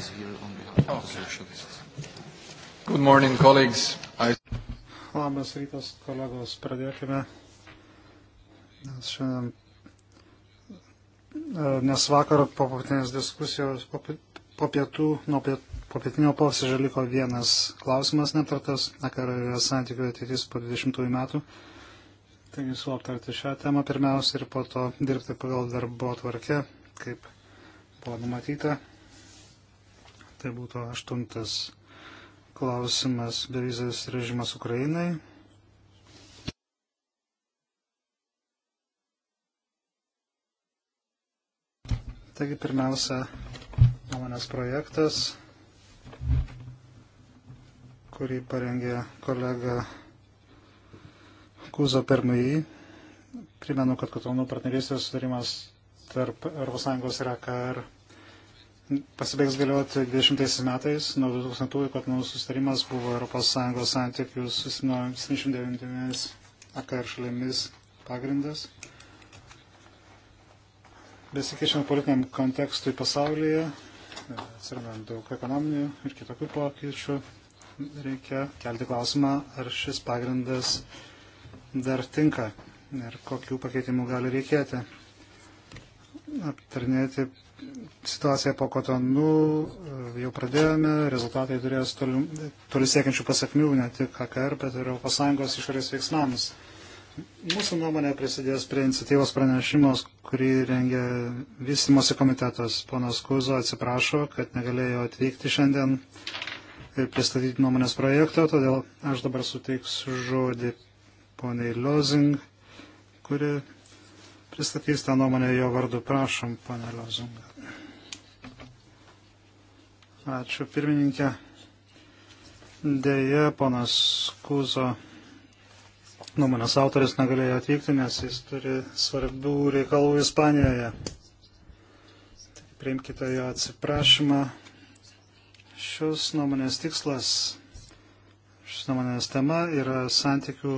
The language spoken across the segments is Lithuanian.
is here on behalf okay. of oh. the socialists. Good morning, colleagues. I... Labas rytas, kolegos. Pradėkime. Nes šiandien, e, nes vakar po papietinės diskusijos, po pietų, nuo piet, po pietinio posėdžio liko vienas klausimas netartas, akarvės santykių ateitis po 20 metų. Taigi su aptarti šią temą pirmiausia ir po to dirbti pagal darbo tvarkę, kaip buvo numatyta. Tai būtų aštuntas klausimas bevizės režimas Ukrainai. Taigi pirmiausia, nuomonės projektas, kurį parengė kolega Kuzo Permui. Primenu, kad Kotonų partnerystės sudarimas tarp ES ir AKR pasibaigs galioti 20 metais, nuo 2000-ųjų Kotonų sustarimas buvo ES santykių su 79 AKR šalėmis pagrindas. Besikeičiant politiniam kontekstui pasaulyje, atsiranda daug ekonominių ir kitokių pokyčių, reikia kelti klausimą, ar šis pagrindas dar tinka ir kokių pakeitimų gali reikėti. Aptarnėti situaciją po Kotonų e, jau pradėjome, rezultatai turės toli, toli siekiančių pasakmių ne tik AKR, bet ir ES išorės veiksmams. Mūsų nuomonė prisidės prie iniciatyvos pranešimos, kurį rengia vystimosi komitetas. Ponas Kuzo atsiprašo, kad negalėjo atvykti šiandien ir pristatyti nuomonės projekto, todėl aš dabar suteiksiu žodį poniai Lozing, kuri pristatys tą nuomonę jo vardu. Prašom, ponė Lozing. Ačiū pirmininkė. Deja, ponas Kuzo nuomonės autoris negalėjo atvykti, nes jis turi svarbių reikalų Ispanijoje. Tik priimkite jo atsiprašymą. Šios nuomonės tikslas, šios nuomonės tema yra santykių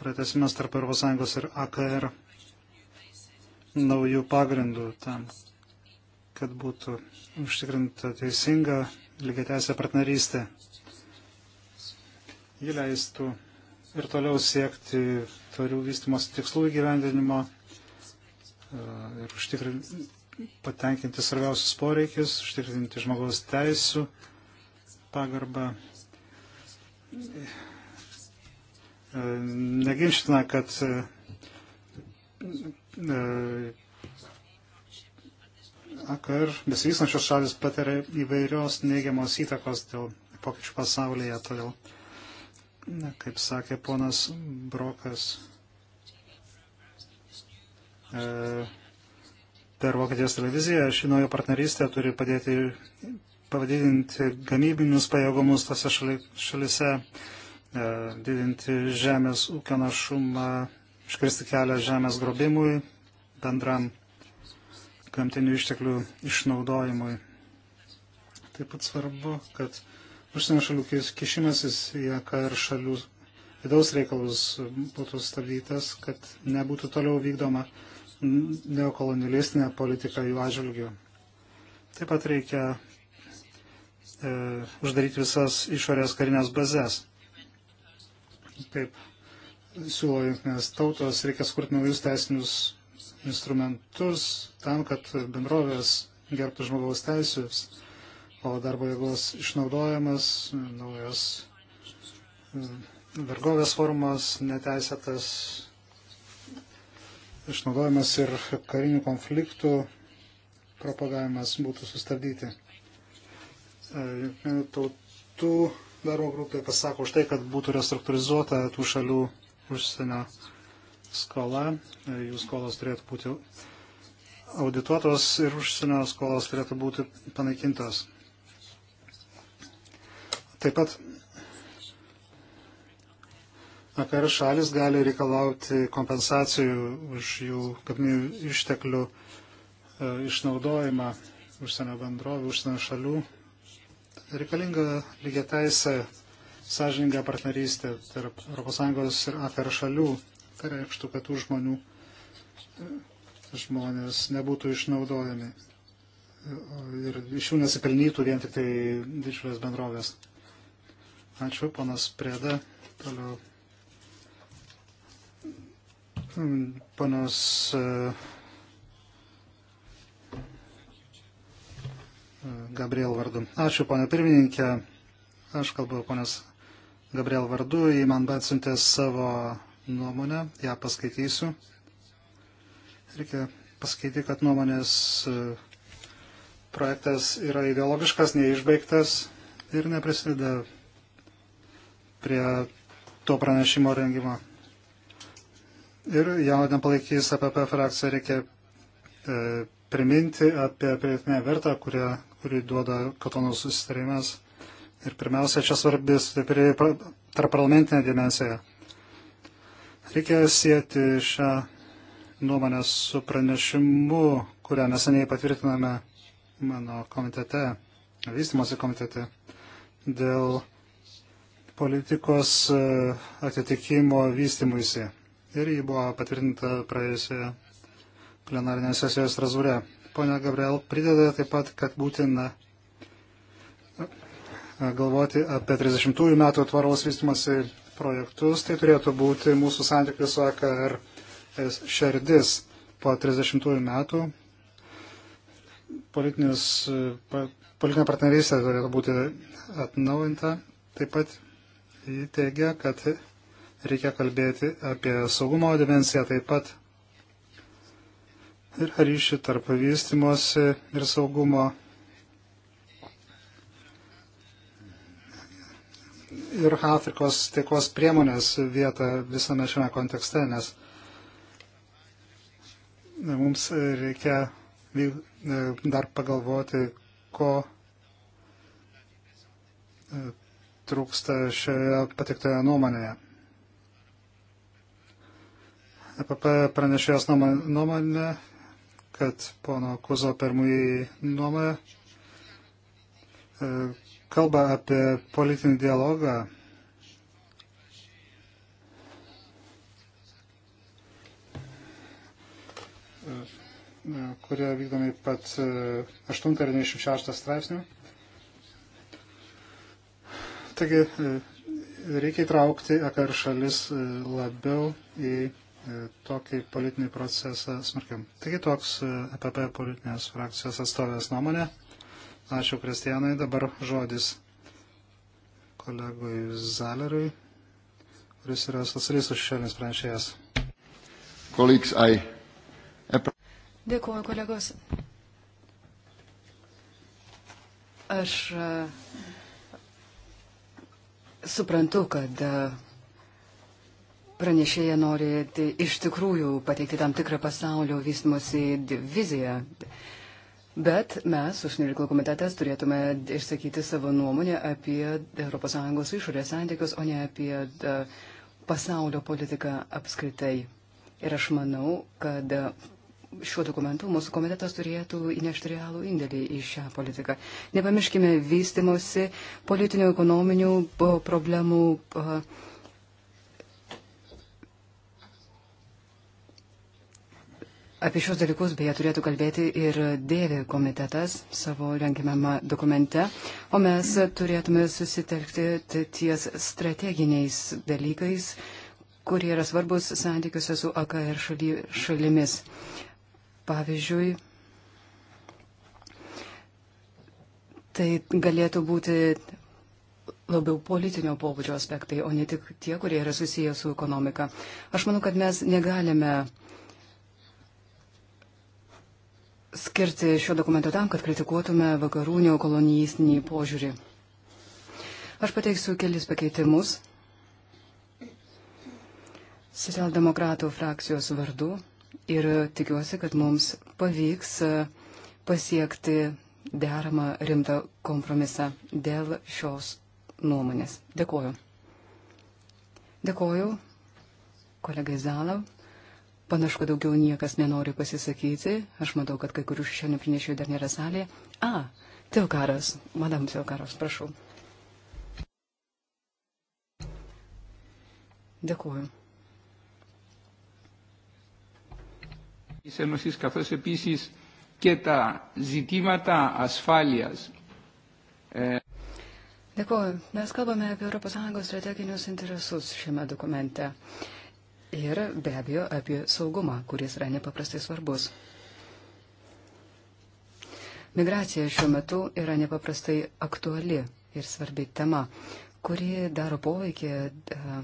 pratesimas tarp ES ir AKR naujų pagrindų tam, kad būtų užtikrinta teisinga lygiateisė partnerystė. Ji leistų ir toliau siekti tvarių vystimos tikslų įgyvendinimo e, ir užtikrinti patenkinti svarbiausius poreikius, užtikrinti žmogaus teisų pagarbą. E, Neginština, kad e, AKR besivystančios šalis patiria įvairios neigiamos įtakos dėl pokyčių pasaulyje. Todėl, kaip sakė ponas Brokas, e, per Vokietijos televiziją ši nauja partnerystė turi padėti pavadinti gamybinius pajėgumus tose šali, šalise, e, didinti žemės ūkio našumą, iškristi kelią žemės grobimui bendram gamtinių išteklių išnaudojimui. Taip pat svarbu, kad užsienio šalių kišimasis į AKR šalių vidaus reikalus būtų stabdytas, kad nebūtų toliau vykdoma neokolonialistinė politika jų atžvilgių. Taip pat reikia e, uždaryti visas išorės karinės bazės. Kaip siūlo jungtinės tautos, reikia skurti naujus teisinius instrumentus tam, kad bendrovės gerbtų žmogaus teisės, o darbo jėgos išnaudojimas, naujas mm, vergovės formos, neteisėtas išnaudojimas ir karinių konfliktų propagavimas būtų sustabdyti. E, Junktinių tautų darbo grupė pasako už tai, kad būtų restruktūrizuota tų šalių užsienio skola, jų skolos turėtų būti audituotos ir užsienio skolos turėtų būti panaikintos. Taip pat APR šalis gali reikalauti kompensacijų už jų kapinių išteklių e, išnaudojimą užsienio bendrovių, užsienio šalių. Reikalinga lygia teisė, sąžininga partnerystė tarp ES ir APR šalių, Tai reikštų, kad tų žmonių e, žmonės nebūtų išnaudojami ir iš jų nesipelnytų vien tik tai didžiulės bendrovės. Ačiū, ponas Prėda. Toliau. Mm, Panos. E, e, Gabriel vardu. Ačiū, ponė pirmininkė. Aš kalbu ponios Gabriel vardu. Ji man atsiuntė savo nuomonę, ją paskaitysiu. Reikia pasakyti, kad nuomonės e, projektas yra ideologiškas, neišbaigtas ir neprisideda prie to pranešimo rengimo. Ir ją nepalaikys APP frakcija, reikia e, priminti apie pridėtinę vertą, kurią, kurį duoda Katono susitarimas. Ir pirmiausia, čia svarbi stipri tarp parlamentinė dimensija. Reikia sieti šią nuomonę su pranešimu, kurią neseniai patvirtiname mano komitete, vystimosi komitete, dėl politikos e, atitikimo vystimuisi. Ir ji buvo patvirtinta praėjusioje plenarinėje sesijoje Strasbūre. Pone Gabriel prideda taip pat, kad būtina e, galvoti apie 30-ųjų metų tvaraus vystimasi projektus, tai turėtų būti mūsų santykis su AKR šerdis po 30 metų. Politinis, politinė partnerystė turėtų būti atnaujinta. Taip pat jį teigia, kad reikia kalbėti apie saugumo dimensiją taip pat ir ryšį tarp vystimosi ir saugumo ir Afrikos taikos priemonės vietą visame šiame kontekste, nes e, mums reikia e, dar pagalvoti, ko e, trūksta šioje patiktoje nuomonėje. EPP pranešėjos nuomonė, kad pono Kuzo pirmųjį nuomonę kalba apie politinį dialogą, kurie vykdomi pat 8 e, ir 96 straipsnių. Taigi e, reikia įtraukti AKR šalis e, labiau į tokį politinį procesą smarkiam. Taigi toks EPP politinės frakcijos atstovės nuomonė. Ačiū, Kristijanai. Dabar žodis kolegui Zalerui, kuris yra socialistų šešėlinis pranešėjas. Kolegs, I... Dėkuoju, kolegos. Aš e, suprantu, kad e, pranešėja nori e, iš tikrųjų pateikti tam tikrą pasaulio vystimosi viziją. Bet mes, užsienio reikalų komitetas, turėtume išsakyti savo nuomonę apie ES išorės santykius, o ne apie e, pasaulio politiką apskritai. Ir aš manau, kad e, šiuo dokumentu mūsų komitetas turėtų įnešti realų indėlį į šią politiką. Nepamirškime vystimosi politinių, ekonominių problemų. Uh, Apie šios dalykus beje turėtų kalbėti ir dėvi komitetas savo rengiamame dokumente, o mes turėtume susitelkti ties strateginiais dalykais, kurie yra svarbus santykiuose su AKR šaly, šalimis. Pavyzdžiui, tai galėtų būti labiau politinio pobūdžio aspektai, o ne tik tie, kurie yra susiję su ekonomika. Aš manau, kad mes negalime skirti šio dokumento tam, kad kritikuotume vakarų neokolonijistinį požiūrį. Aš pateiksiu kelis pakeitimus. Socialdemokratų frakcijos vardu ir tikiuosi, kad mums pavyks e, pasiekti deramą rimtą kompromisą dėl šios nuomonės. Dėkoju. Dėkoju kolegai Zalau. Panašu, kad daugiau niekas nenori pasisakyti. Aš matau, kad kai kurių šešėlinių pranešėjų dar nėra salėje. A, Teokaras, madam Teokaras, prašau. Dėkuoju. Ένωσης, καθώς επίσης και τα ζητήματα ασφάλειας. Dėkuoju. Mes kalbame apie ES strateginius interesus šiame dokumente. Uh, ir be abejo apie saugumą, kuris yra nepaprastai svarbus. Migracija šiuo metu yra nepaprastai aktuali ir svarbi tema, kuri daro poveikį e,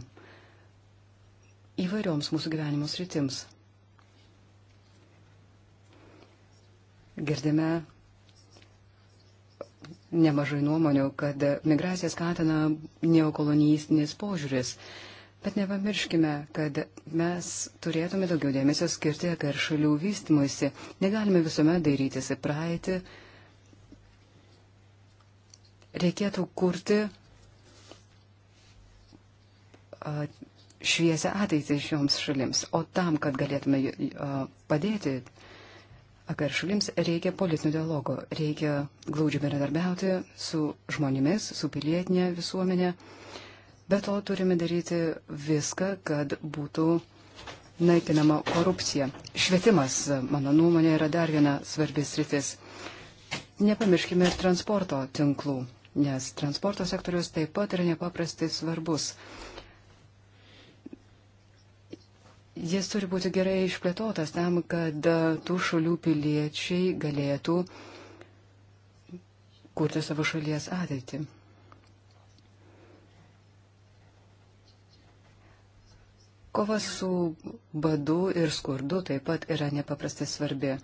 įvairioms mūsų gyvenimo sritims. Girdime nemažai nuomonių, kad migraciją skatina neokolonijistinis požiūris Bet nepamirškime, kad mes turėtume daugiau dėmesio skirti per šalių vystimuisi. Negalime visuomet dairytis į praeitį. Reikėtų kurti šviesę ateitį šioms šalims. O tam, kad galėtume padėti AKR šalims, reikia politinio dialogo, reikia glaudžiai bendradarbiauti su žmonėmis, su pilietinė visuomenė. Uh, Be to turime daryti viską, kad būtų naikinama korupcija. Švietimas, mano nuomonė, yra dar viena svarbis rytis. Nepamirškime ir transporto tinklų, nes transporto sektorius taip pat yra nepaprastai svarbus. Jis turi būti gerai išplėtotas tam, kad tų šalių piliečiai galėtų kurti savo šalies ateitį. Kova su badu ir skurdu taip pat yra nepaprastai svarbi.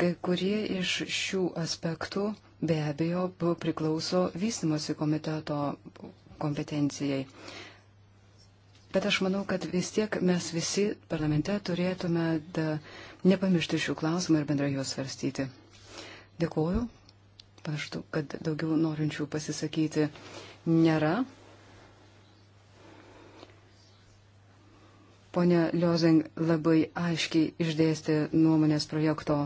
Kai kurie iš šių aspektų be abejo priklauso vystimosi komiteto kompetencijai. Bet aš manau, kad vis tiek mes visi parlamente turėtume da, nepamiršti šių klausimų ir bendrai juos svarstyti. Dėkuoju. Panašu, kad daugiau norinčių pasisakyti nėra. Pone Liozing labai aiškiai išdėstė nuomonės projekto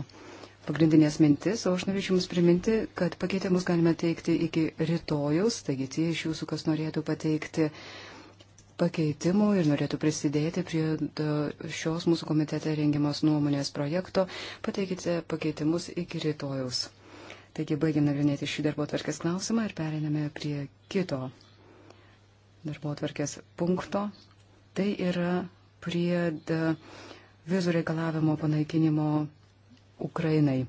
pagrindinės mintis, o aš norėčiau Jums priminti, kad pakeitimus galime teikti iki rytojus, taigi tie iš Jūsų, kas norėtų pateikti pakeitimų ir norėtų prisidėti prie šios mūsų komitete rengiamos nuomonės projekto, pateikite pakeitimus iki rytojus. Taigi baigiam nagrinėti šį darbo tvarkės klausimą ir periname prie kito darbo tvarkės punkto. Tai yra prie vizų reikalavimo panaikinimo Ukrainai.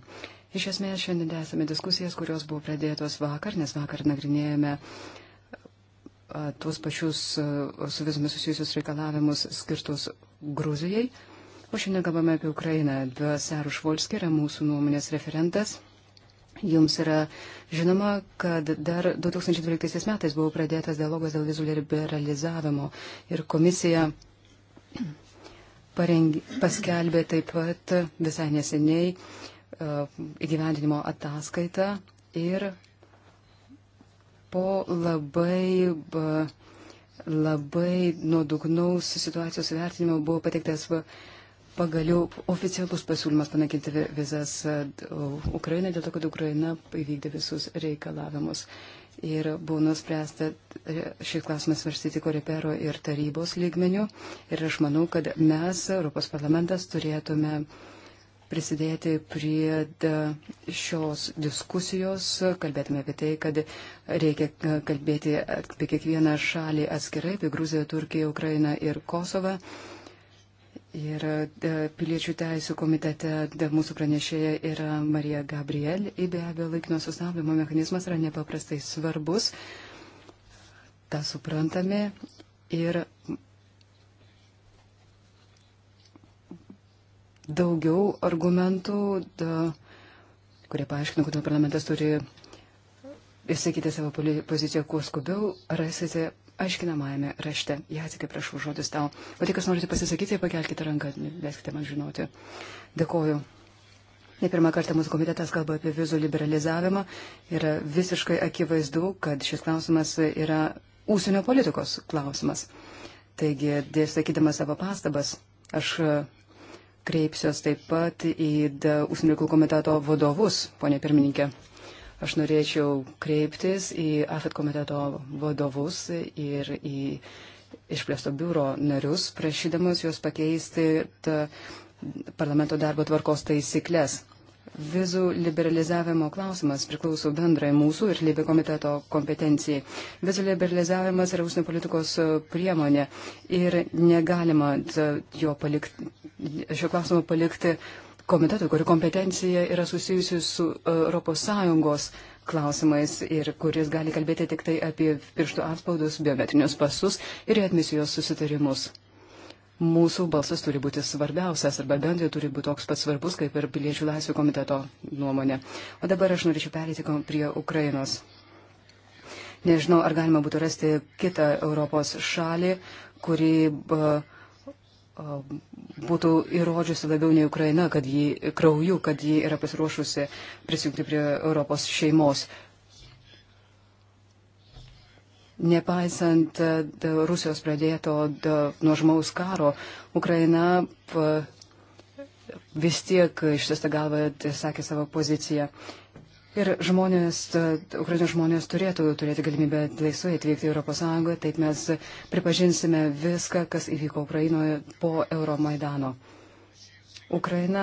Iš esmės šiandien esame diskusijas, kurios buvo pradėtos vakar, nes vakar nagrinėjame tuos pačius su vizomis susijusius reikalavimus skirtus Gruzijai. O šiandien kalbame apie Ukrainą. Saru Švolski yra mūsų nuomonės referentas. Jums yra žinoma, kad dar 2012 metais buvo pradėtas dialogas dėl vizų liberalizavimo ir komisija parengi, paskelbė taip pat visai neseniai e, įgyvendinimo ataskaitą ir po labai, labai nuodugnaus situacijos vertinimo buvo pateiktas pagaliau oficialus pasiūlymas panaikinti vizas e, Ukrainai dėl to, kad Ukraina įvykdė visus reikalavimus. Uh, ir buvo nuspręsta e, šį klausimą svarstyti korepero ir tarybos lygmenių. Ir aš manau, kad mes, Europos parlamentas, turėtume prisidėti prie šios diskusijos, kalbėtume apie tai, kad reikia e, kalbėti apie kiekvieną šalį atskirai, apie Gruziją, Turkiją, Ukrainą ir Kosovą. Ir e, piliečių teisų komitete e, mūsų pranešėja yra Marija Gabriel. Ir be abejo, laikino sustabdymo mechanizmas yra nepaprastai svarbus. Ta suprantame. Ir daugiau argumentų, da, kurie paaiškino, kodėl parlamentas turi išsakyti savo poziciją kuo skubiau, rasite aiškinamajame rašte. Jacikai, prašau, žodis tau. O tie, kas norite pasisakyti, tai pakelkite ranką, leiskite man žinoti. Dėkoju. Ne pirmą kartą mūsų komitetas kalba apie vizų liberalizavimą. Yra visiškai akivaizdu, kad šis klausimas yra ūsienio politikos klausimas. Taigi, dėstykydama savo pastabas, aš kreipsiuos taip pat į ūsienio reikalų komiteto vadovus, ponė pirmininkė. Aš norėčiau kreiptis į AFET komiteto vadovus ir į išplėsto biuro narius, prašydamas juos pakeisti parlamento darbo tvarkos taisyklės. Vizų liberalizavimo klausimas priklauso bendrai mūsų ir Libė komiteto kompetencijai. Vizų liberalizavimas yra užsienio politikos priemonė ir negalima jo palikti, šio klausimo palikti komitetui, kurių kompetencija yra susijusi su ES klausimais ir kuris gali kalbėti tik tai apie pirštų atspaudus, biometrinius pasus ir admisijos susitarimus. Mūsų balsas turi būti svarbiausias arba bent jau turi būti toks pats svarbus kaip ir piliečių laisvių komiteto nuomonė. O dabar aš norėčiau perėti prie Ukrainos. Nežinau, ar galima būtų rasti kitą Europos šalį, kuri uh, būtų įrodžiusi labiau nei Ukraina, kad ji krauju, kad ji yra pasiruošusi prisijungti prie Europos šeimos. Nepaisant e, da, Rusijos pradėto da, nuožmaus karo, Ukraina pa, vis tiek ištesta galva sakė savo poziciją. Uh, Ir žmonės, e, Ukrainos žmonės turėtų turėti galimybę laisvai atvykti į ES, taip mes pripažinsime viską, kas įvyko Ukrainoje po Euromaidano. Ukraina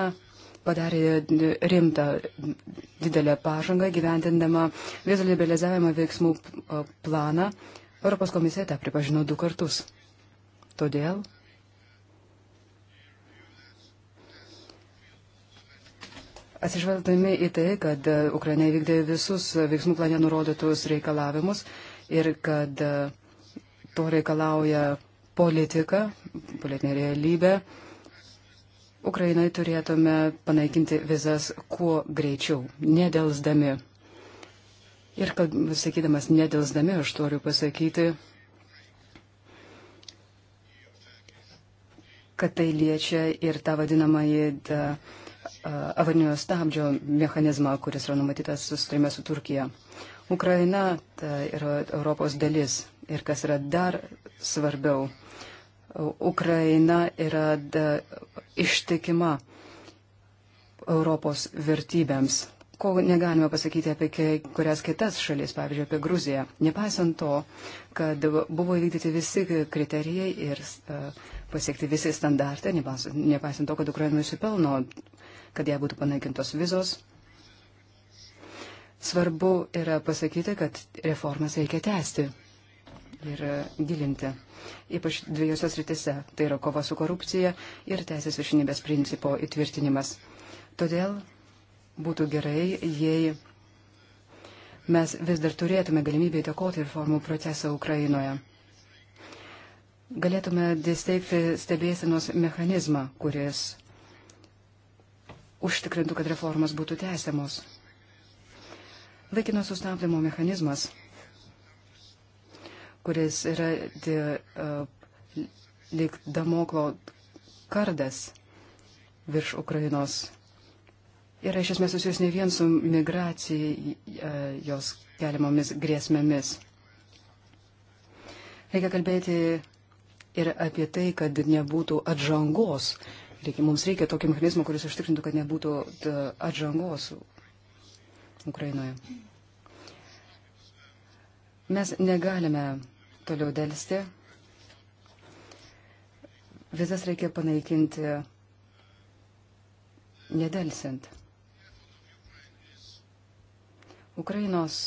padarė rimtą didelę pažangą gyventindama vizų liberalizavimo veiksmų e, planą. Europos komisija tą pripažino du kartus. Todėl Atsižvelgdami į tai, kad e, Ukraina vykdė visus veiksmų plane nurodytus reikalavimus ir kad e, to reikalauja politika, politinė realybė, Ukrainai turėtume panaikinti vizas kuo greičiau, nedelsdami. Ir kad, sakydamas nedelsdami, aš noriu pasakyti, kad tai liečia ir tą vadinamąjį e, avarinio stabdžio mechanizmą, kuris yra numatytas susitarime su Turkija. Ukraina tai yra Europos dalis ir kas yra dar svarbiau, Ukraina yra da, ištikima Europos vertybėms, ko negalime pasakyti apie kurias kitas šalis, pavyzdžiui, apie Gruziją. Nepaisant to, kad buvo įvykdyti visi kriterijai ir uh, pasiekti visi standartai, nepaisant to, kad Ukraina nusipelno kad jai būtų panaikintos vizos. Svarbu yra pasakyti, kad reformas reikia tęsti ir gilinti, ypač dviejose sritise - tai yra kova su korupcija ir teisės viršinybės principo įtvirtinimas. Todėl būtų gerai, jei mes vis dar turėtume galimybę įtakoti reformų procesą Ukrainoje. Galėtume disteikti stebėsinos mechanizmą, kuris užtikrintų, kad reformos būtų tęsiamos. Laikino sustabdymo mechanizmas, kuris yra de, uh, lyg damoklo kardas virš Ukrainos, yra iš esmės susijęs ne vien su migracija uh, jos keliamomis grėsmėmis. Reikia kalbėti ir apie tai, kad nebūtų atžangos Reikia, mums reikia tokio mechanizmo, kuris užtikrintų, kad nebūtų atžangos Ukrainoje. Mes negalime toliau dėlsti. Vizas reikia panaikinti nedelsint. Ukrainos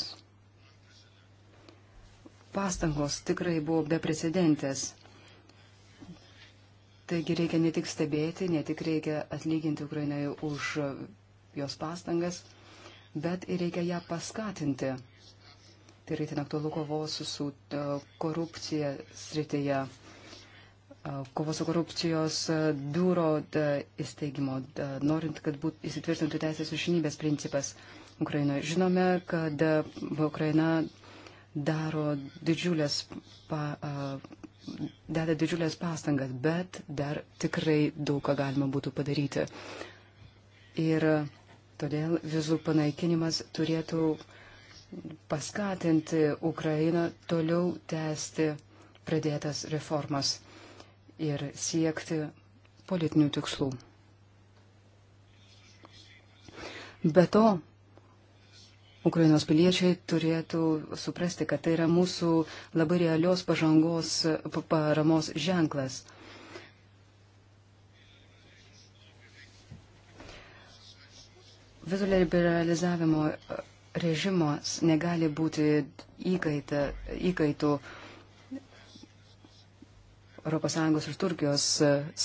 pastangos tikrai buvo beprecedentės Taigi reikia ne tik stebėti, ne tik reikia atlyginti Ukrainai už jos pastangas, bet ir reikia ją paskatinti. Tai yra ten aktualu kovos su e, korupcija srityje, e, kovos su korupcijos e, biuro įsteigimo, norint, kad būtų įsitvirtintų teisės užinybės principas Ukrainoje. Žinome, kad Ukraina daro didžiulės pa, deda didžiulės pastangas, bet dar tikrai daug ką galima būtų padaryti. Ir todėl vizų panaikinimas turėtų paskatinti Ukrainą toliau tęsti pradėtas reformas ir siekti politinių tikslų. Be to, Ukrainos piliečiai turėtų suprasti, kad tai yra mūsų labai realios pažangos paramos ženklas. Vizų liberalizavimo režimas negali būti įkaita, įkaitų ES ir Turkijos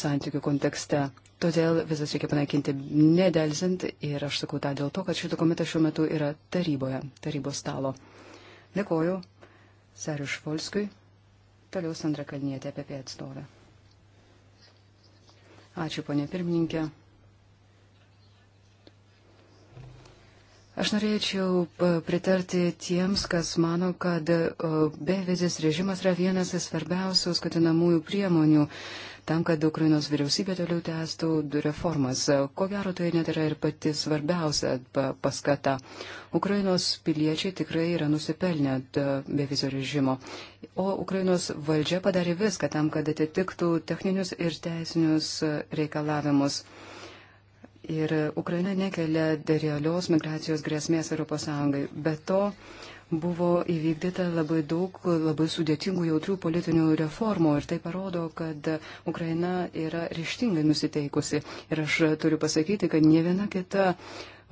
santykių kontekste. Todėl visas reikia panaikinti nedelsint ir aš sakau tą dėl to, kad šis dokumentas šiuo metu yra taryboje, tarybos stalo. Dėkoju Sariu Švolskui, toliau Sandra Kalnietė apie apie atstovę. Ačiū, ponė pirmininkė. Aš norėčiau e, pritarti tiems, kas mano, kad e, bevizis režimas yra vienas svarbiausių skatinamųjų priemonių tam, kad Ukrainos vyriausybė toliau tęstų reformas. Ko gero, tai net yra ir pati svarbiausia paskata. Ukrainos piliečiai tikrai yra nusipelnę bevizio režimo, o Ukrainos valdžia padarė viską tam, kad atitiktų techninius ir teisinius reikalavimus. Ir Ukraina nekelia realios migracijos grėsmės Europos Sąjungai. Be to, buvo įvykdyta labai daug labai sudėtingų jautrių politinių reformų ir tai parodo, kad Ukraina yra ryštingai nusiteikusi. Ir aš turiu pasakyti, kad ne viena kita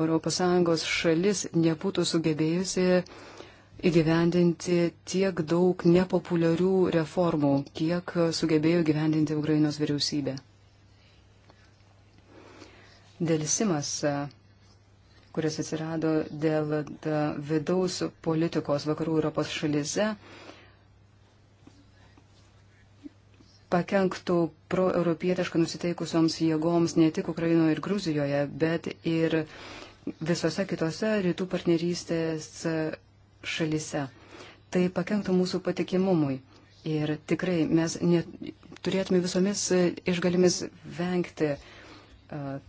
ES šalis nebūtų sugebėjusi įgyvendinti tiek daug nepopuliarių reformų, kiek sugebėjo gyvendinti Ukrainos vyriausybė. Dėlisimas kuris atsirado dėl vidaus politikos vakarų Europos šalyse, pakenktų proeuropietiškai nusiteikusioms jėgoms ne tik Ukrainoje ir Gruzijoje, bet ir visose kitose rytų partnerystės šalise. Tai pakenktų mūsų patikimumui. Ir tikrai mes net, turėtume visomis išgalimis vengti uh,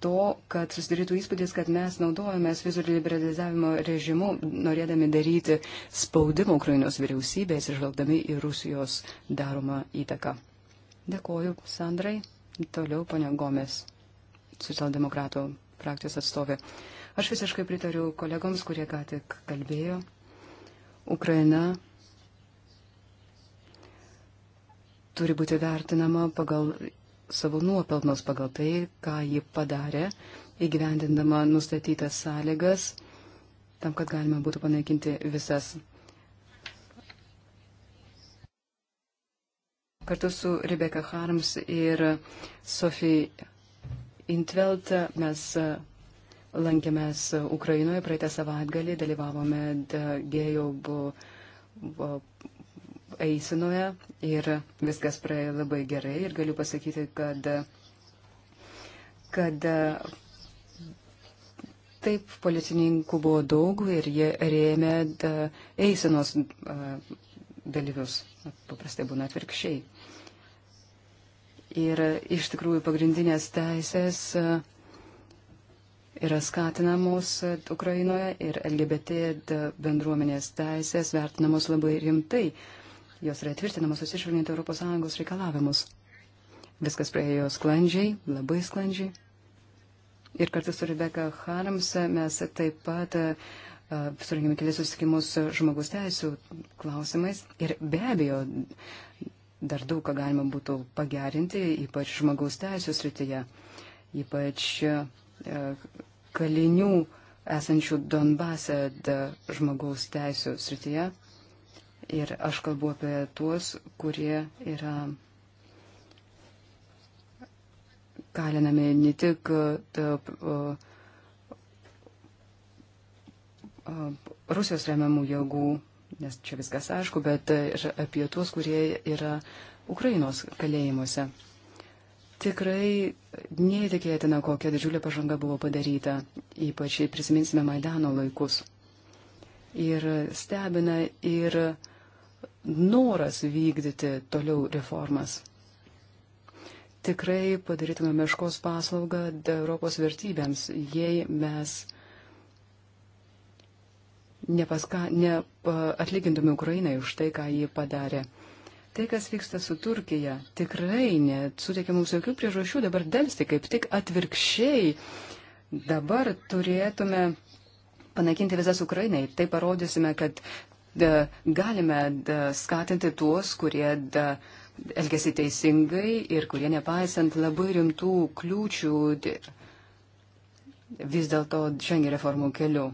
to, kad susidarytų įspūdis, kad mes naudojamės vizų liberalizavimo režimu, norėdami daryti spaudimą Ukrainos vyriausybės ir žvelgdami į Rusijos daromą įtaką. Dėkoju, Sandrai. Toliau, ponia Gomes, socialdemokratų frakcijos atstovė. Aš visiškai pritariu kolegoms, kurie ką tik kalbėjo. Ukraina turi būti vertinama pagal savo nuopelnus pagal tai, ką ji padarė, įgyvendindama nustatytas sąlygas, tam, kad galima būtų panaikinti visas. Kartu su Rebecca Harms ir Sophie Intveld mes e, lankėmės Ukrainoje praeitą savaitgalį, dalyvavome gėjų eisinoje ir viskas praėjo labai gerai ir galiu pasakyti, kad, kad taip policininkų buvo daug ir jie rėmė eisinos dalyvius. Paprastai būna atvirkščiai. Ir iš tikrųjų pagrindinės teisės yra skatinamos Ukrainoje ir LGBT bendruomenės teisės vertinamos labai rimtai. Jos yra tvirtinamos susižvelgiant ES reikalavimus. Viskas praėjo sklandžiai, labai sklandžiai. Ir kartu su Rebeka Harams mes taip pat surinkime kelias susitikimus žmogus teisų klausimais. Ir be abejo, dar daug ką galima būtų pagerinti, ypač žmogaus teisų srityje, ypač kalinių esančių Donbase žmogaus teisų srityje. Ir aš kalbu apie tuos, kurie yra kalinami ne tik e, tarp e, e, Rusijos remiamų jėgų, nes čia viskas aišku, bet ir apie tuos, kurie yra Ukrainos kalėjimuose. Tikrai neįtikėtina, kokia didžiulė pažanga buvo padaryta, ypač prisiminsime Maidano laikus. Ir stebina ir uh, noras vykdyti toliau reformas. Tikrai padarytume meškos paslaugą Europos vertybėms, jei mes nepaska, ne atlygintume Ukrainai už tai, ką jį padarė. Tai, kas vyksta su Turkija, tikrai nesuteikia mums jokių priežasčių dabar dėlsti, kaip tik atvirkščiai dabar turėtume panaikinti vizas Ukrainai. Tai parodysime, kad da, galime da, skatinti tuos, kurie da, elgesi teisingai ir kurie nepaisant labai rimtų kliūčių da, vis dėlto žengia reformų keliu.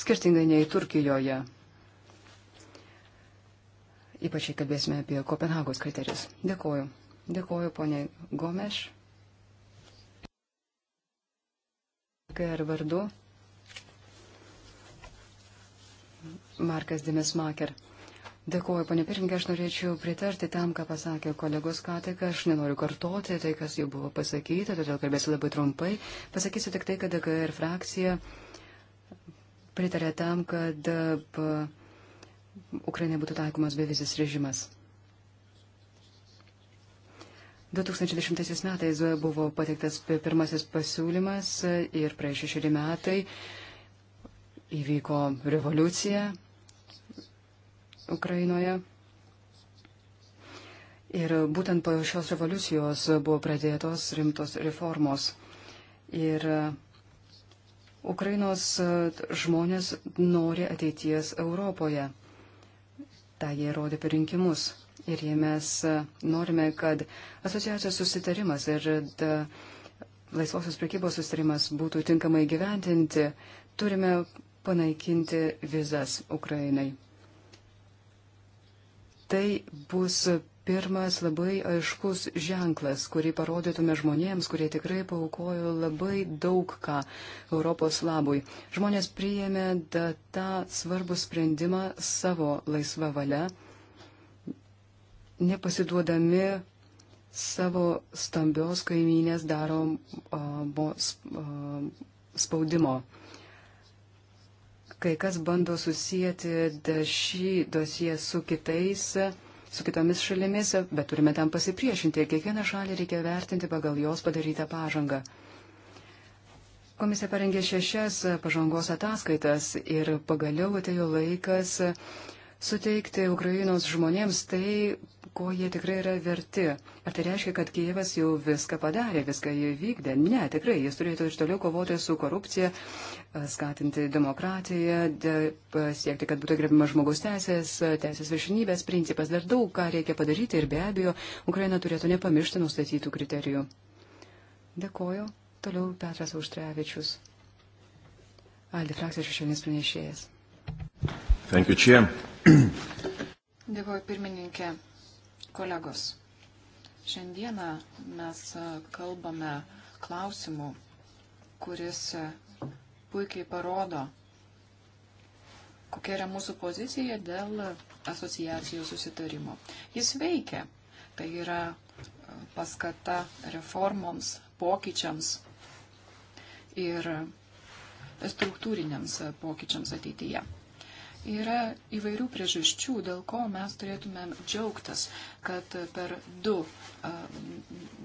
Skirtingai nei Turkijoje. Ypač jei kalbėsime apie Kopenhagos kriterijus. Dėkoju. Dėkoju, ponė Gomeš. Kai ar vardu? Markas Demesmaker. Dėkuoju, ponė pirmininkė, aš norėčiau pritarti tam, ką pasakė kolegos ką tik, aš nenoriu kartoti tai, kas jau buvo pasakyta, todėl kalbėsiu labai trumpai. Pasakysiu tik tai, kad DKR frakcija pritarė tam, kad Ukrainai būtų taikomas bevizis režimas. 2010 metais buvo pateiktas pirmasis pasiūlymas ir praėjus šešeri metai įvyko revoliucija Ukrainoje. Ir būtent po šios revoliucijos buvo pradėtos rimtos reformos. Ir e, Ukrainos e, žmonės nori ateities Europoje. Ta jie rodė per rinkimus. Ir jei mes e, norime, kad asociacijos susitarimas ir da, laisvosios prekybos susitarimas būtų tinkamai gyventinti, turime panaikinti vizas Ukrainai tai bus pirmas labai aiškus ženklas, kurį parodytume žmonėms, kurie tikrai paukojo labai daug ką Europos labui. Žmonės priėmė tą svarbų sprendimą savo laisvą valią, nepasiduodami savo stambios kaimynės daromos spaudimo kai kas bando susijęti šį dosiją su kitais, su kitomis šalimis, bet turime tam pasipriešinti ir kiekvieną šalį reikia vertinti pagal jos padarytą pažangą. Komisija parengė šešias pažangos ataskaitas ir pagaliau atėjo laikas suteikti Ukrainos žmonėms tai, ko jie tikrai yra verti. Ar tai reiškia, kad Kievas jau viską padarė, viską jie vykdė? Ne, tikrai, jis turėtų iš toliau kovoti su korupcija, skatinti demokratiją, de, siekti, kad būtų gerbimas žmogaus teisės, teisės viršinybės principas. Dar daug ką reikia padaryti ir be abejo, Ukraina turėtų nepamiršti nustatytų kriterijų. Dėkoju. Toliau Petras Auštrevičius. Aldi frakcijos šešėlinis pranešėjas. Thank you, Chair. Dėkuoju pirmininkė. Kolegos, šiandieną mes e, kalbame klausimu, kuris e, puikiai parodo, kokia yra mūsų pozicija dėl e, asociacijų susitarimo. Jis veikia. Tai yra paskata reformoms, pokyčiams ir struktūriniams pokyčiams ateityje. Yra įvairių priežasčių, dėl ko mes turėtumėm džiaugtis, kad per du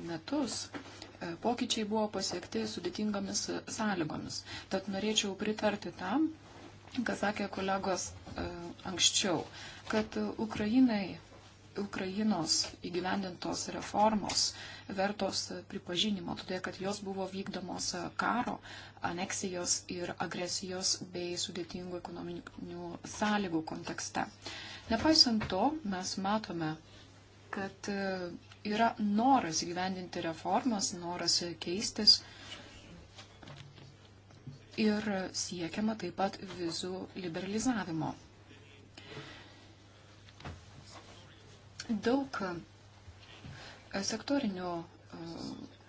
metus pokyčiai buvo pasiekti sudėtingomis sąlygomis. Tad norėčiau pritarti tam, ką sakė kolegos anksčiau, kad Ukrainai Ukrainos įgyvendintos reformos vertos pripažinimo, todėl kad jos buvo vykdomos karo, aneksijos ir agresijos bei sudėtingų ekonominių sąlygų kontekste. Nepaisant to, mes matome, kad e, yra noras gyvendinti reformas, noras keistis ir siekiama taip pat vizų liberalizavimo. Daug e, sektorinių e,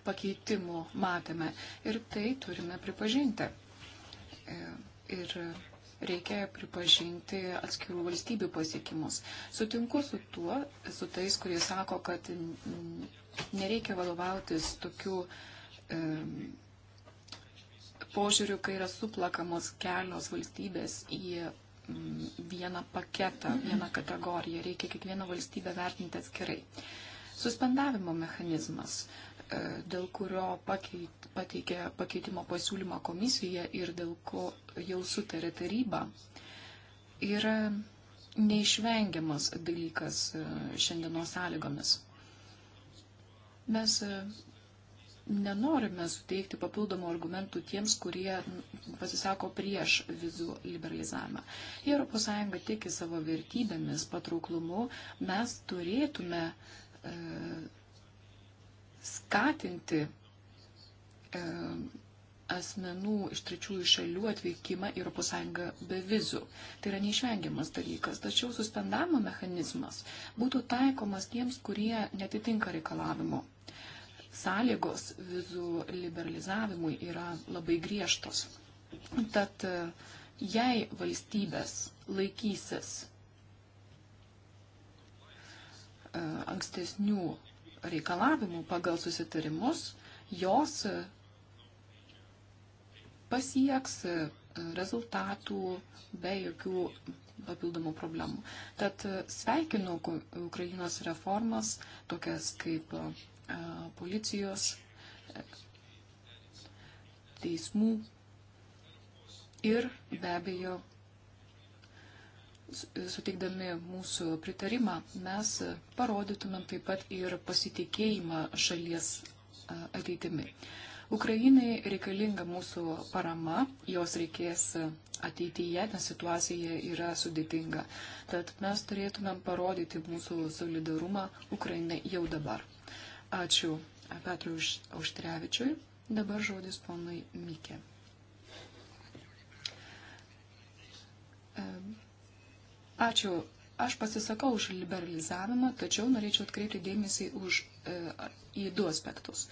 pakeitimų matėme ir tai turime pripažinti. E, ir reikia pripažinti atskirų valstybių pasiekimus. Sutinku su tuo, su tais, kurie sako, kad nereikia vadovautis tokiu e, požiūriu, kai yra suplakamos kelios valstybės į Mm, vieną paketą, vieną kategoriją. Reikia kiekvieną valstybę vertinti atskirai. Suspendavimo mechanizmas, e, dėl kurio pakeit, pateikė pakeitimo pasiūlymą komisija ir dėl ko jau sutarė taryba, yra neišvengiamas dalykas e, šiandienos sąlygomis. Mes e, nenorime suteikti papildomų argumentų tiems, kurie pasisako prieš vizų liberalizavimą. Jei ES tiki savo vertybėmis, patrauklumu, mes turėtume e, skatinti e, asmenų iš trečiųjų šalių atvykimą į ES be vizų. Tai yra neišvengiamas dalykas. Tačiau suspendavimo mechanizmas būtų taikomas tiems, kurie netitinka reikalavimo. E, sąlygos vizų liberalizavimui yra labai griežtos. Tad e, jei valstybės laikysis e, ankstesnių reikalavimų pagal susitarimus, jos e, pasieks rezultatų be jokių papildomų problemų. Tad sveikinu Ukrainos reformas, tokias kaip policijos, teismų ir be abejo, suteikdami mūsų pritarimą, mes parodytumėm taip pat ir pasitikėjimą šalies ateitimi. Ukrainai reikalinga mūsų parama, jos reikės ateityje, nes situacija yra sudėtinga. Tad mes turėtumėm parodyti mūsų solidarumą Ukrainai jau dabar. Ačiū Petrui Auštrevičiui. Dabar žodis ponui Mykė. Ačiū. Aš pasisakau už liberalizavimą, tačiau norėčiau atkreipti dėmesį už, e, į du aspektus.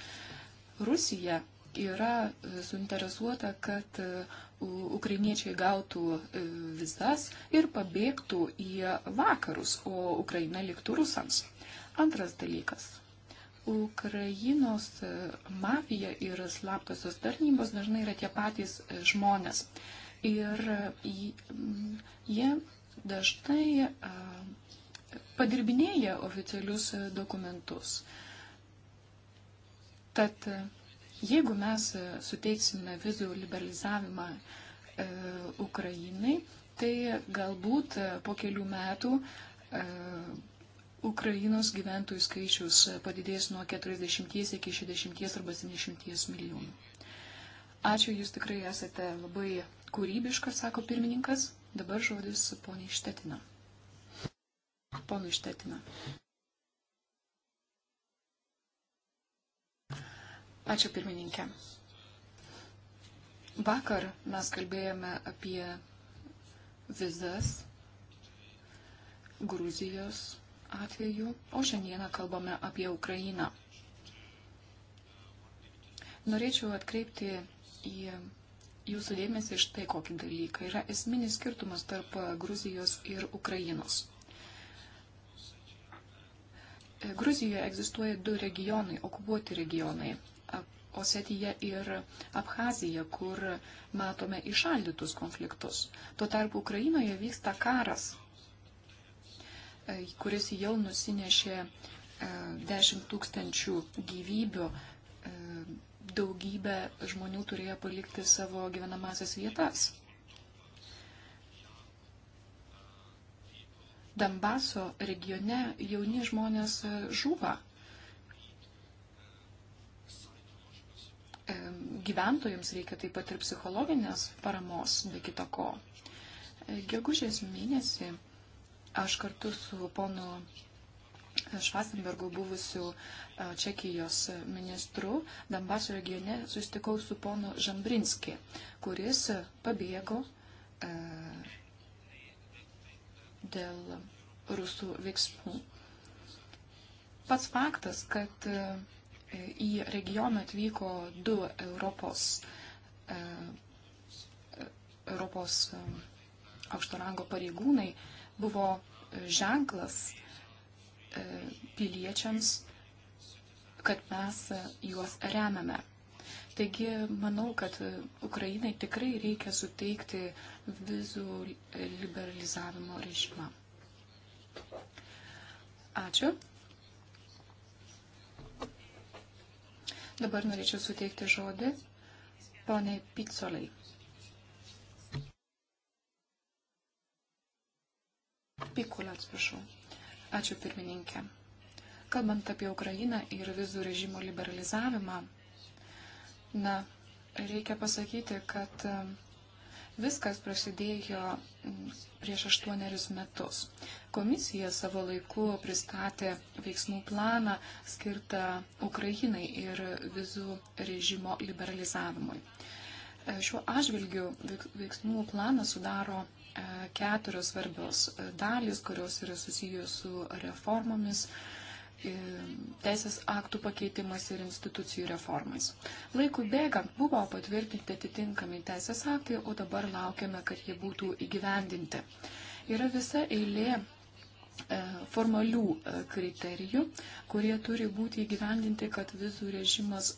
Rusija yra e, suinteresuota, kad e, ukrainiečiai gautų vizas ir pabėgtų į vakarus, o Ukraina liktų rusams. Antras dalykas. Ukrainos mafija ir slaptosios tarnybos dažnai yra tie patys žmonės. Ir jie dažnai padirbinėja oficialius dokumentus. Tad jeigu mes suteiksime vizų liberalizavimą e, Ukrainai, tai galbūt po kelių metų Ukrainos gyventojų skaičius padidės nuo 40 iki 60 arba 70 milijonų. Ačiū, jūs tikrai esate labai kūrybiškas, sako pirmininkas. Dabar žodis poniai Štetina. Ponui Štetina. Ačiū pirmininkė. Vakar mes kalbėjome apie vizas Gruzijos atveju, o šiandieną kalbame apie Ukrainą. Norėčiau atkreipti į jūsų dėmesį štai kokį dalyką. Yra esminis skirtumas tarp Gruzijos ir Ukrainos. Gruzijoje egzistuoja du regionai, okupuoti regionai - Osetija ir Abhazija, kur matome išaldytus konfliktus. Tuo tarpu Ukrainoje vyksta karas E, kuris jau nusinešė 10 e, tūkstančių gyvybių, e, daugybė žmonių turėjo palikti savo gyvenamasias vietas. Dambaso regione jauni žmonės žuva. Gyventojams reikia taip pat ir psichologinės paramos, be kita ko. Gegužės mėnesį Aš kartu su ponu Švasenbergu buvusiu e, Čekijos ministru Dambaso regione sustikau su ponu Žambrinski, kuris pabėgo e, dėl rusų veiksmų. Pats faktas, kad e, į regioną atvyko du Europos, Europos aukšto rango pareigūnai, buvo ženklas e, piliečiams, kad mes juos remiame. Taigi manau, kad Ukrainai tikrai reikia suteikti vizų liberalizavimo režimą. Ačiū. Dabar norėčiau suteikti žodį poniai Picolai. Pikulė, atsiprašau. Ačiū pirmininkė. Kalbant apie Ukrainą ir vizų režimo liberalizavimą, na, reikia pasakyti, kad e, viskas prasidėjo prieš aštuonerius metus. Komisija savo laiku pristatė veiksmų planą skirtą Ukrainai ir vizų režimo liberalizavimui. E, šiuo atžvilgiu veiksmų planą sudaro keturios svarbios dalys, kurios yra susijęs su reformomis, e, teisės aktų pakeitimas ir institucijų reformais. Laikui bėgant buvo patvirtinti atitinkami teisės aktai, o dabar laukiame, kad jie būtų įgyvendinti. Yra visa eilė e, formalių e, kriterijų, kurie turi būti įgyvendinti, kad vizų režimas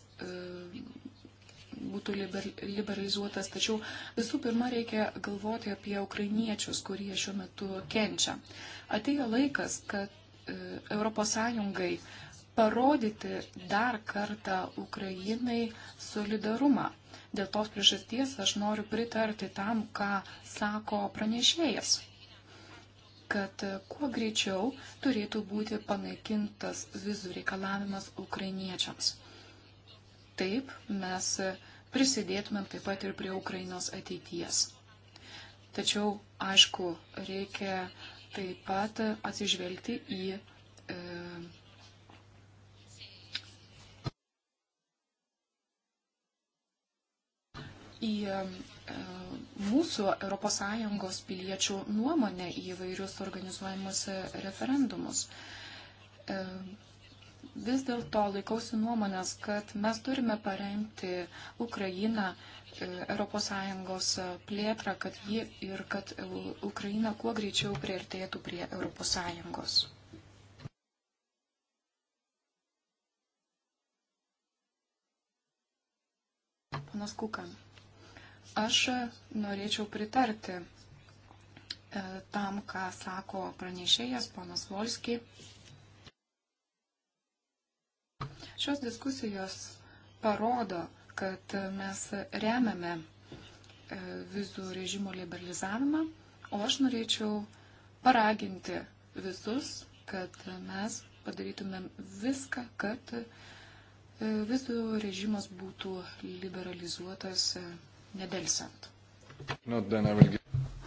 būtų liber, liberalizuotas, tačiau visų pirma reikia galvoti apie ukrainiečius, kurie šiuo metu kenčia. Atėjo laikas, kad ES parodyti dar kartą Ukrainai solidarumą. Dėl tos priežasties aš noriu pritarti tam, ką sako pranešėjas kad e, kuo greičiau turėtų būti panaikintas vizų reikalavimas ukrainiečiams. Taip mes prisidėtumėm taip pat ir prie Ukrainos ateities. Tačiau, aišku, reikia taip pat atsižvelgti į e, į e, mūsų ES piliečių nuomonę į vairius organizuojamus referendumus. E, Vis dėlto laikausi nuomonės, kad mes turime paremti Ukrainą ES e, plėtrą, kad ji ir kad Ukraina kuo greičiau priartėtų prie ES. Panas Kukan, aš norėčiau pritarti e, tam, ką sako pranešėjas, panas Volski. Šios diskusijos parodo, kad mes remiame e, vizų režimo liberalizavimą, o aš norėčiau paraginti visus, kad mes padarytumėm viską, kad e, vizų režimas būtų liberalizuotas e, nedelsant.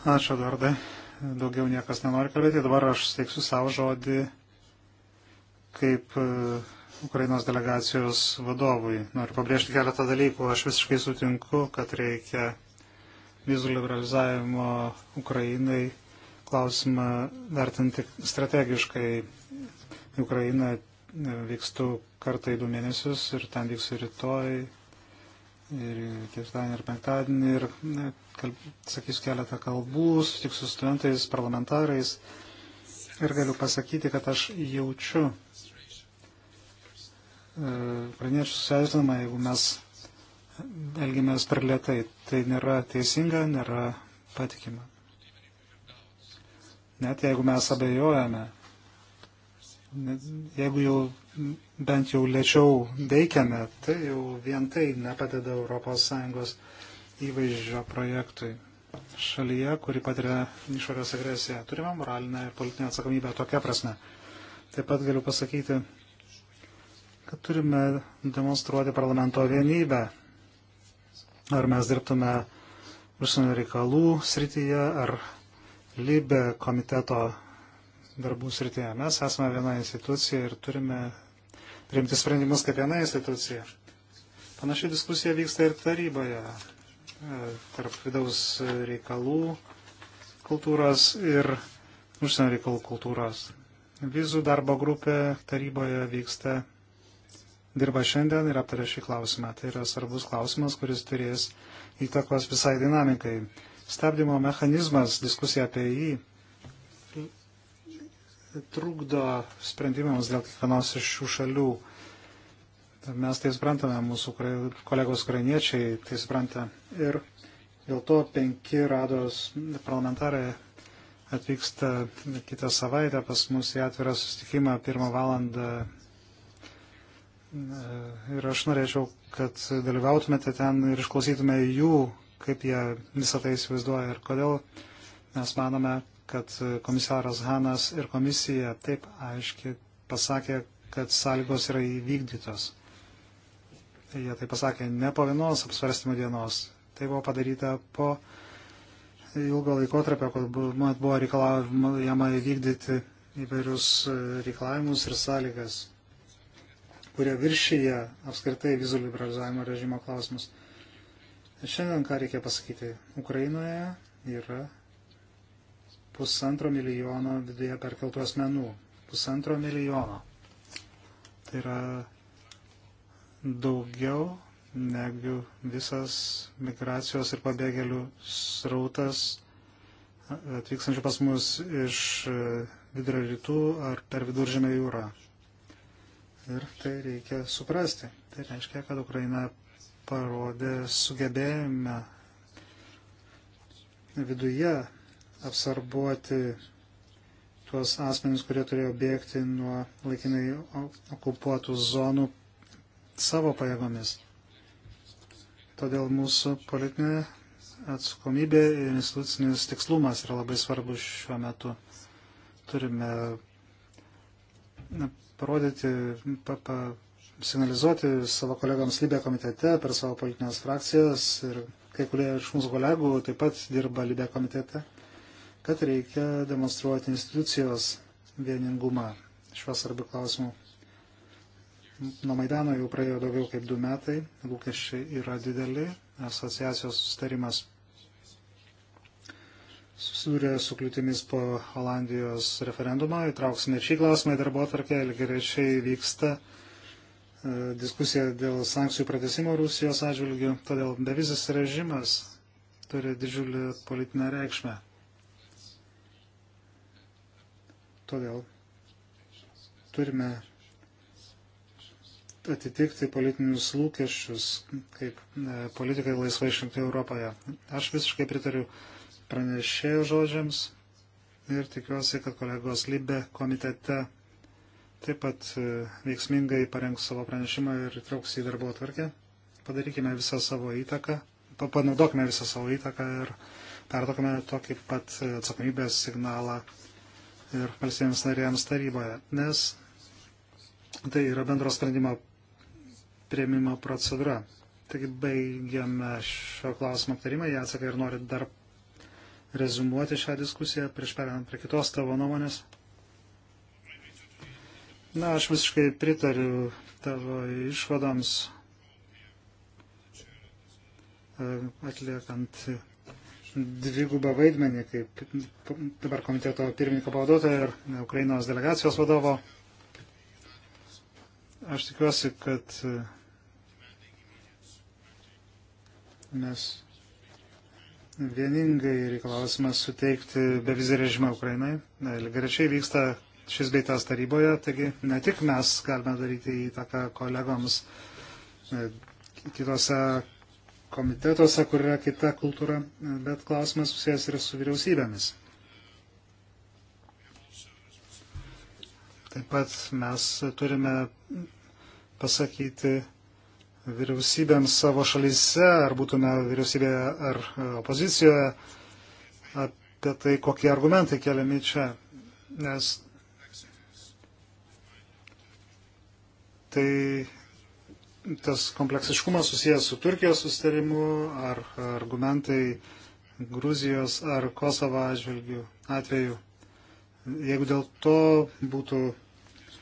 Ačiū, Dardai. Daugiau niekas nenori kalbėti. Dabar aš steiksiu savo žodį kaip Ukrainos delegacijos vadovui. Noriu pabrėžti keletą dalykų. Aš visiškai sutinku, kad reikia vizų liberalizavimo Ukrainai klausimą vertinti strategiškai. Ukraina vykstų kartą į du mėnesius ir ten vyksiu rytoj ir ketvirtadienį ir penktadienį ir ne, kalb, sakysiu keletą kalbų, sutiksiu su studentais, parlamentarais ir galiu pasakyti, kad aš jaučiu E, praniečius susiezinama, jeigu mes elgiamės per lietai. Tai nėra teisinga, nėra patikima. Net jeigu mes abejojame, jeigu jau bent jau lėčiau veikiame, tai jau vien tai nepadeda ES įvaizdžio projektui šalyje, kuri patiria išorės agresiją. Turime moralinę ir politinę atsakomybę tokia prasme. Taip pat galiu pasakyti, kad turime demonstruoti parlamento vienybę. Ar mes dirbtume užsienio reikalų srityje ar lybe komiteto darbų srityje. Mes esame viena institucija ir turime priimti sprendimus kaip viena institucija. Panaši diskusija vyksta ir taryboje e, tarp vidaus reikalų kultūros ir užsienio reikalų kultūros. Vizų darbo grupė taryboje vyksta dirba šiandien ir aptarė šį klausimą. Tai yra svarbus klausimas, kuris turės įtakos visai dinamikai. Stabdymo mechanizmas, diskusija apie jį trukdo sprendimams dėl kiekvienos iš šių šalių. Mes tai suprantame, mūsų kolegos ukrainiečiai tai supranta. Ir dėl to penki rados parlamentarai atvyksta kitą savaitę pas mus į atvirą susitikimą pirmą valandą Ir aš norėčiau, kad dalyvautumėte ten ir išklausytume jų, kaip jie visą tai įsivaizduoja ir kodėl mes manome, kad komisaras Hanas ir komisija taip aiškiai pasakė, kad sąlygos yra įvykdytos. Jie tai pasakė ne po vienos apsvarstymo dienos. Tai buvo padaryta po ilgo laikotarpio, kad buvo reikalavimą įvykdyti įvairius reikalavimus ir sąlygas kurie viršyje apskritai vizų liberalizavimo režimo klausimus. Šiandien ką reikia pasakyti? Ukrainoje yra pusantro milijono viduje perkeltų asmenų. Pusantro milijono. Tai yra daugiau negu visas migracijos ir pabėgėlių srautas atvykstančių pas mus iš vidurio rytų ar per viduržėmę jūrą. Ir tai reikia suprasti. Tai reiškia, kad Ukraina parodė sugebėjimą viduje apsarbuoti tuos asmenys, kurie turėjo bėgti nuo laikinai okupuotų zonų savo pajėgomis. Todėl mūsų politinė atsakomybė ir institucinis tikslumas yra labai svarbus šiuo metu. Turime parodyti, pa, pa, signalizuoti savo kolegams Libė komitete per savo politinės frakcijas ir kai kurie iš mūsų kolegų taip pat dirba Libė komitete, kad reikia demonstruoti institucijos vieningumą šiuo svarbiu klausimu. Nuo Maidano jau praėjo daugiau kaip du metai, lūkesčiai yra dideli, asociacijos sustarimas susidūrė su kliūtimis po Olandijos referendumo. Įtrauksime ir šį klausimą į darbo atvarkę. Lygiai vyksta e, diskusija dėl sankcijų pratesimo Rusijos atžvilgių. Todėl bevizis režimas turi didžiulį politinę reikšmę. Todėl turime atitikti politinius lūkesčius, kaip e, politikai laisvai išrinkti Europoje. Aš visiškai pritariu uh, pranešėjų žodžiams ir tikiuosi, kad kolegos Libė komitete taip pat e, veiksmingai parengs savo pranešimą ir trauks į darbo atvarkę. Padarykime visą savo įtaką, panaudokime visą savo įtaką ir perdokime tokį pat e, atsakomybės signalą ir valstybėms narėms taryboje, nes tai yra bendro sprendimo prieimimo procedūra. Taigi baigiame šio klausimo aptarimą, jie atsakė ir nori dar rezumuoti šią diskusiją prieš perėdant prie kitos tavo nuomonės? Na, aš visiškai pritariu tavo išvadoms e, atliekant dvigubą vaidmenį, kaip dabar komiteto pirmininko pavaduotojo ir e, Ukrainos delegacijos vadovo. Aš tikiuosi, kad e, mes vieningai reikalavimas suteikti bevizį režimą Ukrainai. Lygiai vyksta šis beitas taryboje, taigi ne tik mes galime daryti įtaką kolegoms e, kitose komitetuose, kur yra kita kultūra, bet klausimas susijęs ir su vyriausybėmis. Taip pat mes turime pasakyti vyriausybėms savo šalyse, ar būtume vyriausybėje ar e, opozicijoje, apie tai, kokie argumentai keliami čia. Nes tai tas kompleksiškumas susijęs su Turkijos sustarimu ar argumentai Gruzijos ar Kosovo atžvilgių atveju. Jeigu dėl to būtų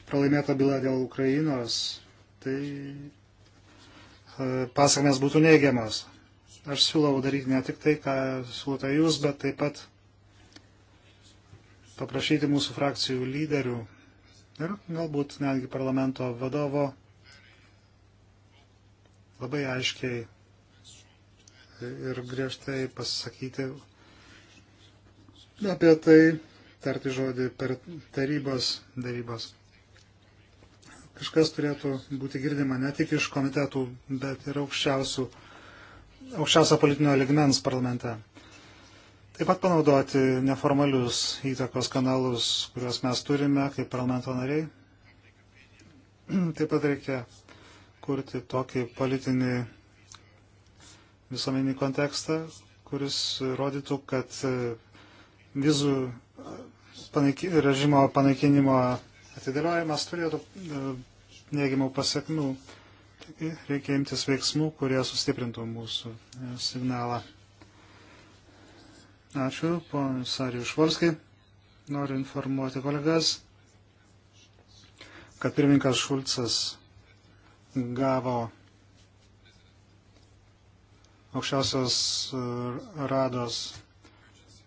pralaimėta byla dėl Ukrainos, tai pasakmės būtų neigiamas. Aš siūlau daryti ne tik tai, ką siūlote jūs, bet taip pat paprašyti mūsų frakcijų lyderių ir galbūt netgi parlamento vadovo labai aiškiai ir griežtai pasisakyti apie tai, tarti žodį per tarybos darybos kažkas turėtų būti girdima ne tik iš komitetų, bet ir aukščiausių, aukščiausio politinio ligmens parlamente. Taip pat panaudoti neformalius įtakos kanalus, kuriuos mes turime kaip parlamento nariai. Taip pat reikia kurti tokį politinį visuomenį kontekstą, kuris rodytų, kad e, vizų e, panaiki, režimo panaikinimo Atidėliojimas turėtų e, neigiamų pasiekmių. Taigi reikia imtis veiksmų, kurie sustiprintų mūsų e, signalą. Ačiū, ponas Sarijų Švolskai. Noriu informuoti kolegas, kad pirmininkas Šulcas gavo aukščiausios e, rados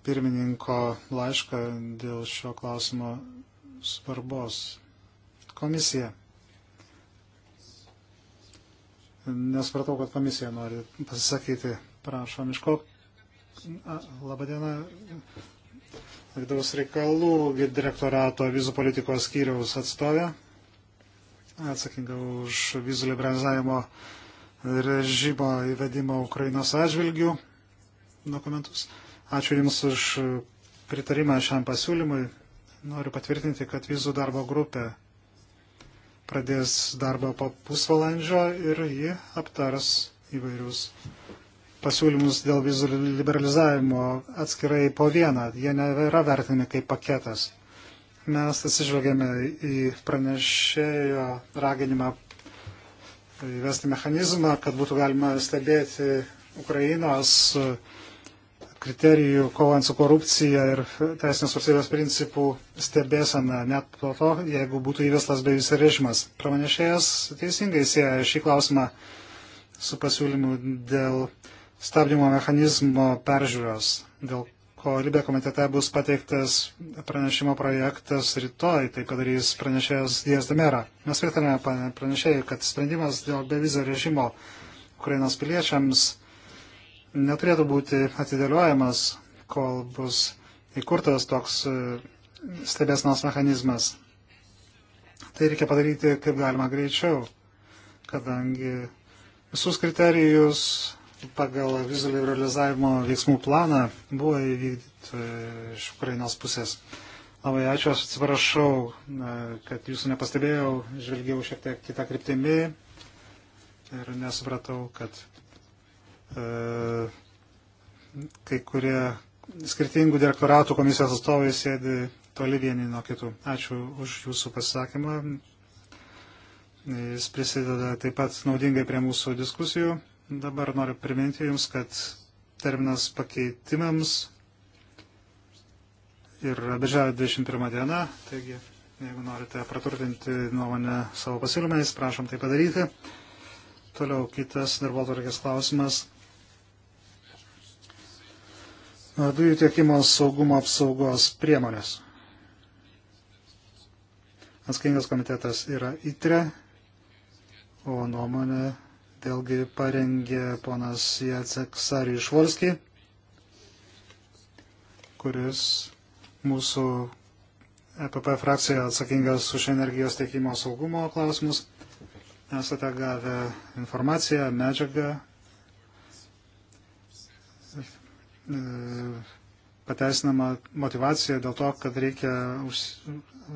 pirmininko laišką dėl šio klausimo svarbos. Komisija. Nesvartau, kad komisija nori pasisakyti. Prašom, iš ko. Labadiena. Vidaus reikalų direktorato vizų politikos skyriaus atstovė. Atsakinga už vizų liberalizavimo režimo įvedimo Ukrainos atžvilgių dokumentus. Ačiū Jums už pritarimą šiam pasiūlymui. Noriu patvirtinti, kad vizų darbo grupė pradės darbą po pusvalandžio ir ji aptars įvairius pasiūlymus dėl vizų liberalizavimo atskirai po vieną. Jie nėra vertinami kaip paketas. Mes atsižvelgėme į pranešėjo raginimą įvesti mechanizmą, kad būtų galima stebėti Ukrainos uh, kriterijų kovant su korupcija ir teisinės valstybės principų stebėsena, net po to, jeigu būtų įvestas bevisa režimas. Pramanešėjas teisingai sieja šį klausimą su pasiūlymu dėl stabdymo mechanizmo peržiūros, dėl ko Libė komitete bus pateiktas pranešimo projektas rytoj, tai padarys pranešėjas Dijas Demera. Mes pritarėme pranešėjai, kad sprendimas dėl bevizio režimo Ukrainos piliečiams neturėtų būti atidėliojamas, kol bus įkurtas toks e, stebėsnos mechanizmas. Tai reikia padaryti kaip galima greičiau, kadangi visus kriterijus pagal vizų liberalizavimo veiksmų planą buvo įvykdyti e, iš Ukrainos pusės. Labai ačiū, aš atsiprašau, e, kad jūsų nepastebėjau, žvelgiau šiek tiek kitą kryptimį ir nesupratau, kad E, kai kurie skirtingų direktoratų komisijos atstovai sėdi toli vieni nuo kitų. Ačiū už jūsų pasisakymą. Jis prisideda taip pat naudingai prie mūsų diskusijų. Dabar noriu priminti Jums, kad terminas pakeitimams yra birželio 21 diena, taigi jeigu norite praturtinti nuomonę savo pasiūlymais, prašom tai padaryti. Toliau kitas darbo tvarkės klausimas dujų tiekimo saugumo apsaugos priemonės. Atsakingas komitetas yra ITRE, o nuomonę vėlgi parengė ponas Jacek Sari Švorski, kuris mūsų EPP frakcija atsakingas už energijos tiekimo saugumo klausimus. Esate gavę informaciją, medžiagą E, pateisinama motivacija dėl to, kad reikia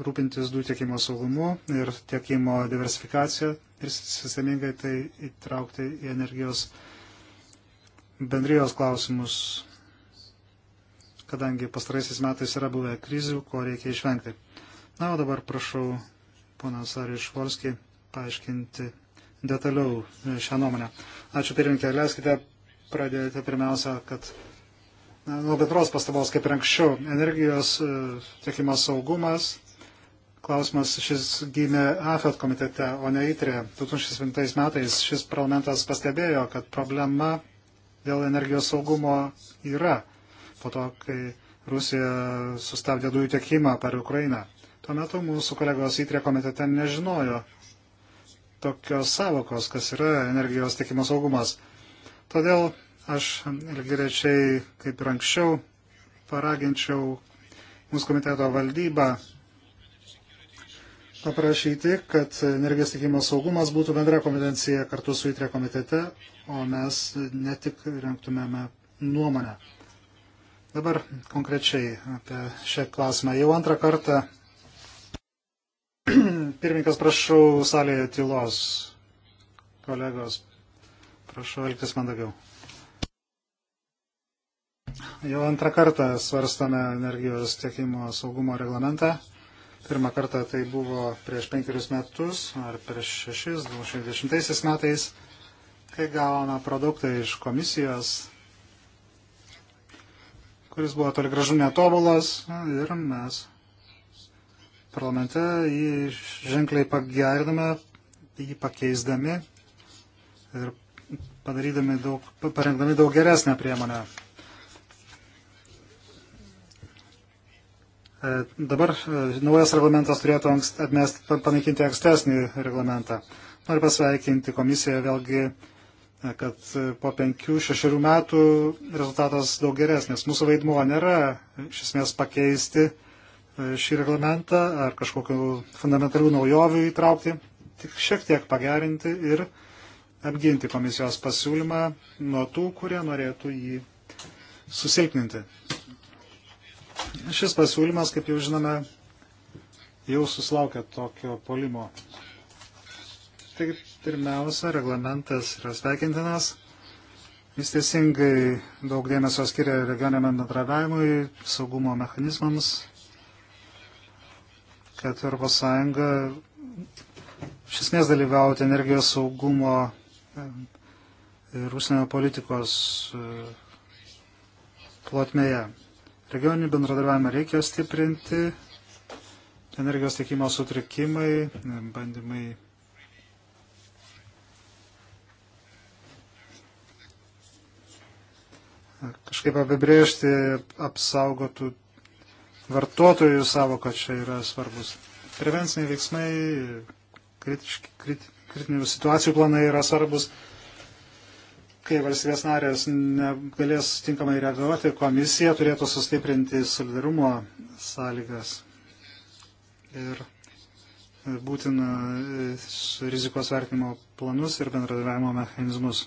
rūpintis dujų tiekimo saugumu ir tiekimo diversifikacija ir sistemingai tai įtraukti į energijos bendrijos klausimus, kadangi pastaraisiais metais yra buvę krizių, ko reikia išvengti. Na, o dabar prašau ponas Arijus Švolskį paaiškinti detaliau šią nuomonę. Ačiū pirmininkė, leiskite pradėti pirmiausia, kad nuo bendros pastabos kaip ir anksčiau. Energijos e, tiekimo saugumas. Klausimas šis gimė AFET komitete, o ne ITRE. 2007 metais šis parlamentas pastebėjo, kad problema dėl energijos saugumo yra po to, kai Rusija sustabdė dujų tiekimą per Ukrainą. Tuo metu mūsų kolegos įtrė komitete nežinojo tokios savokos, kas yra energijos tiekimo saugumas. Todėl Aš grečiai, kaip ir anksčiau, paraginčiau mūsų komiteto valdybą paprašyti, kad energijos tikimo saugumas būtų bendra kompetencija kartu su įtrė komitete, o mes ne tik renktumėme nuomonę. Dabar konkrečiai apie šią klausimą. Jau antrą kartą pirmininkas prašau salėje tylos. Kolegos, prašau elgtis mandagiau. Jau antrą kartą svarstame energijos tiekimo saugumo reglamentą. Pirmą kartą tai buvo prieš penkerius metus ar prieš šešis, 2010 metais, kai gavome produktą iš komisijos, kuris buvo toli gražu netobulas ir mes parlamente jį ženkliai pagerinome, jį pakeisdami ir padarydami daug, parengdami daug geresnę priemonę. E, dabar e, naujas reglamentas turėtų atmest, panaikinti ankstesnį reglamentą. Noriu pasveikinti komisiją vėlgi, e, kad po penkių, šešerių metų rezultatas daug geresnis. Mūsų vaidmuo nėra iš esmės pakeisti šį reglamentą ar kažkokiu fundamentalių naujovių įtraukti, tik šiek tiek pagerinti ir apginti komisijos pasiūlymą nuo tų, kurie norėtų jį susilpninti. Šis pasiūlymas, kaip jau žinome, jau susilaukia tokio polimo. Tai pirmiausia, reglamentas yra sveikintinas. Jis teisingai daug dėmesio skiria regioniam bendradavimui, saugumo mechanizmams, kad ES iš esmės dalyvauti energijos saugumo e, ir užsienio politikos e, plotmėje. Regioninį bendradarbiavimą reikia stiprinti, energijos tiekimo sutrikimai, bandymai kažkaip apibrėžti apsaugotų vartotojų savoką čia yra svarbus. Prevenciniai veiksmai, kritiški, krit, kritinių situacijų planai yra svarbus kai valstybės narės negalės tinkamai reaguoti, komisija turėtų sustiprinti solidarumo sąlygas. Ir būtina e, rizikos vertinimo planus ir bendradarbiavimo mechanizmus.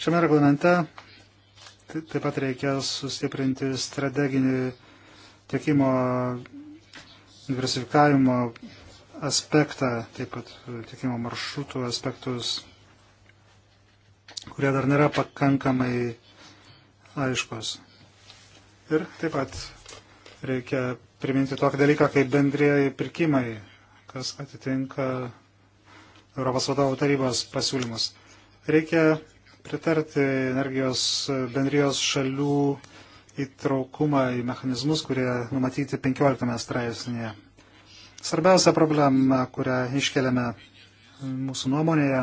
Šiame reglamente taip pat reikia sustiprinti strateginį tiekimo diversifikavimo aspektą, taip pat tiekimo maršrutų aspektus kurie dar nėra pakankamai aiškus. Ir taip pat reikia priminti tokį dalyką kaip bendrėjai pirkimai, kas atitinka Europos vadovų tarybos pasiūlymus. Reikia pritarti energijos bendrijos šalių įtraukumą į mechanizmus, kurie numatyti 15 straipsnėje. Svarbiausia problema, kurią iškeliame mūsų nuomonėje,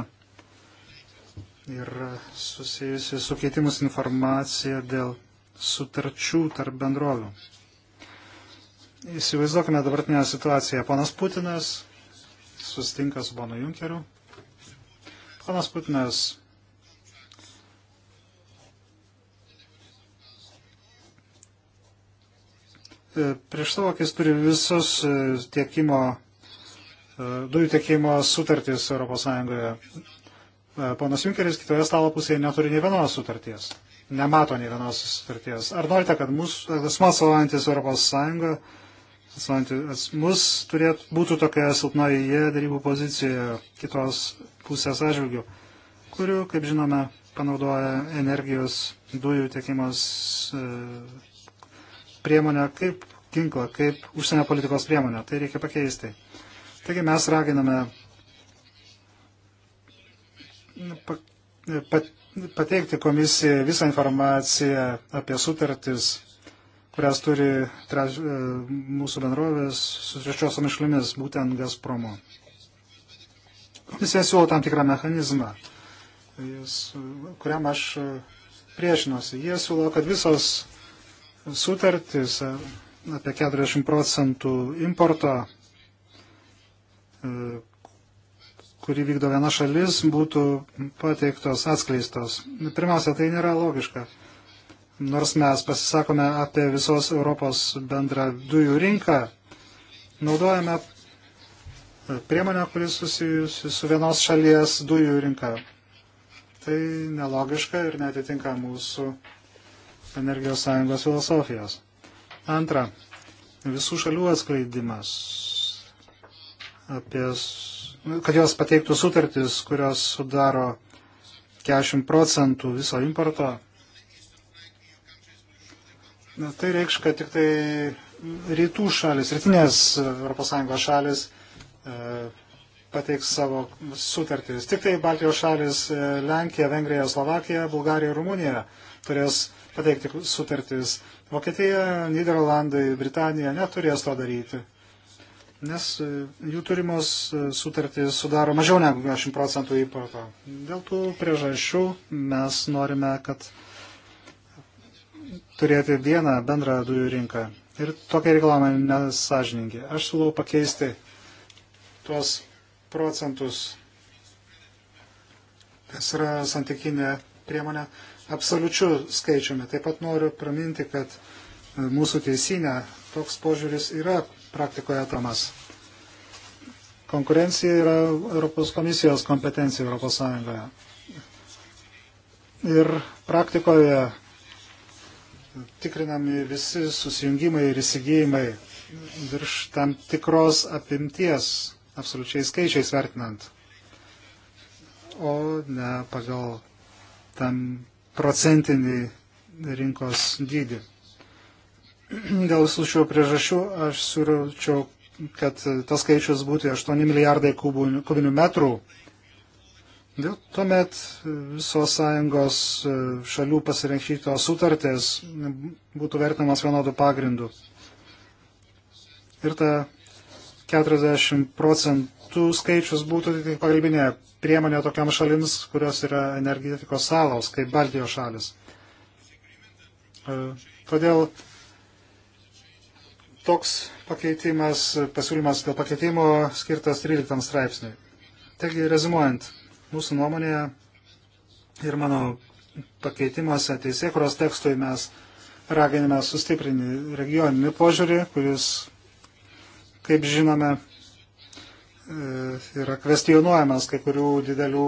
yra susijusi su keitimus informacija dėl sutarčių tarp bendrovių. Įsivaizduokime dabartinę situaciją. Ponas Putinas sustinka su Bonu Junkeriu. Ponas Putinas e, prieš savo akis turi visus e, tiekimo, e, dujų tiekimo sutartys ES. E, ponas Junkeris kitoje stalo pusėje neturi nei vienos sutarties, nemato nei vienos sutarties. Ar norite, kad mūsų asmo atstovaujantis Europos Sąjungą, mus turėtų, būtų tokioje silpnoje darybų pozicijoje kitos pusės atžvilgių, kurių, kaip žinome, panaudoja energijos dujų tiekimas e, priemonę kaip ginklą, kaip užsienio politikos priemonę. Tai reikia pakeisti. Taigi mes raginame pateikti komisijai visą informaciją apie sutartis, kurias turi treč, e, mūsų bendrovės su trečiosiomis šalimis, būtent Gazpromo. Komisija siūlo tam tikrą mechanizmą, jis, kuriam aš e, priešinuosi. Jie siūlo, kad visos sutartys e, apie 40 procentų importo kurį vykdo viena šalis, būtų pateiktos atskleistos. Pirmiausia, tai nėra logiška. Nors mes pasisakome apie visos Europos bendrą dujų rinką, naudojame priemonę, kuris susijusi su vienos šalies dujų rinka. Tai nelogiška ir netitinka mūsų energijos sąjungos filosofijos. Antra, visų šalių atskleidimas apie kad jos pateiktų sutartis, kurios sudaro 40 procentų viso importo. Na, tai reikš, kad tik tai rytų šalis, rytinės ES šalis e, pateiks savo sutartis. Tik tai Baltijos šalis e, Lenkija, Vengrija, Slovakija, Bulgarija ir Rumunija turės pateikti sutartis. Vokietija, Niderlandai, Britanija neturės to daryti nes e, jų turimos e, sutartys sudaro mažiau negu 10 procentų importo. Dėl tų priežasčių mes norime, kad turėti vieną bendrą dujų rinką. Ir tokia reikalavimai nesažiningi. Aš siūlau pakeisti tuos procentus, kas yra santykinė priemonė, absoliučių skaičiumi. Taip pat noriu praminti, kad e, mūsų teisinė toks požiūris yra praktikoje temas. Konkurencija yra Europos komisijos kompetencija Europos Sąjungoje. Ir praktikoje tikrinami visi susijungimai ir įsigijimai virš tam tikros apimties, absoliučiai skaičiais vertinant, o ne pagal tam procentinį rinkos dydį. Dėl visų šio priežasčių aš siūlyčiau, kad tas skaičius būtų 8 milijardai kubinių metrų. Dėl tuomet visos sąjungos e, šalių pasirašytos sutartės būtų vertinamas vienodų pagrindų. Ir ta 40 procentų skaičius būtų tik tai pagalbinė priemonė tokiam šalims, kurios yra energetikos salos, kaip Baltijos šalis. E, todėl toks pakeitimas, pasiūlymas dėl pakeitimo skirtas 13 straipsniui. Taigi, rezimuojant, mūsų nuomonėje ir mano pakeitimuose teisėkuros tekstui mes raginime sustiprinti regioninį požiūrį, kuris, kaip žinome, e, yra kvestionuojamas kai kurių didelių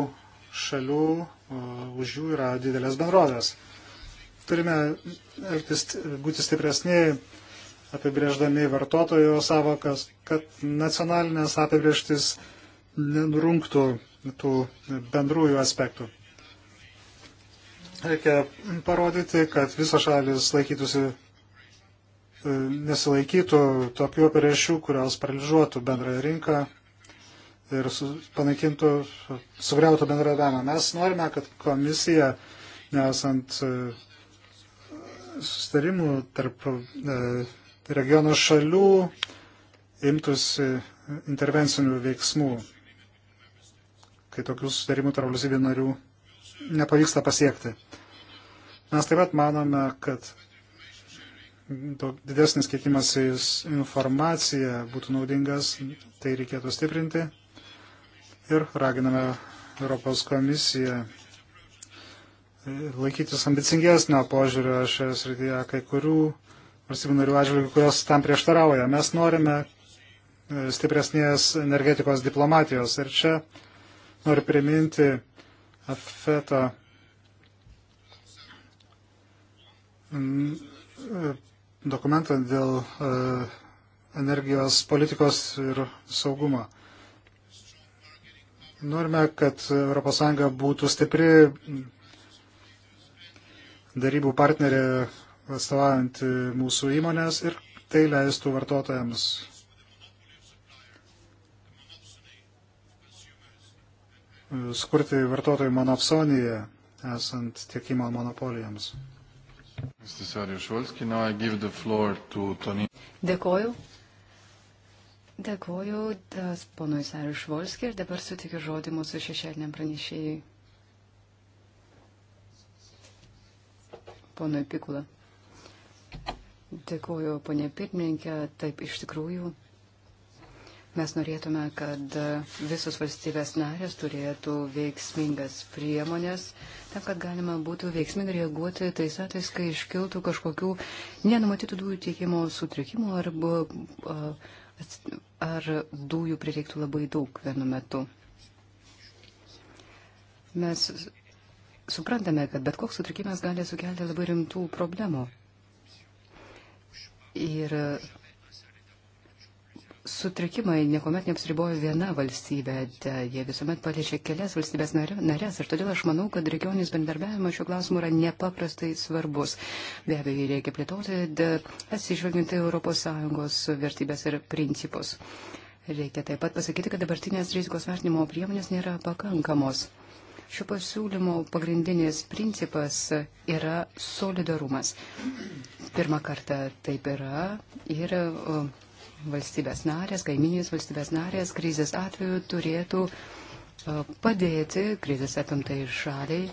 šalių, už jų yra didelės bendrovės. Turime elgtis, būti stipresni apibrėždami vartotojo savokas, kad nacionalinės apibrėžtis nenurungtų tų bendrųjų aspektų. Reikia parodyti, kad visos šalis laikytųsi, e, nesilaikytų tokių apibrėžčių, kurios paralyžuotų bendrąją rinką ir su, panaikintų, sugriautų bendradavimą. Mes norime, kad komisija, nesant e, sustarimų tarp e, regiono šalių imtųsi intervencinių veiksmų, kai tokių sudarimų tarp valstybių narių nepavyksta pasiekti. Mes taip pat manome, kad didesnis keitimasis informacija būtų naudingas, tai reikėtų stiprinti ir raginame Europos komisiją laikytis ambicingesnio požiūrio šioje srityje, kai kurių valstybių narių atžvilgių, kurios tam prieštarauja. Mes norime e, stipresnės energetikos diplomatijos. Ir čia noriu priminti Afeto e, dokumentą dėl e, energijos politikos ir saugumo. Norime, kad ES būtų stipri darybų partnerė atstovaujant mūsų įmonės ir tai leistų vartotojams. skurti vartotojų monopsoniją, esant tiekimo monopolijams. Dėkoju. Dėkoju ponui Sariu Švolskiu ir dabar sutikiu žodį mūsų šešėliniam pranešėjui. Ponui Pikula. Dėkuoju, ponė pirmininkė. Taip, iš tikrųjų, mes norėtume, kad visos valstybės narės turėtų veiksmingas priemonės, tam, kad galima būtų veiksmingai reaguoti tais atvejais, kai iškiltų kažkokių nenumatytų dujų tiekimo sutrikimų arba, ar dujų prireiktų labai daug vienu metu. Mes suprantame, kad bet koks sutrikimas gali sukelti labai rimtų problemų. Ir sutrikimai niekuomet neapsiribojo viena valstybė, jie visuomet paliečia kelias valstybės narės ir todėl aš manau, kad regioninis bendarbiavimas šiuo klausimu yra nepaprastai svarbus. Be abejo, jį reikia plėtoti, atsižvelgiant į ES vertybės ir principus. Reikia taip pat pasakyti, kad dabartinės rizikos vertinimo priemonės nėra pakankamos. Šio pasiūlymo pagrindinis principas yra solidarumas. Pirmą kartą taip yra ir e, valstybės narės, kaiminės valstybės narės krizės atveju turėtų e, padėti krizės apimtai šaliai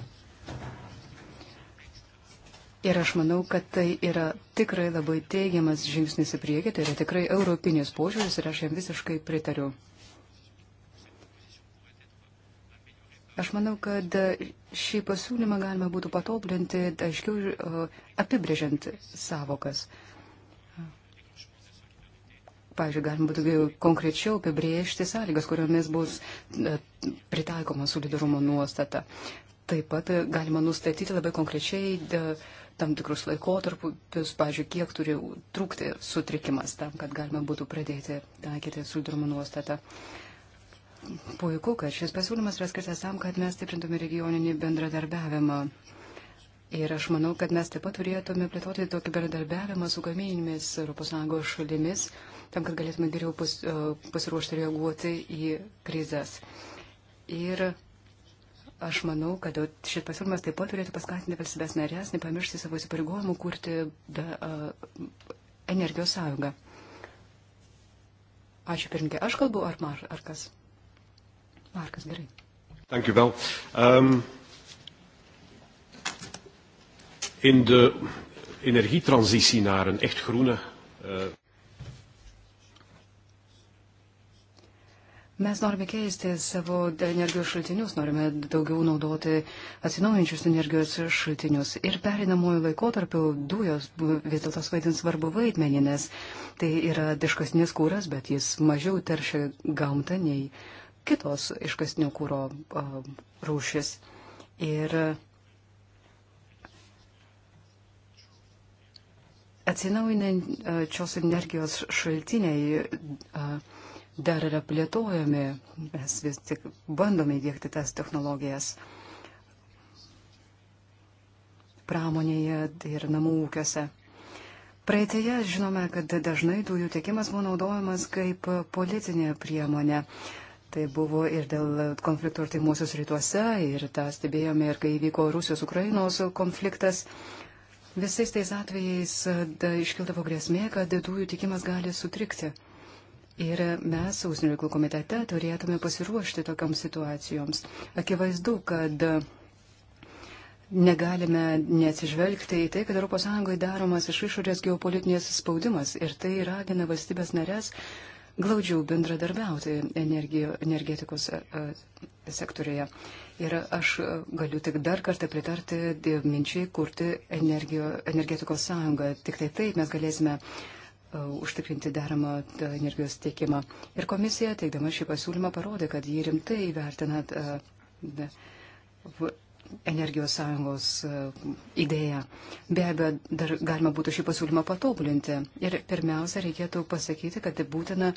Ir aš manau, kad tai yra tikrai labai teigiamas žingsnis į priekį, tai yra tikrai europinis požiūris ir aš jam visiškai pritariu. Aš manau, kad šį pasiūlymą galima būtų patobulinti, aiškiau e, apibrėžiant savokas. Pavyzdžiui, galima būtų konkrečiau apibriežti sąlygas, kuriomis bus e, pritaikoma solidarumo nuostata. Taip pat e, galima nustatyti labai konkrečiai tam tikrus laikotarpius, pavyzdžiui, kiek turi trūkti sutrikimas tam, kad galima būtų pradėti taikyti solidarumo nuostatą. Uh, puiku, kad šis pasiūlymas yra skirtas tam, kad mes stiprintume regioninį bendradarbiavimą. Ir aš manau, kad mes taip pat turėtume plėtoti tokį bendradarbiavimą su kaimynėmis ES šalimis, tam, kad galėtume geriau pas, e, pasiruošti reaguoti į krizės. Ir aš manau, kad šis pasiūlymas taip pat turėtų paskatinti valstybės narės, nepamiršti savo įsipareigojimų kurti be, uh, energijos sąjungą. Ačiū pirmininkė. Aš kalbu, ar, mar, ar kas? Markas, gerai. Dank u wel. Um, in de energietransitie naar een echt groene. Uh... Mes norime keisti savo energijos šaltinius, norime daugiau naudoti atsinaujančius energijos šaltinius. Ir perinamojo laikotarpiu dujos vis dėlto vaidins svarbu vaidmenį, nes tai yra diškasnės kūras, bet jis mažiau teršia gamtą nei uh, kitos iškastinio kūro rūšis. Ir atsinaujinančios energijos šaltiniai dar yra plėtojami, mes vis tik bandome įdėkti tas technologijas pramonėje ir namų ūkiuose. Praeitėje žinome, kad dažnai dujų tiekimas buvo naudojamas kaip politinė priemonė. Tai buvo ir dėl konflikto artimuosius rytuose, ir tą stebėjome ir kai vyko Rusijos-Ukrainos konfliktas. Visais tais atvejais da, iškildavo grėsmė, kad dujų tikimas gali sutrikti. Ir mes, Užsienio reikalų komitete, turėtume pasiruošti tokiams situacijoms. Akivaizdu, kad negalime neatsižvelgti į tai, kad ES daromas iš išorės geopolitinės spaudimas ir tai ragina valstybės narės glaudžiau bendradarbiauti energijo, energetikos e, e, sektorėje. Ir aš e, galiu tik dar kartą pritarti minčiai kurti energijo, energetikos sąjungą. Tik tai taip mes galėsime užtikrinti deramą energijos tiekimą. Ir komisija, teikdama šį pasiūlymą, parodė, kad jį rimtai vertina energijos sąjungos e, idėją. Be abejo, dar galima būtų šį pasiūlymą patobulinti. Ir pirmiausia, reikėtų pasakyti, kad būtina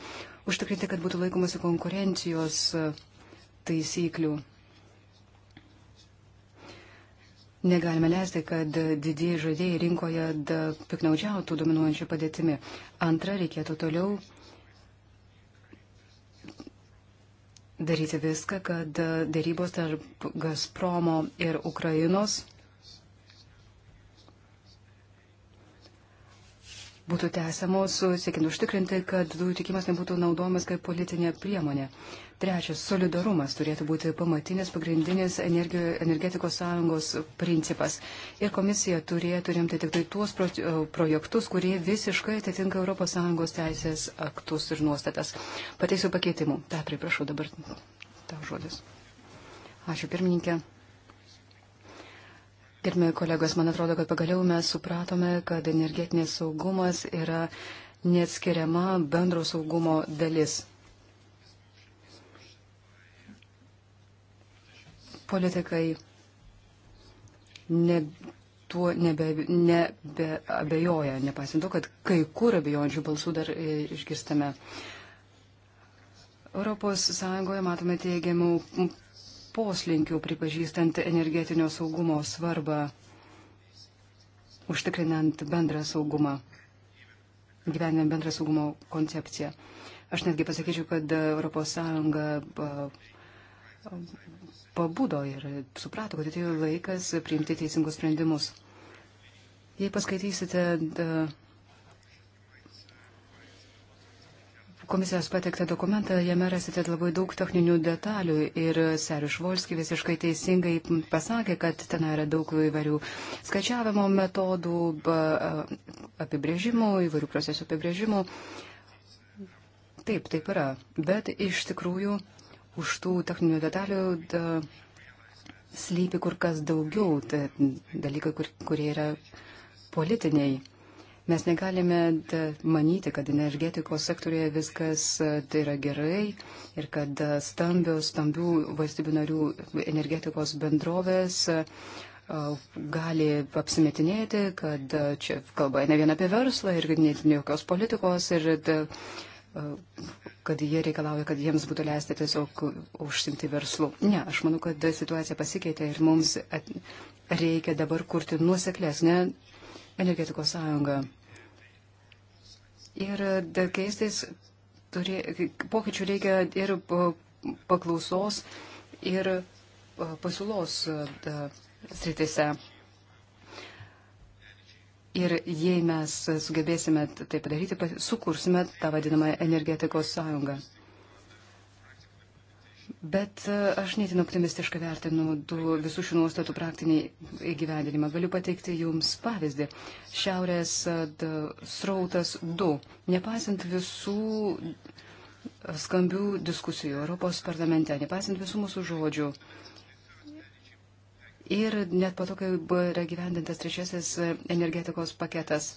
užtikrinti, kad būtų laikomasi konkurencijos e, taisyklių. Negalime leisti, kad didieji žaidėjai rinkoje piknaudžiautų dominuojančių padėtimi. Antra, reikėtų toliau daryti viską, kad e, darybos tarp Gazpromo ir Ukrainos būtų tęsiamos, siekiant užtikrinti, kad dujų tikimas nebūtų naudojamas kaip politinė priemonė. Trečias, solidarumas turėtų būti pamatinis, pagrindinis energetikos sąjungos principas. Ir komisija turėtų remti tik tai tuos pro, e, projektus, kurie visiškai atitinka ES teisės aktus ir nuostatas. Pateisiu pakeitimų. Petrai, prašau dabar tau žodis. Ačiū pirmininkė. Gerbėjai kolegos, man atrodo, kad pagaliau mes supratome, kad energetinės saugumas yra neatskiriama bendro saugumo dalis. Politikai ne, tuo nebeabejoja, nebe, nebe nepaisant to, kad kai kur abejojančių balsų dar e, išgirstame. Europos Sąjungoje matome teigiamų poslinkių pripažįstant energetinio saugumo svarbą, užtikrinant bendrą saugumą, gyvenant bendrą saugumo koncepciją. Aš netgi pasakyčiau, kad ES pabudo ir suprato, kad atėjo laikas priimti teisingus sprendimus. Jei paskaitysite komisijos pateiktą dokumentą, jame rasite labai daug techninių detalių ir Serius Volski visiškai teisingai pasakė, kad ten yra daug įvairių skaičiavimo metodų, apibrėžimų, įvairių procesų apibrėžimų. Taip, taip yra, bet iš tikrųjų už tų techninių detalių da, slypi kur kas daugiau tai dalykai, kur, kurie yra politiniai. Mes negalime manyti, kad energetikos sektorėje viskas tai yra gerai ir kad stambios, stambių valstybių narių energetikos bendrovės gali apsimetinėti, kad čia kalba ne vien apie verslą ir ne jokios politikos ir kad jie reikalauja, kad jiems būtų leista tiesiog užsimti verslu. Ne, aš manau, kad situacija pasikeitė ir mums reikia dabar kurti nuoseklesnę energetikos sąjungą. Ir e, keistis turė, pokyčių reikia ir paklausos, ir e, pasiūlos e, sritise. Ir jei mes sugebėsime tai padaryti, sukursime tą vadinamą energetikos sąjungą. Bet e, aš netin optimistiškai vertinu visų šių nuostatų praktinį įgyvendinimą. Galiu pateikti Jums pavyzdį. Šiaurės e, srautas 2. Nepaisant visų e, skambių diskusijų Europos parlamente, nepaisant visų mūsų žodžių. Ir net po to, kai buvo gyvendintas trečiasis energetikos paketas.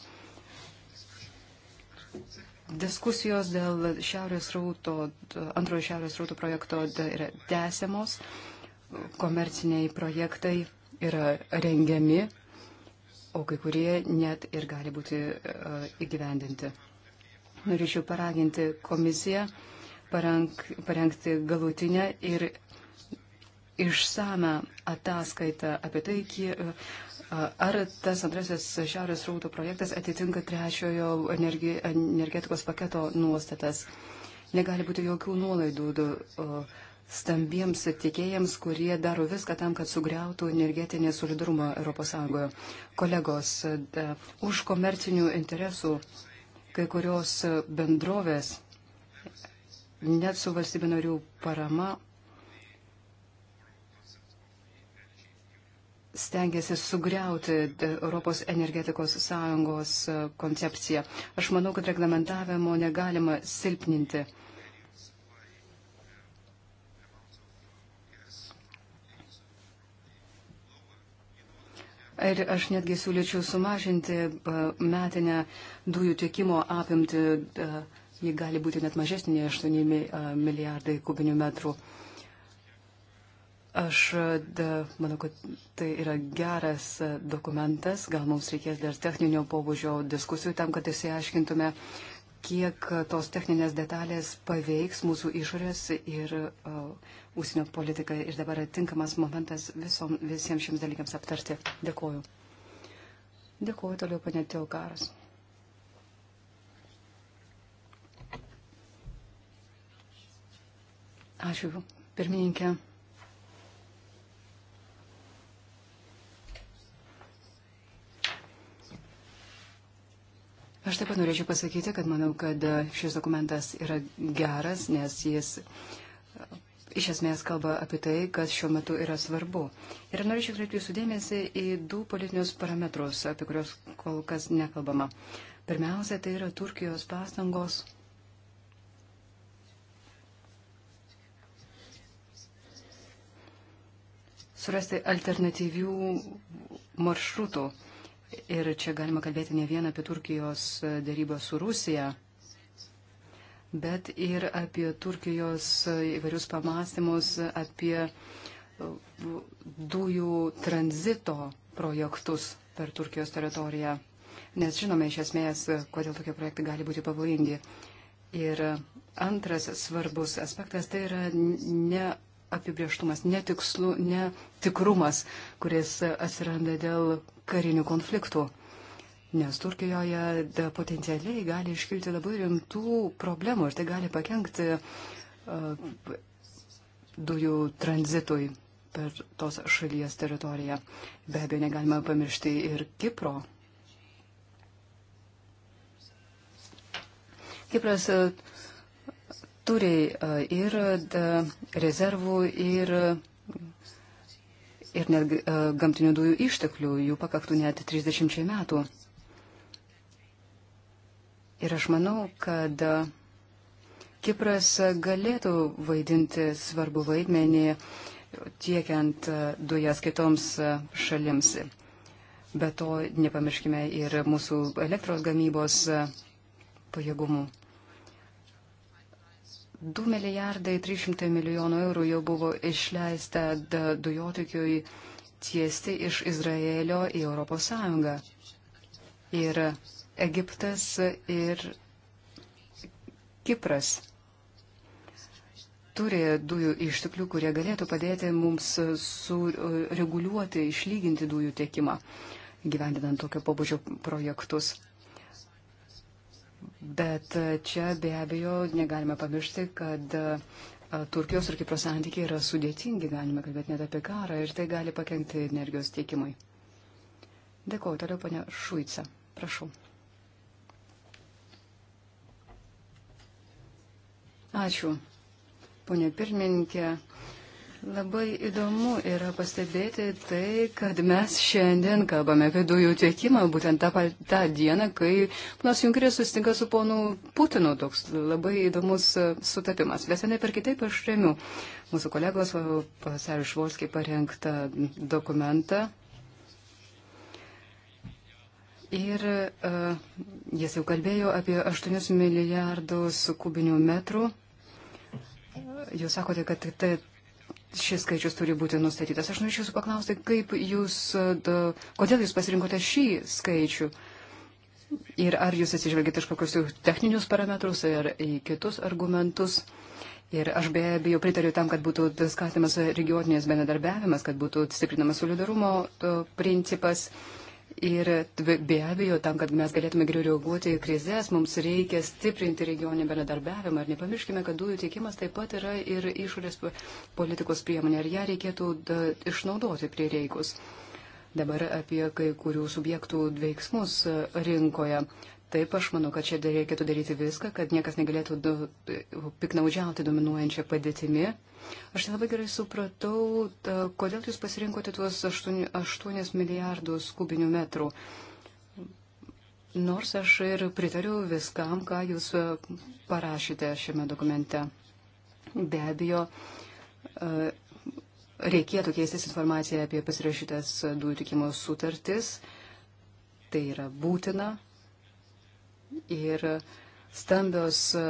Diskusijos dėl šiaurės rauto, antrojo šiaurės rauto projekto yra tęsiamos, komerciniai projektai yra rengiami, o kai kurie net ir gali būti e, įgyvendinti. Norėčiau paraginti komisiją parenk, parengti galutinę ir išsame ataskaitą apie tai, kiek Ar tas antrasis šiaurės rauto projektas atitinka trečiojo energi, energetikos paketo nuostatas? Negali būti jokių nuolaidų stambiems tiekėjams, kurie daro viską tam, kad sugriautų energetinį solidarumą ES. Kolegos, da, už komercinių interesų kai kurios bendrovės, net su valstybė narių parama, stengiasi sugriauti Europos energetikos sąjungos e, koncepciją. Aš manau, kad reglamentavimo negalima silpninti. Ir aš netgi siūlyčiau sumažinti e, metinę dujų tiekimo apimti, e, ji gali būti net mažesnė nei 8 milijardai kubinių metrų. Aš da, manau, kad tai yra geras dokumentas, gal mums reikės dar techninio pobūdžio diskusijų tam, kad įsiaiškintume, kiek tos techninės detalės paveiks mūsų išorės ir uh, ūsinio politiką. Ir dabar tinkamas momentas visom, visiems šiems dalykams aptarti. Dėkuoju. Dėkuoju toliau, panė Teokaras. Ačiū, pirmininkė. Aš taip pat norėčiau pasakyti, kad manau, kad e, šis dokumentas yra geras, nes jis e, iš esmės kalba apie tai, kas šiuo metu yra svarbu. Ir norėčiau kreipti jūsų dėmesį į du politinius parametrus, apie kuriuos kol kas nekalbama. Pirmiausia, tai yra Turkijos pastangos. surasti alternatyvių maršrutų Ir čia galima kalbėti ne vien apie Turkijos darybą su Rusija, bet ir apie Turkijos įvairius pamastymus apie dujų tranzito projektus per Turkijos teritoriją. Nes žinome iš esmės, kodėl tokie projektai gali būti pavojingi. Ir antras svarbus aspektas tai yra ne apibrieštumas, netikslu, netikrumas, kuris atsiranda dėl karinių konfliktų. Nes Turkijoje potencialiai gali iškilti labai rimtų problemų ir tai gali pakengti uh, dujų tranzitui per tos šalies teritoriją. Be abejo, negalima pamiršti ir Kipro. Kipras uh, turi e, ir e, rezervų, ir, ir net e, gamtinių dujų išteklių, jų pakaktų net 30 metų. Ir aš manau, kad Kipras galėtų vaidinti svarbu vaidmenį tiekiant dujas kitoms šalims. Be to, nepamirškime ir mūsų elektros gamybos pajėgumų. 2 milijardai 300 milijonų eurų jau buvo išleista dujotikiui tiesti iš Izraelio į Europos Sąjungą. Ir Egiptas ir Kipras turi dujų išteklių, kurie galėtų padėti mums sureguliuoti, išlyginti dujų tiekimą, gyvendinant tokio pobūdžio projektus. Bet čia be abejo negalime pamiršti, kad Turkijos ir Kipro santykiai yra sudėtingi, galime kalbėti net apie karą ir tai gali pakengti energijos tiekimui. Dėkuoju, toliau ponia Šuica, prašau. Ačiū, ponia pirmininkė. Labai įdomu yra pastebėti tai, kad mes šiandien kalbame apie dujų tiekimą, būtent tą, tą dieną, kai panas Junkeris susitinka su ponu Putinu, toks labai įdomus e, sutapimas. Vesenai per kitaip aš remiu mūsų kolegos Pasariu Švolskį parengtą dokumentą. Ir uh, jis jau kalbėjo apie 8 milijardus kubinių metrų. Jūs sakote, kad tai šis skaičius turi būti nustatytas. Aš norėčiau jūsų paklausti, kaip jūs, da, kodėl jūs pasirinkote šį skaičių? Ir ar jūs atsižvelgėte kažkokius techninius parametrus ar į kitus argumentus? Ir aš be abejo pritariu tam, kad būtų skatimas regioninės bendradarbiavimas, kad būtų stiprinamas solidarumo principas. Uh, Ir be abejo, tam, kad mes galėtume geriau reaguoti į krizės, mums reikia stiprinti regioninį bendradarbiavimą. Ir nepamirškime, kad dujų tiekimas taip pat yra ir išorės politikos priemonė. Ir ją reikėtų da, išnaudoti prireikus. Dabar apie kai kurių subjektų veiksmus e, rinkoje. Taip, aš manau, kad čia reikėtų daryti viską, kad niekas negalėtų do, e, piknaudžiauti dominuojančią padėtimi. Aš nelabai gerai supratau, ta, kodėl jūs pasirinkote tuos 8, 8 milijardus kubinių metrų. Nors aš ir pritariu viskam, ką jūs parašėte šiame dokumente. Be abejo, e, reikėtų keistis informaciją apie pasirašytas dujų tikimo sutartis. Tai yra būtina. Ir uh, stambios e,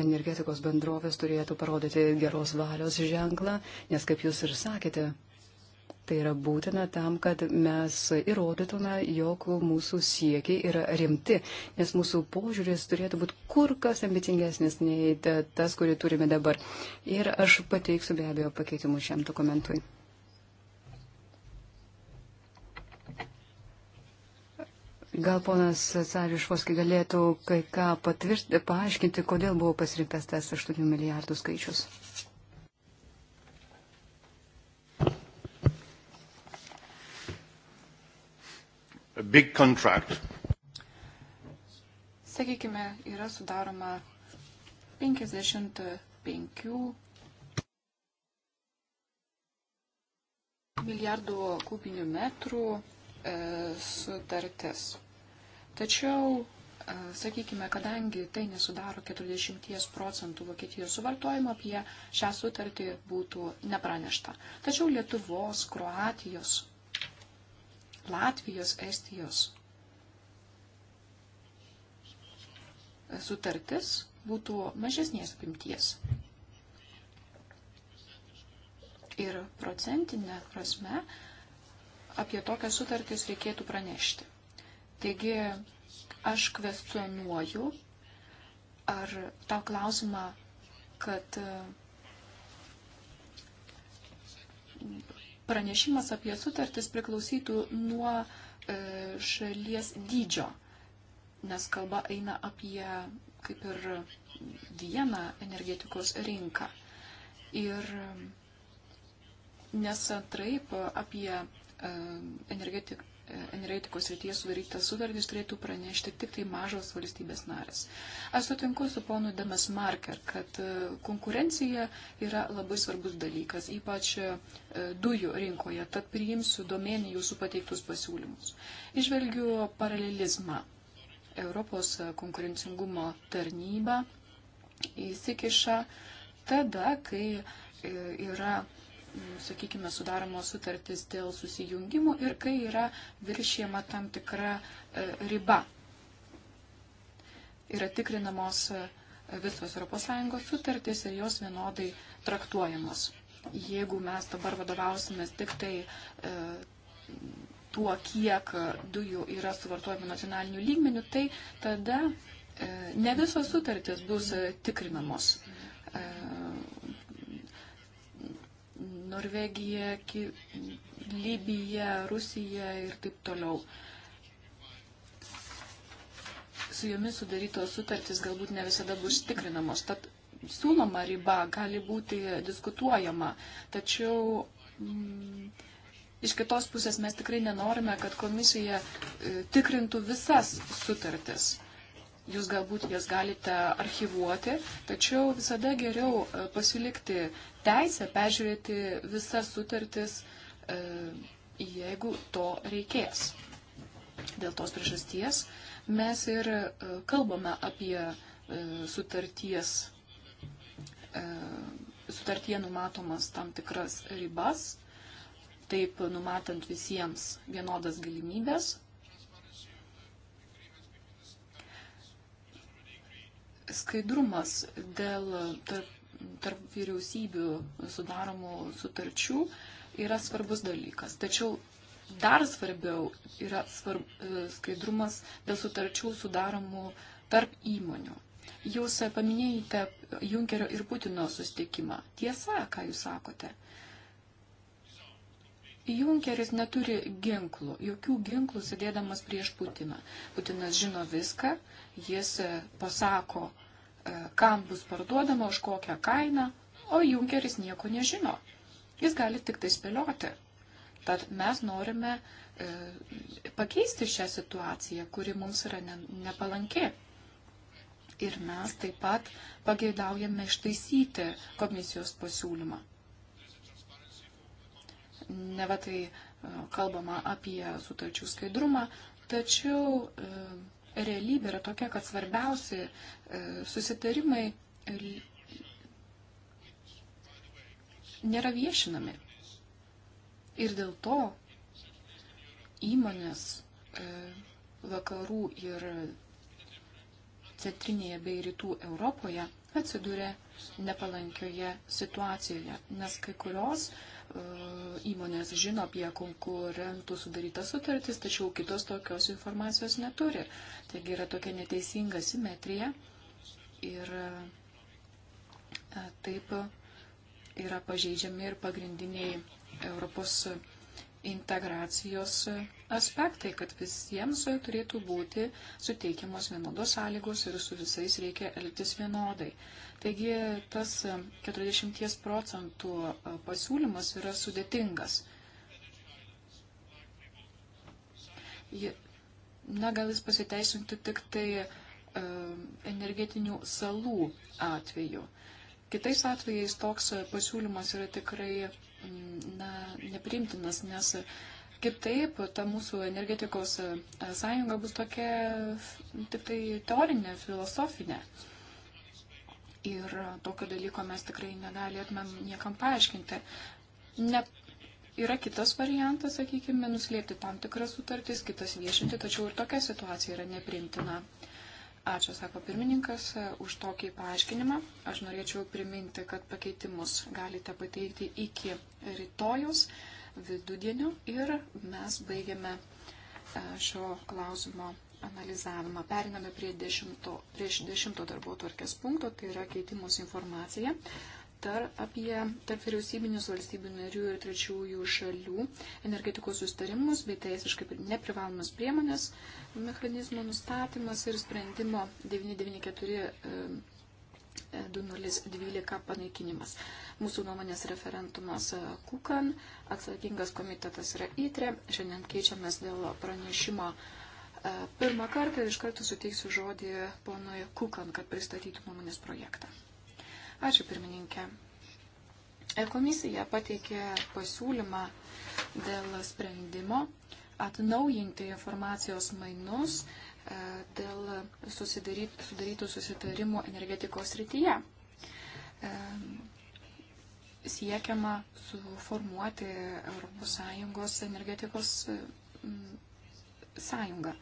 energetikos bendrovės turėtų parodyti geros valios ženklą, nes, kaip jūs ir sakėte, tai yra būtina tam, kad mes įrodytume, jog mūsų siekiai yra rimti, nes mūsų požiūris turėtų būti kur kas ambicingesnis nei tas, kurį turime dabar. Ir aš pateiksiu be abejo pakeitimus šiam dokumentui. Gal ponas Sarišvoski galėtų kai ką paaiškinti, kodėl buvo pasirinktas tas 8 milijardų skaičius. big contract. Sakykime, yra sudaroma 55 milijardų kubinių metrų e, sutartis. Tačiau, e, sakykime, kadangi tai nesudaro 40 procentų Vokietijos suvartojimo, apie šią sutartį būtų nepranešta. Tačiau Lietuvos, Kroatijos, Latvijos, Estijos sutartis būtų mažesnės apimties. Ir procentinė prasme apie tokias sutartis reikėtų pranešti. Taigi aš kvestionuoju, ar tą klausimą, kad pranešimas apie sutartis priklausytų nuo e, šalies dydžio, nes kalba eina apie kaip ir vieną energetikos rinką. Ir nes antraip apie e, energetikos energetikos rytyje sudarytas sutartys turėtų pranešti tik tai mažos valstybės narės. Aš sutinku su ponu Demes Marker, kad e, konkurencija yra labai svarbus dalykas, ypač e, dujų rinkoje, tad priimsiu domenį jūsų pateiktus pasiūlymus. Išvelgiu paralelizmą. Europos konkurencingumo tarnyba įsikiša tada, kai e, yra sakykime, sudaromos sutartys dėl susijungimų ir kai yra viršijama tam tikra e, riba. Yra tikrinamos e, visos ES sutartys ir jos vienodai traktuojamos. Jeigu mes dabar vadovausimės tik tai e, tuo, kiek dujų yra suvartojama nacionaliniu lygmeniu, tai tada e, ne visos sutartys bus e, tikrinamos. E, Norvegija, Libija, Rusija ir taip toliau. Su jomis sudarytos sutartys galbūt ne visada bus tikrinamos. Tad siūloma riba gali būti diskutuojama, tačiau mm, iš kitos pusės mes tikrai nenorime, kad komisija e, tikrintų visas sutartis jūs galbūt jas galite archivuoti, tačiau visada geriau e, pasilikti teisę peržiūrėti visas sutartis, e, jeigu to reikės. Dėl tos priežasties mes ir e, kalbame apie sutarties sutartyje numatomas tam tikras ribas, taip numatant visiems vienodas galimybės Skaidrumas dėl tarp, tarp vyriausybių sudaromų sutarčių yra svarbus dalykas. Tačiau dar svarbiau yra svarb, e, skaidrumas dėl sutarčių sudaromų tarp įmonių. Jūs paminėjote Junkerio ir Putino sustikimą. Tiesa, ką jūs sakote. Junkeris neturi ginklų, jokių ginklų sėdėdamas prieš Putiną. Putinas žino viską jis e, pasako, e, kam bus parduodama, už kokią kainą, o Junkeris nieko nežino. Jis gali tik tai spėlioti. Tad mes norime e, pakeisti šią situaciją, kuri mums yra ne, nepalanki. Ir mes taip pat pageidaujame ištaisyti komisijos pasiūlymą. Ne va tai e, kalbama apie sutarčių skaidrumą, tačiau e, realybė yra tokia, kad svarbiausi e, susitarimai nėra viešinami. Ir dėl to įmonės e, vakarų ir centrinėje bei rytų Europoje atsidūrė nepalankioje situacijoje, nes kai kurios uh, E, įmonės žino apie konkurentų sudarytas sutartis, tačiau kitos tokios informacijos neturi. Taigi yra tokia neteisinga simetrija ir e, taip yra pažeidžiami ir pagrindiniai Europos integracijos e, aspektai, kad visiems e, turėtų būti suteikiamos vienodos sąlygos ir su visais reikia elgtis vienodai. Taigi tas 40 e, procentų pasiūlymas yra sudėtingas. Na, gal jis pasiteisintų tik tai energetinių salų atveju. Kitais atvejais toks pasiūlymas yra tikrai na, neprimtinas, nes kitaip ta mūsų energetikos e, sąjunga bus tokia tik tai teorinė, filosofinė. Ir tokio dalyko mes tikrai negalėtumėm niekam paaiškinti. Ne, yra kitas variantas, sakykime, nuslėpti tam tikras sutartis, kitas viešinti, tačiau ir tokia situacija yra neprimtina. Ačiū, sako pirmininkas, už tokį paaiškinimą. Aš norėčiau priminti, kad pakeitimus galite pateikti iki rytojus vidudienio ir mes baigiame e, šio klausimo analizavimą. Periname prie dešimto, prie dešimto darbo tvarkės punkto, tai yra keitimus informacija tar, apie tarp vyriausybinius valstybių narių ir trečiųjų šalių energetikos sustarimus bei teisiškai neprivalomas priemonės mechanizmo nustatymas ir sprendimo 994 2012 e, e, panaikinimas. Mūsų nuomonės referentumas e, Kukan, atsakingas komitetas yra ITRE, šiandien keičiamės dėl pranešimo pirmą kartą ir iš karto suteiksiu žodį ponui Kukan, kad pristatytų nuomonės projektą. Ačiū pirmininkė. E, komisija pateikė pasiūlymą dėl sprendimo atnaujinti informacijos mainus e, dėl sudarytų susitarimų energetikos rytyje. E, siekiama suformuoti ES energetikos sąjungą.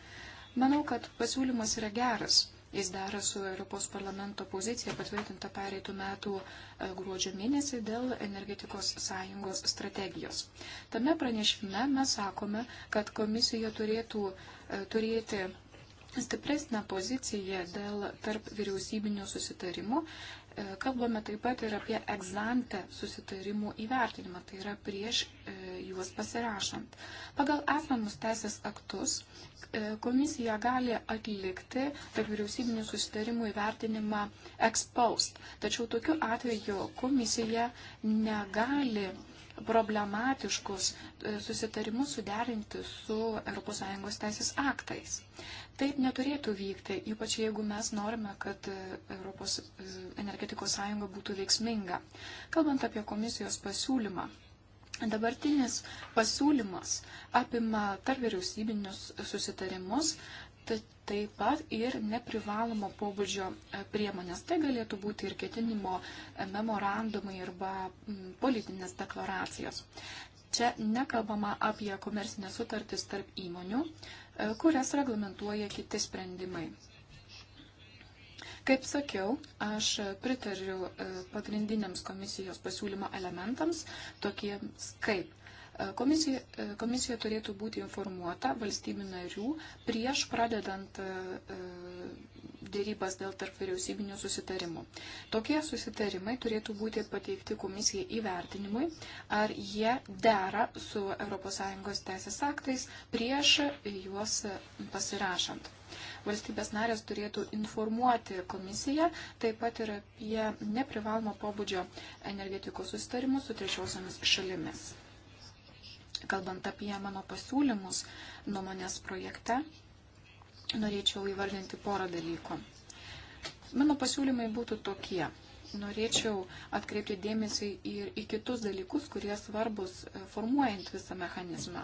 Manau, kad pasiūlymas yra geras Jis dera su Europos parlamento pozicija patvirtinta pereitų metų e, gruodžio mėnesį dėl energetikos sąjungos strategijos. Tame pranešime mes sakome, kad komisija turėtų e, turėti stipresnę poziciją dėl tarp vyriausybinių susitarimų E, kalbame taip pat ir apie egzantę susitarimų įvertinimą, tai yra prieš e, juos pasirašant. Pagal esamus teisės aktus e, komisija gali atlikti tarp vyriausybinių susitarimų įvertinimą ex post, tačiau tokiu atveju komisija negali problematiškus susitarimus suderinti su ES teisės aktais. Taip neturėtų vykti, ypač jeigu mes norime, kad e, Europos e, energetikos sąjunga būtų veiksminga. Kalbant apie komisijos pasiūlymą, dabartinis pasiūlymas apima tarp vyriausybinius susitarimus, taip pat ir neprivalomo pobūdžio e, priemonės. Tai galėtų būti ir ketinimo memorandumai arba politinės deklaracijos. Čia nekalbama apie komersinės sutartis tarp įmonių, E, kurias reglamentuoja kiti sprendimai. Kaip sakiau, aš pritariu e, pagrindiniams komisijos pasiūlymo elementams, tokiems kaip e, Komisija, komisija turėtų būti informuota valstybių narių prieš pradedant dėrybas dėl tarp vyriausybinių susitarimų. Tokie susitarimai turėtų būti pateikti komisijai įvertinimui, ar jie dera su ES teisės aktais prieš juos pasirašant. Valstybės narės turėtų informuoti komisiją taip pat ir apie neprivalomo pobūdžio energetikos sustarimus su trečiosiamis šalimis. Kalbant apie mano pasiūlymus nuomonės projekte, norėčiau įvardinti porą dalykų. Mano pasiūlymai būtų tokie. Norėčiau atkreipti dėmesį ir į kitus dalykus, kurie svarbus e, formuojant visą mechanizmą.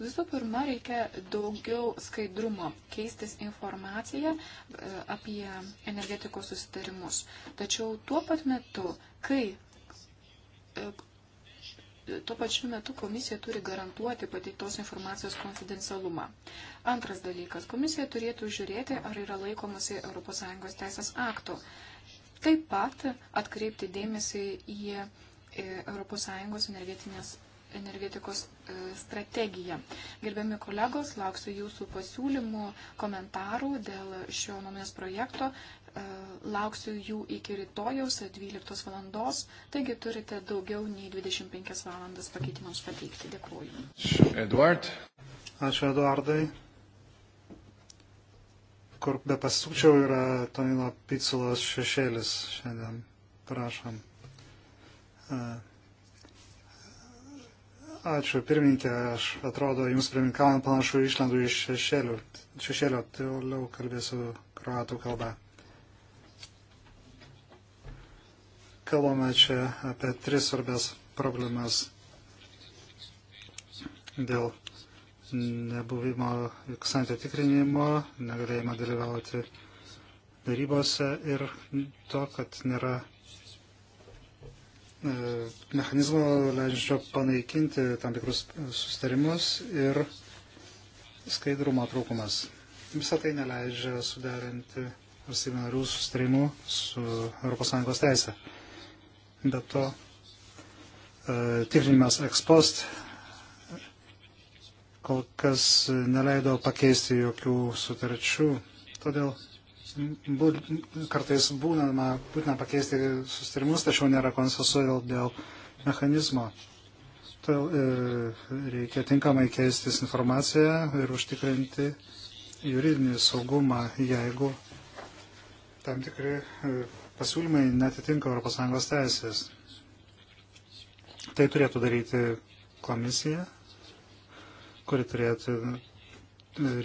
Visų pirma, reikia daugiau skaidrumo, keistis informaciją e, apie energetikos susitarimus. Tačiau tuo pat metu, kai e, tuo pačiu metu komisija turi garantuoti pateiktos informacijos konfidencialumą. Antras dalykas, komisija turėtų žiūrėti, ar yra laikomasi ES teisės akto. Taip pat atkreipti dėmesį į e, ES energetinės energetikos e, strategiją. Gerbiami kolegos, lauksiu jūsų pasiūlymų, komentarų dėl šio nuomonės projekto E, lauksiu jų iki rytojaus 12 valandos, taigi turite daugiau nei 25 valandas pakeitimams pateikti. Dėkuoju. Eduard. Ačiū Eduardai. Kur be pasukčiau yra Tonino Piculos šešėlis šiandien. Prašom. E, Ačiū pirmininkė, aš atrodo, jums pirmininkaujant panašu išlendu iš šešėlių. šešėlio. Toliau kalbėsiu kroatų kalbą. Kalbame čia apie tris svarbės problemas dėl nebuvimo santykių tikrinimo, negalėjimo dalyvauti darybose ir to, kad nėra e, mechanizmo leidžiančio panaikinti tam tikrus sustarimus ir skaidrumo trūkumas. Visą tai neleidžia suderinti valstybių narių sustarimų su ES teisė be to e, tikrinimas ekspost kol kas neleido pakeisti jokių sutarčių. Todėl būd, kartais būna, būtina pakeisti sustarimus, tačiau nėra konsensuo dėl, dėl mechanizmo. Todėl e, reikia tinkamai keistis informaciją ir užtikrinti juridinį saugumą, jeigu tam tikri e, pasiūlymai netitinka ES teisės. Tai turėtų daryti komisija, kuri turėtų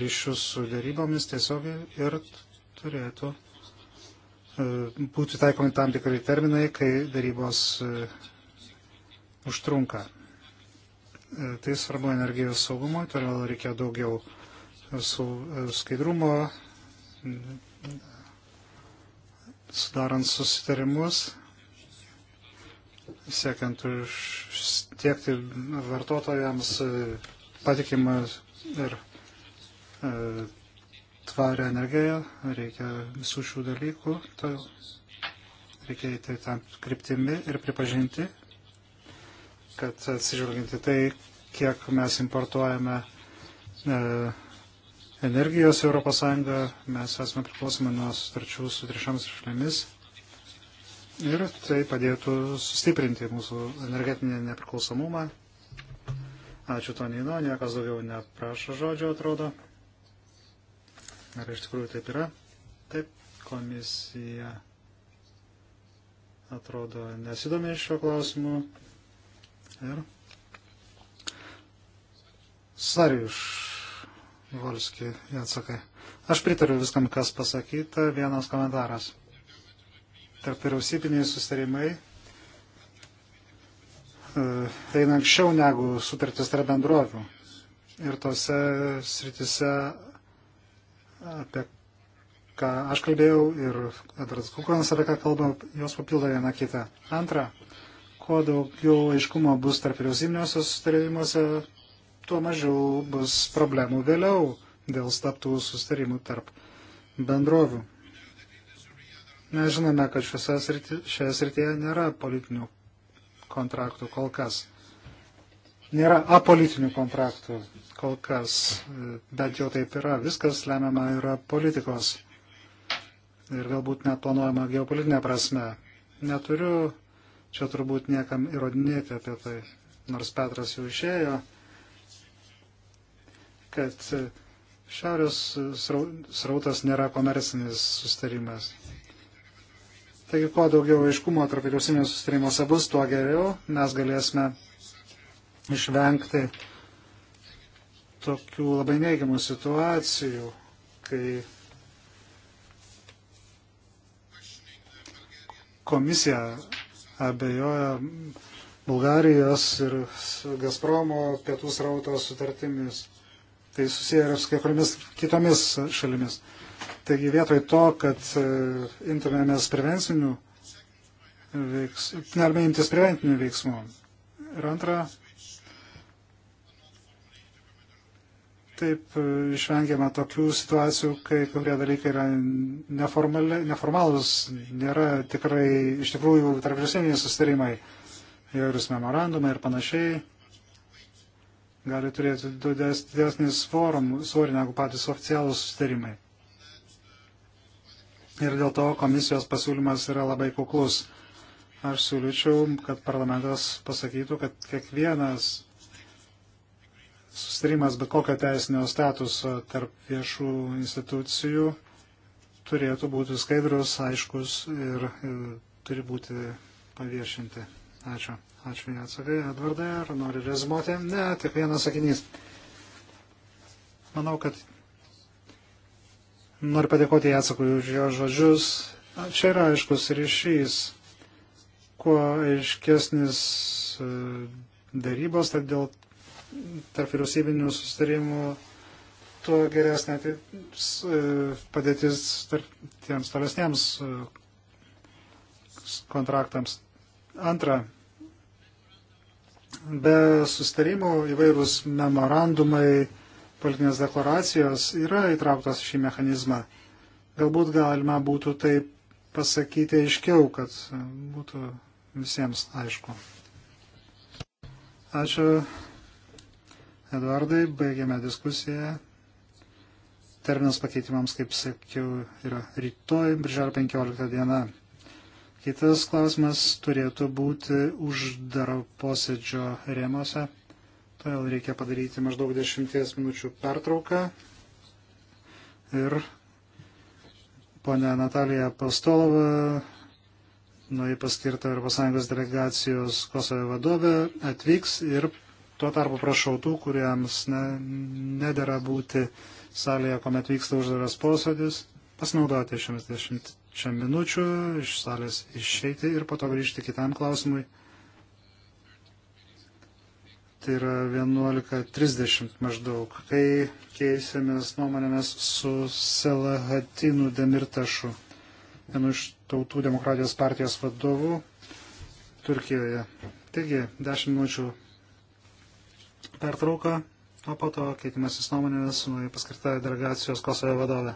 ryšius su dėrybomis tiesiog ir turėtų e, būti taikomi tam tikrai terminai, kai darybos e, užtrunka. E, tai svarbu energijos saugumui, todėl reikia daugiau su skaidrumo, sudarant susitarimus, siekiant tiekti vartotojams e, patikimą ir e, tvarią energiją, reikia visų šių dalykų, tai reikia eiti tam kryptimi ir pripažinti, kad atsižvelginti tai, kiek mes importuojame e, energijos ES, mes esame priklausomi nuo sutarčių su trišiomis šalimis ir tai padėtų sustiprinti mūsų energetinį nepriklausomumą. Ačiū Tonino, niekas daugiau neprašo žodžio, atrodo. Ar iš tikrųjų taip yra? Taip, komisija atrodo nesidomi šio klausimu. Ir Sariuš Volski atsakai. Aš pritariu viskam, kas pasakyta. Vienas komentaras. Tarp vyriausybiniai sustarimai e, eina anksčiau negu sutartis tarp bendrovių. Ir tose sritise, apie ką aš kalbėjau ir Edvardas Kuklanas, apie ką kalbam, jos papildo viena kitą. Antra, kuo daugiau aiškumo bus tarp vyriausybiniuose sustarimuose, tuo mažiau bus problemų vėliau dėl slaptų sustarimų tarp bendrovių. Mes žinome, kad srity, šioje srityje nėra politinių kontraktų kol kas. Nėra apolitinių kontraktų kol kas, bet jau taip yra. Viskas lemiama yra politikos. Ir galbūt net planuojama geopolitinė prasme. Neturiu čia turbūt niekam įrodinėti apie tai, nors Petras jau išėjo kad šiaurės srautas nėra komercinis sustarimas. Taigi, kuo daugiau aiškumo tarp vyriausybinio sustarimuose bus, tuo geriau mes galėsime išvengti tokių labai neigiamų situacijų, kai komisija abejoja Bulgarijos ir Gazpromo pietų srauto sutartimis. Tai susiję ir su kiekvienomis kitomis šalimis. Taigi vietoj to, kad e, imtumėmės prevencinių veiksmų, galime imtis preventinių veiksmų. Ir antra, taip e, išvengiama tokių situacijų, kai kurie dalykai yra neformalus, nėra tikrai iš tikrųjų tarp vyriausybiniai sustarimai, įvairūs memorandumai ir panašiai gali turėti didesnį svorį negu patys oficialūs sustarimai. Ir dėl to komisijos pasiūlymas yra labai kuklus. Aš siūlyčiau, kad parlamentas pasakytų, kad kiekvienas sustarimas bet kokio teisinio statuso tarp viešų institucijų turėtų būti skaidrus, aiškus ir, ir turi būti paviešinti. Ačiū. Ačiū, neatsakai, Edvardai, ar nori rezumuoti? Ne, tik vienas sakinys. Manau, kad noriu padėkoti Jacekui už jo žodžius. Čia yra aiškus ryšys. Kuo aiškesnis e, darybos, tad dėl tarp vyriausybinių sustarimų, tuo geresnė e, padėtis tarp tiems tolesniems e, kontraktams. Antra, be sustarimų įvairūs memorandumai, politinės deklaracijos yra įtrauktos šį mechanizmą. Galbūt galima būtų tai pasakyti aiškiau, kad būtų visiems aišku. Ačiū, Eduardai, baigėme diskusiją. Terminas pakeitimams, kaip sakiau, yra rytoj, birželio 15 diena. Kitas klausimas turėtų būti uždaro posėdžio rėmose. Todėl reikia padaryti maždaug dešimties minučių pertrauką. Ir ponia Natalija Pastolova, nuai paskirta Europos Sąjungos delegacijos Kosovo vadovė, atvyks ir tuo tarpu prašau tų, kuriems ne, nedėra būti salėje, kuomet vyksta uždaras posėdis, pasinaudoti šiomis dešimt čia minučių, iš salės išeiti ir po to grįžti kitam klausimui. Tai yra 11.30 maždaug, kai keisėmės nuomonėmis su Selahatinu Demirtašu, vienu iš tautų demokratijos partijos vadovų Turkijoje. Taigi, 10 minučių pertrauka, o po to keitimasis nuomonėmis su paskirta delegacijos Kosovo vadove.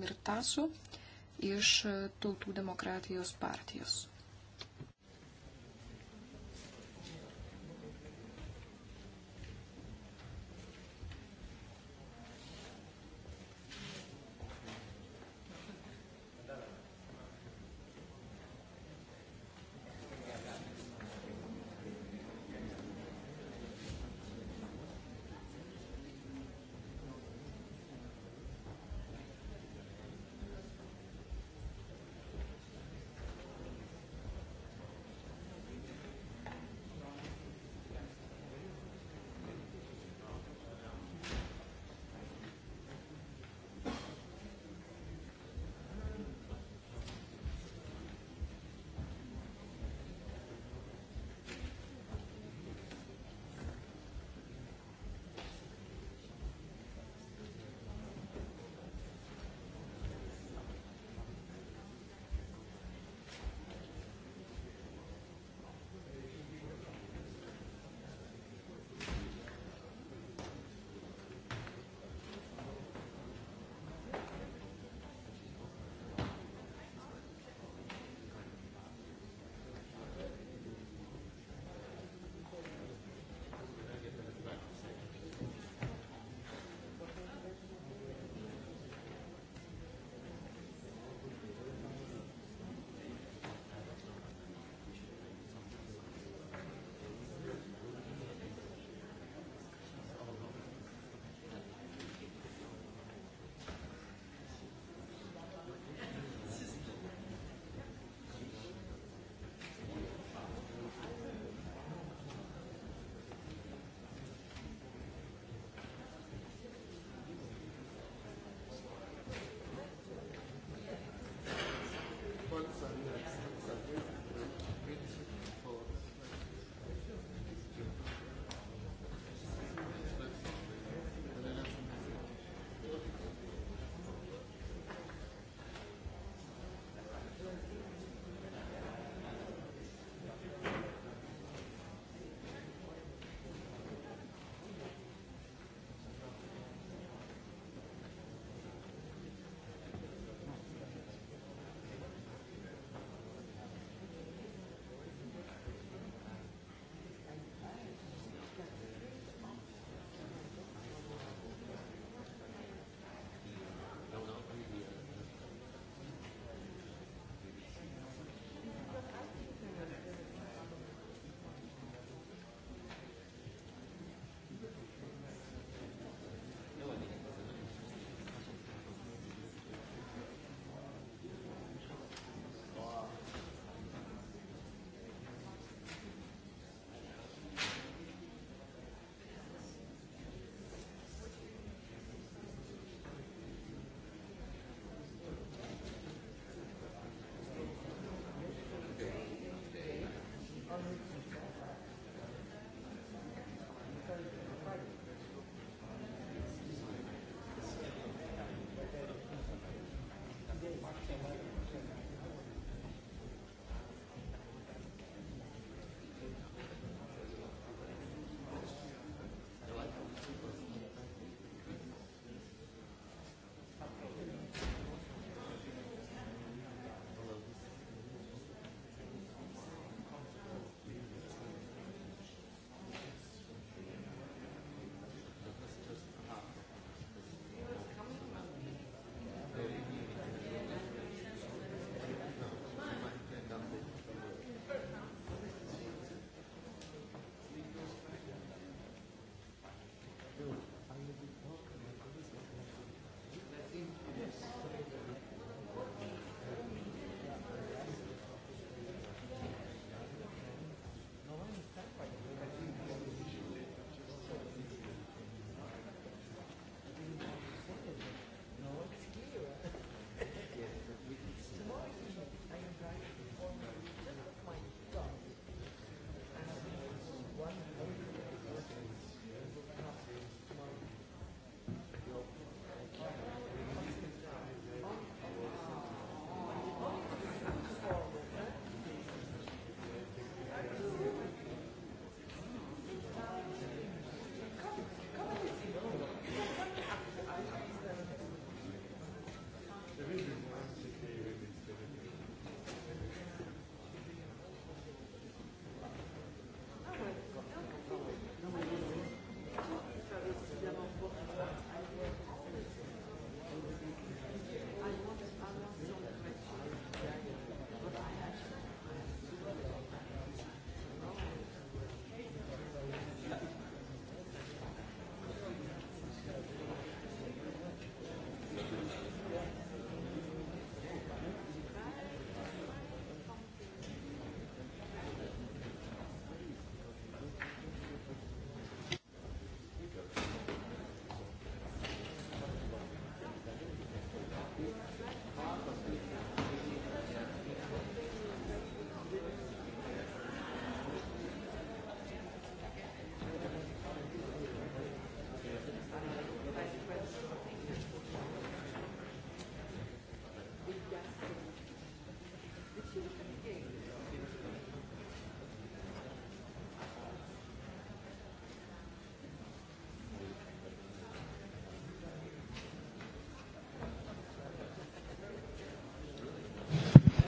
Mirtasu iš Tautų demokratijos partijos.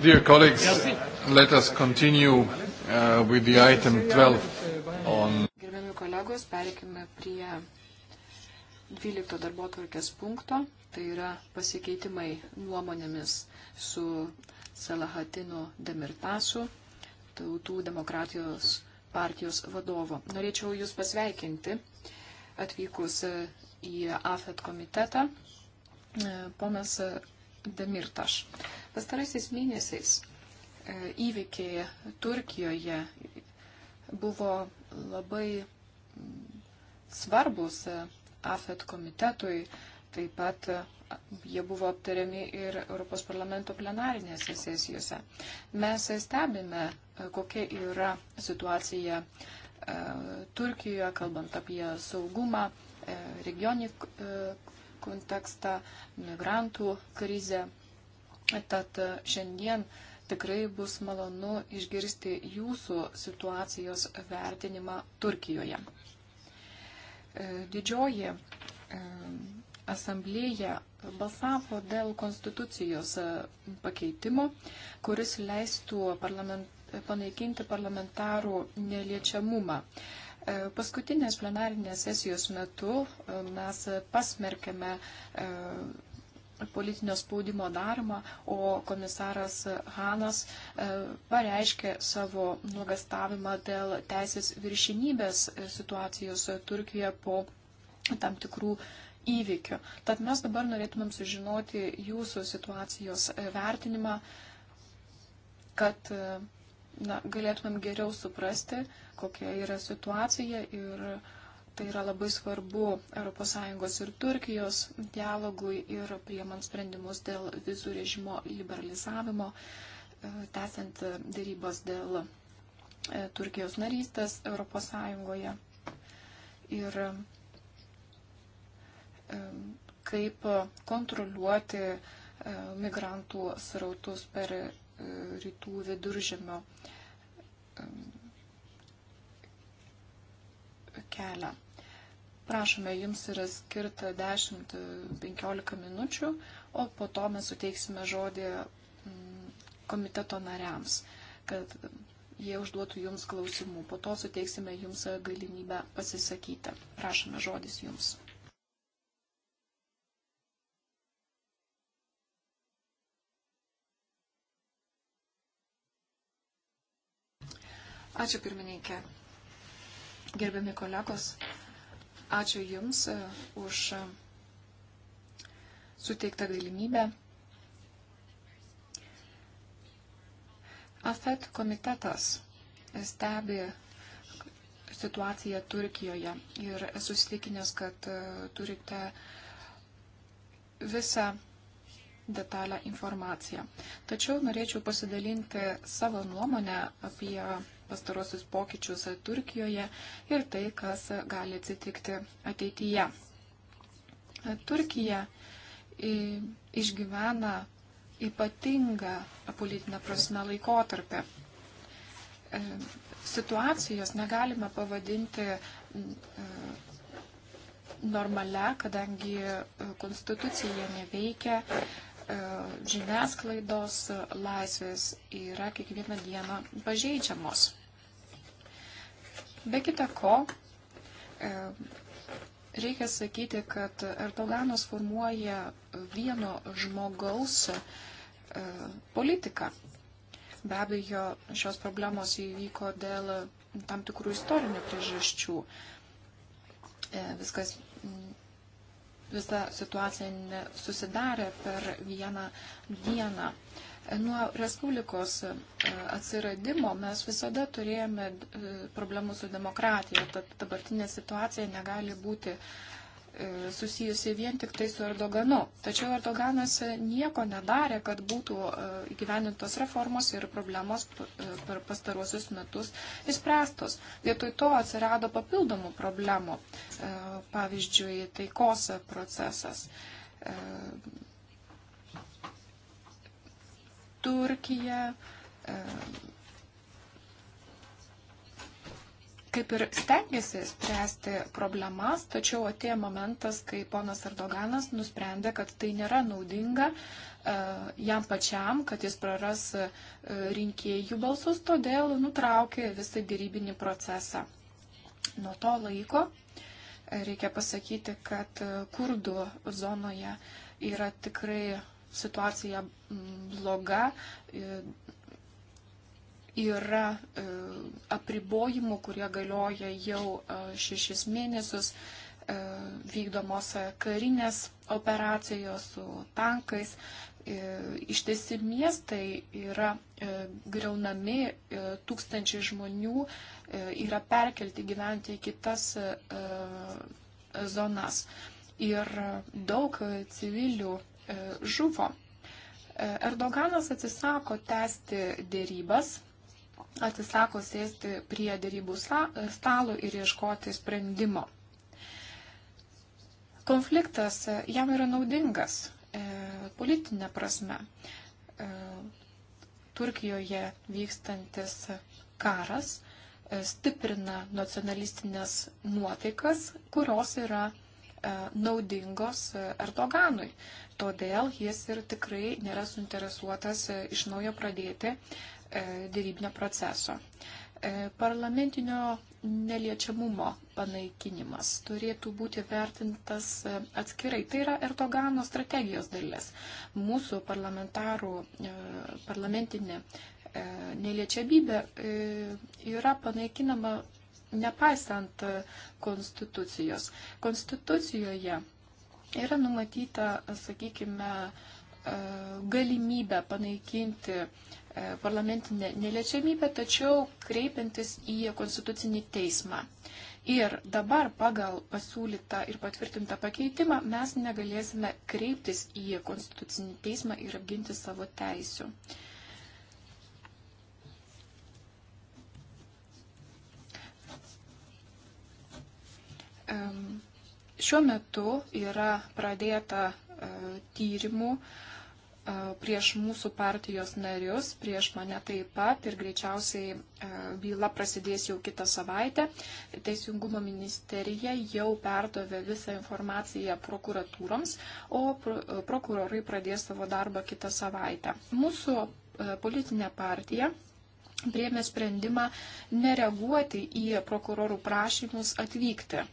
Dear colleagues, let us continue uh, with the item 12 on. Gerbiami kolegos, pereikime prie 12 darbo tvarkės punkto, tai yra pasikeitimai nuomonėmis su Salahatinu Demirtasu, tautų demokratijos partijos vadovo. Norėčiau Jūs pasveikinti atvykus į AFET komitetą. E, ponas Demirtaš Pastaraisiais mėnesiais e, įvykiai Turkijoje buvo labai mm, svarbus e, AFET komitetui, taip pat e, jie buvo aptariami ir Europos parlamento plenarinėse sesijose. Mes stebime, kokia yra situacija Turkijoje, kalbant apie saugumą, regionį kontekstą, migrantų krizę Tad e, šiandien tikrai bus malonu išgirsti jūsų situacijos vertinimą Turkijoje. E, didžioji e, asamblėja balsavo dėl konstitucijos pakeitimo, kuris leistų parlament, panaikinti parlamentarų neliečiamumą. Paskutinės plenarinės sesijos metu mes pasmerkėme politinio spaudimo daroma, o komisaras Hanas e, pareiškė savo nuogastavimą dėl teisės viršinybės situacijos Turkijoje po tam tikrų įvykių. Tad mes dabar norėtumėm sužinoti jūsų situacijos vertinimą, kad e, na, galėtumėm geriau suprasti, kokia yra situacija ir uh, Tai yra labai svarbu ES ir Turkijos dialogui ir priemant sprendimus dėl vizų režimo liberalizavimo, e, tęsiant darybos dėl e, Turkijos narystės ES. Ir e, kaip kontroliuoti migrantų srautus per rytų viduržemio kelią. Prašome, jums yra skirta 10-15 minučių, o po to mes suteiksime žodį mm, komiteto nariams, kad jie užduotų jums klausimų. Po to suteiksime jums galimybę pasisakyti. Prašome, žodis jums. Ačiū pirmininkė. Gerbiami kolegos, Ačiū Jums e, už e, suteiktą galimybę. AFET komitetas stebi situaciją Turkijoje ir esu įsitikinęs, kad e, turite visą detalę informaciją. Tačiau norėčiau pasidalinti savo nuomonę apie pastarosius pokyčius Turkijoje ir tai, kas gali atsitikti ateityje. Turkija išgyvena ypatingą politinę prasme laikotarpį. E, situacijos negalime pavadinti e, normale, kadangi e, konstitucija neveikia, žiniasklaidos laisvės yra kiekvieną dieną pažeidžiamos. Be kita ko, e, reikia sakyti, kad Erdoganas formuoja vieno žmogaus e, politiką. Be abejo, šios problemos įvyko dėl tam tikrų istorinių priežasčių. E, viskas, visa situacija susidarė per vieną dieną. Nuo Respublikos e, atsiradimo mes visada turėjome e, problemų su demokratija, tad dabartinė situacija negali būti e, susijusi vien tik tai su Erdoganu. Tačiau Erdoganas nieko nedarė, kad būtų įgyvenintos reformos ir problemos per pastaruosius metus įspręstos. Vietoj to atsirado papildomų problemų, pavyzdžiui, taikos procesas Turkija, e, kaip ir stengiasi spręsti problemas, tačiau atėjo momentas, kai ponas Erdoganas nusprendė, kad tai nėra naudinga e, jam pačiam, kad jis praras e, rinkėjų balsus, todėl nutraukė visą dėrybinį procesą. Nuo to laiko reikia pasakyti, kad kurdų zonoje yra tikrai situacija mm, bloga, e, yra e, apribojimų, kurie galioja jau e, šešis mėnesius, vykdomos karinės operacijos su tankais, ištisi miestai yra greunami, tūkstančiai žmonių yra perkelti gyventi į kitas zonas. Ir daug civilių E, žuvo. E, Erdoganas atsisako tęsti dėrybas, atsisako sėsti prie dėrybų stalo ir ieškoti sprendimo. Konfliktas jam yra naudingas e, politinė prasme. Turkijoje vykstantis karas stiprina nacionalistinės nuotaikas, kurios yra naudingos Erdoganui. Todėl jis ir tikrai nėra suinteresuotas e, iš naujo pradėti e, dėrybinio proceso. E, parlamentinio neliečiamumo panaikinimas turėtų būti vertintas atskirai. Tai yra Erdogano strategijos dalis. Mūsų parlamentarų parlamentinė neliečiamybė yra panaikinama nepaisant konstitucijos. Konstitucijoje yra numatyta, sakykime, e, galimybę panaikinti e, parlamentinę neliečiamybę, tačiau kreipiantis į konstitucinį teismą. Ir dabar pagal pasiūlytą ir patvirtintą pakeitimą mes negalėsime kreiptis į konstitucinį teismą ir apginti savo teisių. Um, Šiuo metu yra pradėta e, tyrimų e, prieš mūsų partijos narius, prieš mane taip pat ir greičiausiai e, byla prasidės jau kitą savaitę. Teisingumo ministerija jau perdavė visą informaciją prokuratūroms, o prokurorai pradės savo darbą kitą savaitę. Mūsų politinė partija priemė sprendimą nereaguoti į prokurorų prašymus atvykti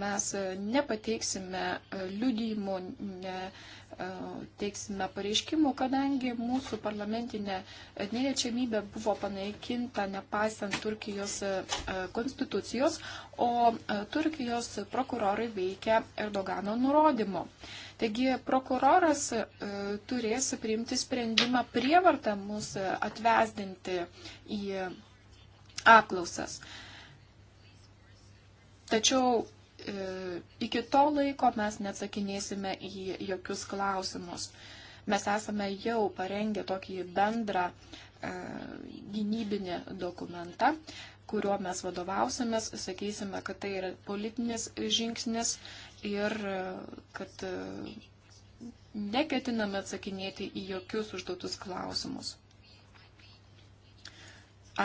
mes e, nepateiksime e, liudijimų, neteiksime e, pareiškimų, kadangi mūsų parlamentinė neliečiamybė buvo panaikinta nepaisant Turkijos konstitucijos, o Turkijos prokurorai veikia Erdogano nurodymu. Taigi prokuroras turės priimti sprendimą prievartą mus atvesdinti į apklausas. Tačiau E, iki to laiko mes neatsakinėsime į jokius klausimus. Mes esame jau parengę tokį bendrą e, gynybinį dokumentą, kuriuo mes vadovausimės, sakysime, kad tai yra politinis žingsnis ir e, kad neketiname atsakinėti į jokius užduotus klausimus.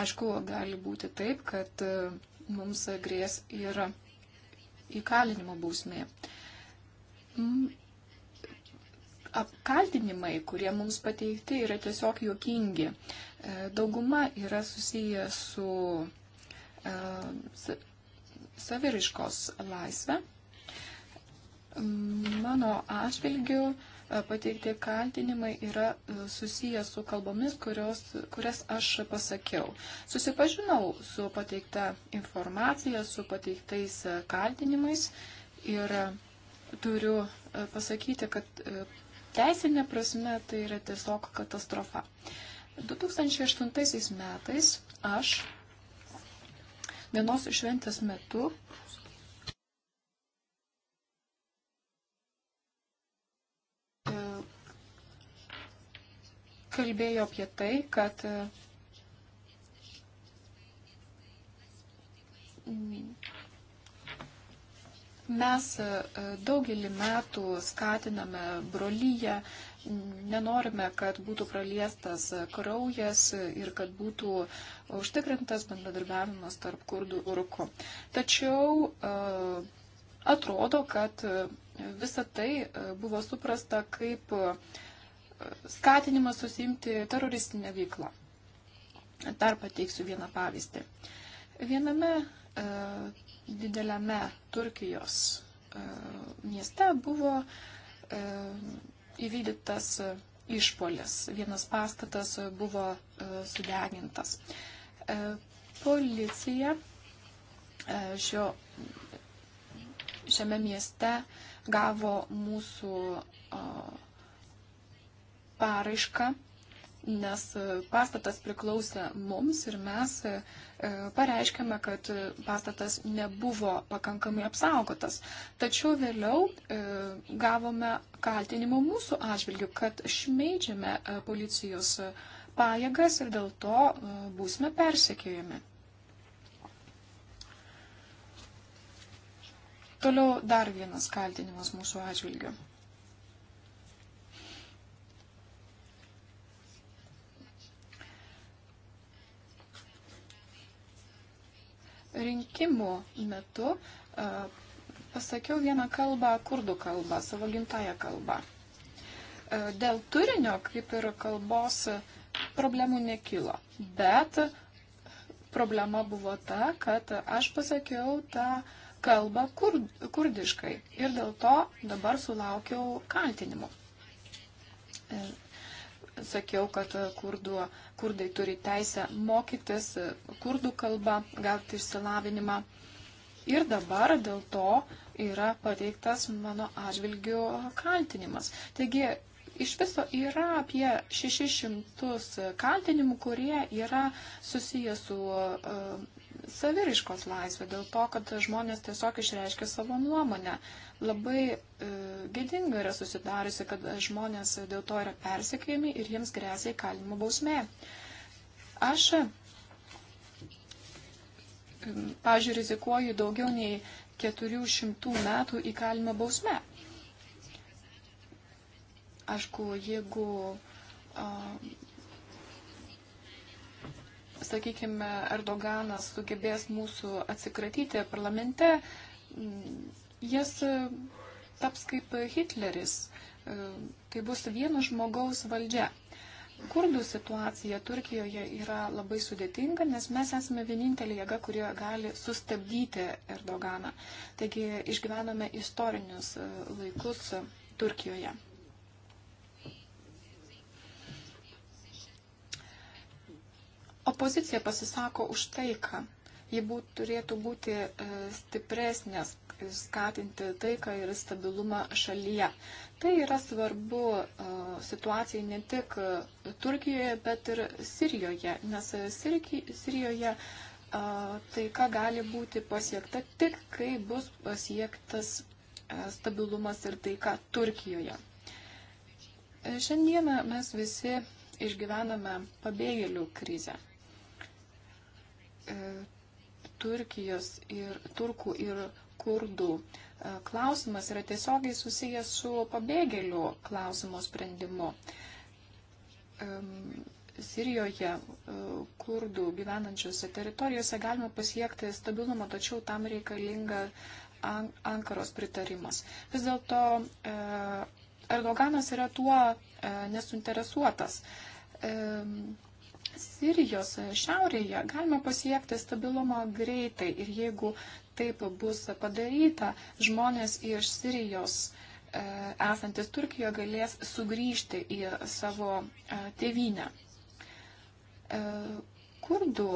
Aišku, gali būti taip, kad mums grės ir įkalinimo bausmė. Apkaltinimai, kurie mums pateikti, yra tiesiog juokingi. E, dauguma yra susiję su e, saviriškos laisvę. Mano atžvilgiu E, pateikti kaltinimai yra e, susijęs su kalbomis, kurios, kurias aš pasakiau. Susipažinau su pateikta informacija, su pateiktais e, kaltinimais ir turiu pasakyti, kad teisinė prasme tai yra tiesiog katastrofa. 2008 metais aš vienos šventės metu kalbėjo apie tai, kad mm, mes e, daugelį metų skatiname brolyje, nenorime, kad būtų praliestas kraujas ir kad būtų užtikrintas bendradarbiavimas tarp kurdų urkų. Tačiau e, atrodo, kad visa tai e, buvo suprasta kaip skatinimas susimti teroristinę veiklą. Dar pateiksiu vieną pavyzdį. Viename e, dideliame Turkijos e, mieste buvo e, įvykdytas išpolis. Vienas pastatas buvo e, sudegintas. E, policija e, šio, šiame mieste gavo mūsų e, paraišką, nes e, pastatas priklausė mums ir mes e, e, pareiškėme, kad pastatas nebuvo pakankamai apsaugotas. Tačiau vėliau gavome kaltinimų mūsų atžvilgių, kad šmeidžiame policijos pajėgas ir dėl to būsime persekiojami. Toliau dar vienas kaltinimas mūsų atžvilgiu. rinkimų metu pasakiau vieną kalbą, kurdų kalbą, savo gimtają kalbą. Dėl turinio, kaip ir kalbos, problemų nekilo. Bet problema buvo ta, kad aš pasakiau tą kalbą kur, kurdiškai ir dėl to dabar sulaukiau kaltinimų. E, sakiau, kad kurdu, kurdai turi teisę mokytis kurdų kalbą, gauti išsilavinimą. Ir dabar dėl to yra pateiktas mano atžvilgių kaltinimas. Taigi, iš viso yra apie 600 kaltinimų, kurie yra susiję su uh, saviriškos laisvę, dėl to, kad žmonės tiesiog išreiškia savo nuomonę. Labai e, gėdinga yra susidariusi, kad žmonės dėl to yra persekėjami ir jiems grėsia įkalinimo bausmė. Aš, e, pažiūrėjau, rizikuoju daugiau nei 400 metų įkalinimo bausmę. Aišku, jeigu a, sakykime, Erdoganas sugebės mūsų atsikratyti parlamente, mm, jis e, taps kaip Hitleris. E, tai bus vieno žmogaus valdžia. Kurdų situacija Turkijoje yra labai sudėtinga, nes mes esame vienintelė jėga, kurie gali sustabdyti Erdoganą. Taigi išgyvename istorinius e, laikus Turkijoje. Opozicija pasisako už taiką. Ji būt, turėtų būti e, stipresnė, skatinti taiką ir stabilumą šalyje. Tai yra svarbu e, situacijai ne tik Turkijoje, bet ir Sirijoje, nes Sirijoje e, taika gali būti pasiekta tik, kai bus pasiektas stabilumas ir taika Turkijoje. Šiandieną mes visi išgyvename pabėgėlių krizę. E, Turkijos ir turkų ir kurdų e, klausimas yra tiesiogiai susijęs su pabėgėlių klausimo sprendimu. Sirijoje, e, kurdų gyvenančiose teritorijose galima pasiekti stabilumą, tačiau tam reikalinga Ankaros pritarimas. Vis dėlto Erdoganas yra tuo nesuinteresuotas Sirijos šiaurėje galime pasiekti stabilumą greitai ir jeigu taip bus padaryta, žmonės iš Sirijos e, esantis Turkijoje galės sugrįžti į savo e, tėvynę. E, kurdų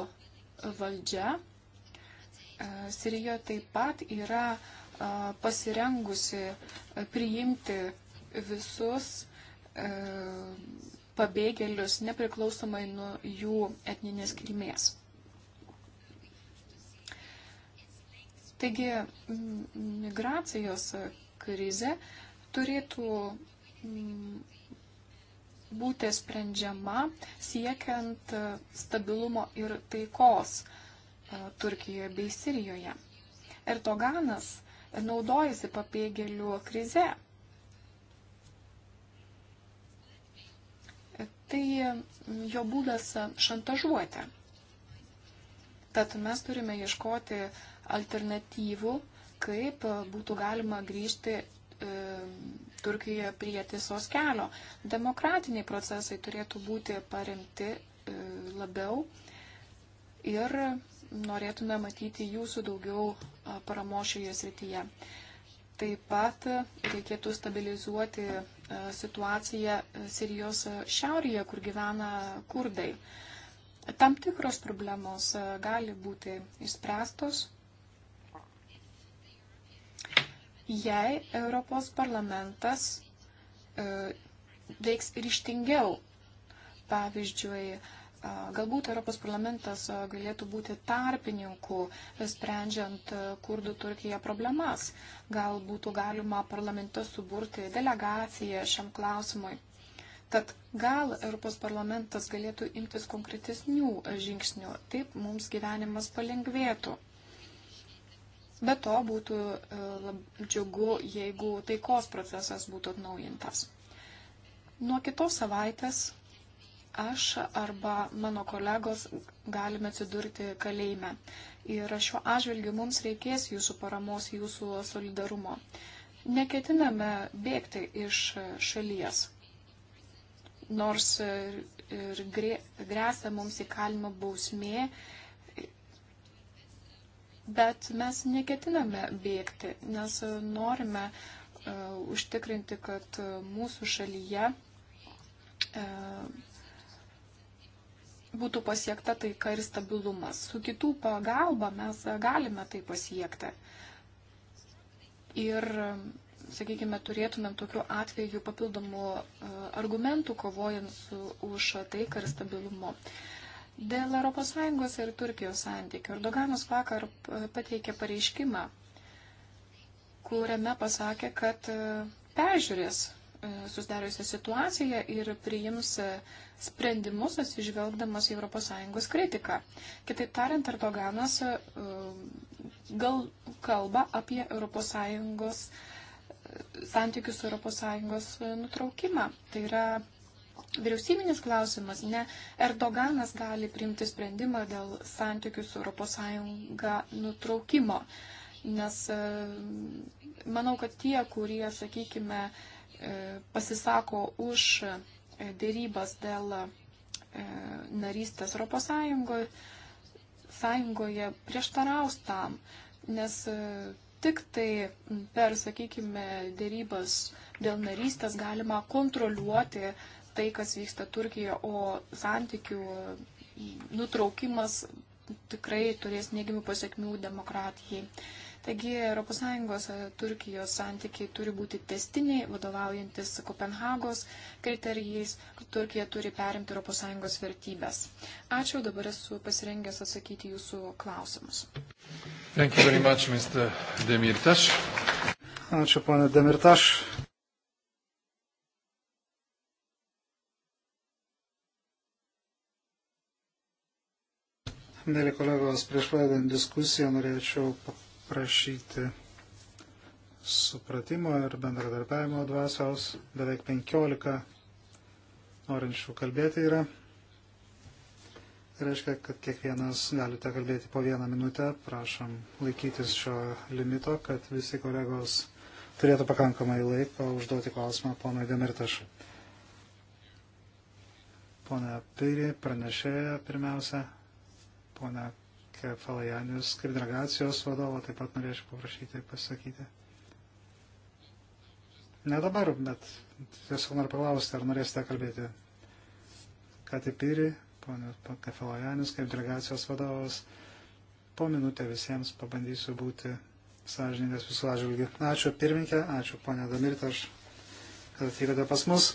valdžia Sirijoje taip pat yra pasirengusi priimti visus pabėgėlius nepriklausomai nuo jų etninės kilmės. Taigi migracijos krize turėtų mm, būti sprendžiama siekiant stabilumo ir taikos e, Turkijoje bei Sirijoje. Erdoganas naudojasi papėgėlių krize tai jo būdas šantažuoti. Tad mes turime ieškoti alternatyvų, kaip būtų galima grįžti e, Turkijoje prie tiesos kelio. Demokratiniai procesai turėtų būti paremti e, labiau ir norėtume matyti jūsų daugiau e, paramo šioje srityje. Taip pat reikėtų stabilizuoti E, situaciją e, Sirijos e, šiaurėje, kur gyvena kurdai. Tam tikros problemos gali būti išspręstos, jei Europos parlamentas veiks ryštingiau. Pavyzdžiui, Galbūt Europos parlamentas galėtų būti tarpininku, sprendžiant kurdų Turkija problemas. Gal būtų galima parlamente suburti delegaciją šiam klausimui. Tad gal Europos parlamentas galėtų imtis konkretesnių žingsnių, taip mums gyvenimas palengvėtų. Be to būtų e, džiugu, jeigu taikos procesas būtų atnaujintas. Nuo kitos savaitės aš arba mano kolegos galime atsidurti kalėjime. Ir šiuo atžvilgiu mums reikės jūsų paramos, jūsų solidarumo. Neketiname bėgti iš šalies. Nors ir grėsia mums įkalimo bausmė, bet mes neketiname bėgti, nes norime uh, užtikrinti, kad mūsų šalyje uh, būtų pasiekta taika ir stabilumas. Su kitų pagalba mes galime tai pasiekti. Ir, sakykime, turėtumėm tokiu atveju papildomų e, argumentų kovojant su, už taiką ir stabilumu. Dėl ES ir Turkijos santykių Erdoganas vakar e, pateikė pareiškimą, kuriame pasakė, kad e, peržiūrės E, susidariusią situaciją ir priims e, sprendimus atsižvelgdamas į ES kritiką. Kitaip tariant, Erdoganas e, gal kalba apie ES santykius su ES nutraukimą. Tai yra vyriausybinis klausimas, ne Erdoganas gali priimti sprendimą dėl santykių su ES nutraukimo. Nes manau, kad tie, kurie, sakykime, E, pasisako už e, dėrybas dėl e, narystės Europos Sąjungoje, sąjungoje prieštaraus tam, nes tik tai per, sakykime, dėrybas dėl narystės galima kontroliuoti tai, kas vyksta Turkijoje, o santykių nutraukimas tikrai turės neigiamų pasiekmių demokratijai. Taigi ES e, Turkijos santykiai turi būti testiniai, vadovaujantis Kopenhagos kriterijais, kad Turkija turi perimti ES vertybės. Ačiū, dabar esu pasirengęs atsakyti jūsų klausimus. Much, Ačiū, ponė Demirtaš. Mėly kolegos, prieš pradedant diskusiją norėčiau prašyti supratimo ir bendradarbiavimo dvasios. Beveik 15 norinčių kalbėti yra. Tai reiškia, kad kiekvienas galite kalbėti po vieną minutę. Prašom laikytis šio limito, kad visi kolegos turėtų pakankamai laiko užduoti klausimą ponui Demirtašui. Pone Piri, pranešėja pirmiausia, pone Marke Falajanis, kaip delegacijos vadovo, taip pat norėčiau paprašyti pasakyti. Ne dabar, bet tiesiog noriu paklausti, ar norėsite kalbėti. Katipyri, ponios Kefalojanis, kaip delegacijos vadovas, po minutę visiems pabandysiu būti sąžininkas visų atžvilgių. Ačiū pirminkė, ačiū ponia Damirta, aš, kad atvykote pas mus.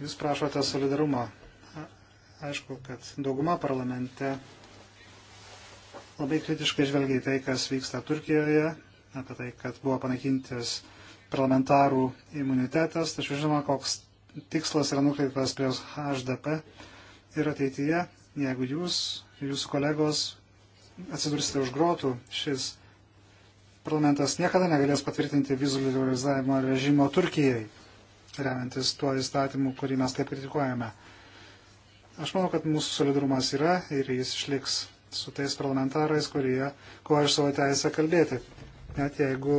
Jūs prašote solidarumo. Aišku, kad dauguma parlamente labai kritiškai žvelgia į tai, kas vyksta Turkijoje, apie tai, kad buvo panaikintis parlamentarų imunitetas, tačiau žinoma, koks tikslas yra nukreiptas prie HDP ir ateityje, jeigu jūs, jūsų kolegos atsidursite už grotų, šis parlamentas niekada negalės patvirtinti vizų liberalizavimo režimo Turkijai, remiantis tuo įstatymu, kurį mes taip kritikuojame. Aš manau, kad mūsų solidarumas yra ir jis išliks su tais parlamentarais, kurie kovoja už savo teisę kalbėti. Net jeigu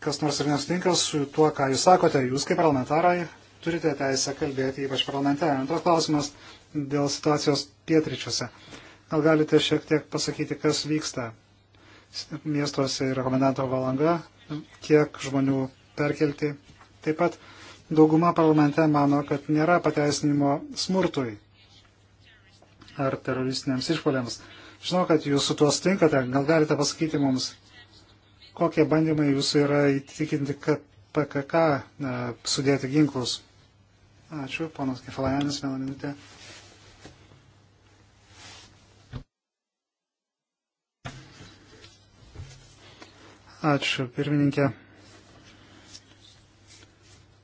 kas nors ir nesutinka su tuo, ką jūs sakote, jūs kaip parlamentarai turite teisę kalbėti, ypač parlamente. Antras klausimas dėl situacijos pietričiuose. Gal galite šiek tiek pasakyti, kas vyksta miestuose ir komendanto valanga, kiek žmonių perkelti. Taip pat dauguma parlamente mano, kad nėra pateisinimo smurtui ar teroristiniams išpoliams. Žinau, kad jūs su tuo sutinkate, gal galite pasakyti mums, kokie bandymai jūsų yra įtikinti, kad PKK e, sudėti ginklus. Ačiū, ponas Kefalajanis, vieną minutę. Ačiū, pirmininkė.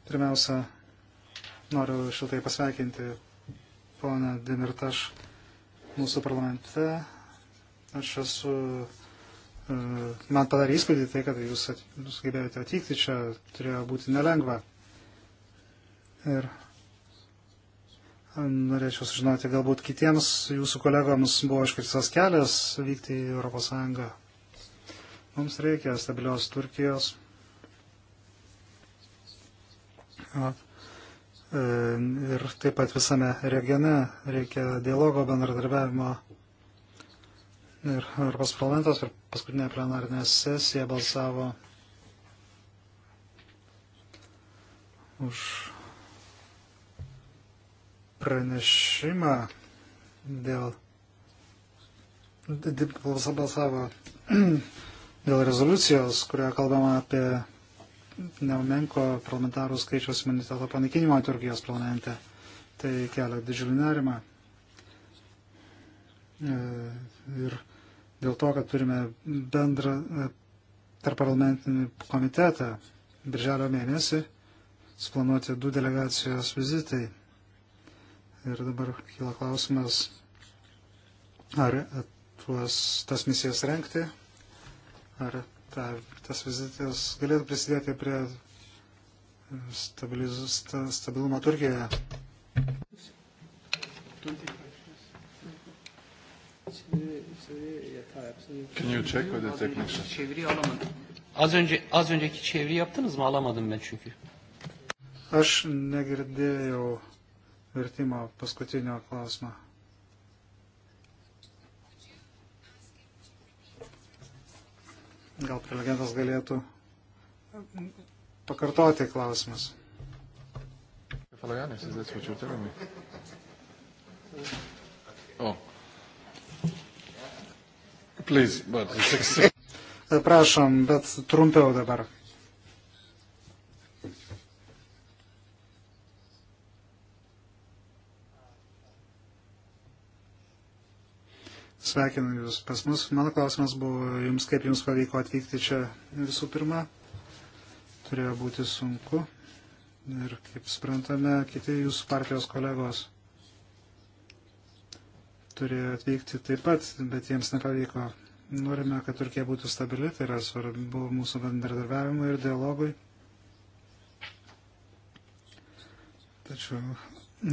Pirmiausia, noriu šiltai pasveikinti poną Demirtašą mūsų parlamente. Aš esu, e, man padarė įspūdį tai, kad jūs sugebėjote atvykti čia, turėjo būti nelengva. Ir norėčiau sužinoti, galbūt kitiems jūsų kolegoms buvo iškirtas kelias vykti į ES. Mums reikia stabilios Turkijos. At E, ir taip pat visame regione reikia dialogo bendradarbiavimo. Ir Europos parlamentas per paskutinę plenarinę sesiją balsavo už pranešimą dėl balsavo dėl rezoliucijos, kurioje kalbama apie nemenko parlamentarų skaičiaus imuniteto panaikinimo Turkijos planete. Tai kelia didžiulį nerimą. E, ir dėl to, kad turime bendrą e, tarp parlamentinį komitetą birželio mėnesį suplanuoti du delegacijos vizitai. Ir dabar kyla klausimas, ar tuos, tas misijas renkti, ar ta, tas vizitas galėtų prisidėti prie stabiliz, sta, stabilumo Turkijoje. Can you check with the technician? Çeviriyi alamadım. Az önce az önceki çeviri yaptınız mı? Alamadım ben çünkü. Aš negirdėjau vertimo paskutinio klausimo. Gal prelegentas galėtų pakartoti klausimus. Falajanis, is that what you're telling me? Oh. Please, but... Prašom, bet trumpiau dabar. Sveikinu Jūs pas mus. Mano klausimas buvo Jums, kaip Jums pavyko atvykti čia visų pirma. Turėjo būti sunku. Ir kaip sprantame, kiti Jūsų partijos kolegos turėjo atvykti taip pat, bet jiems nepavyko. Norime, kad Turkija būtų stabili, tai yra svarbu mūsų bendradarbiavimui ir dialogui. Tačiau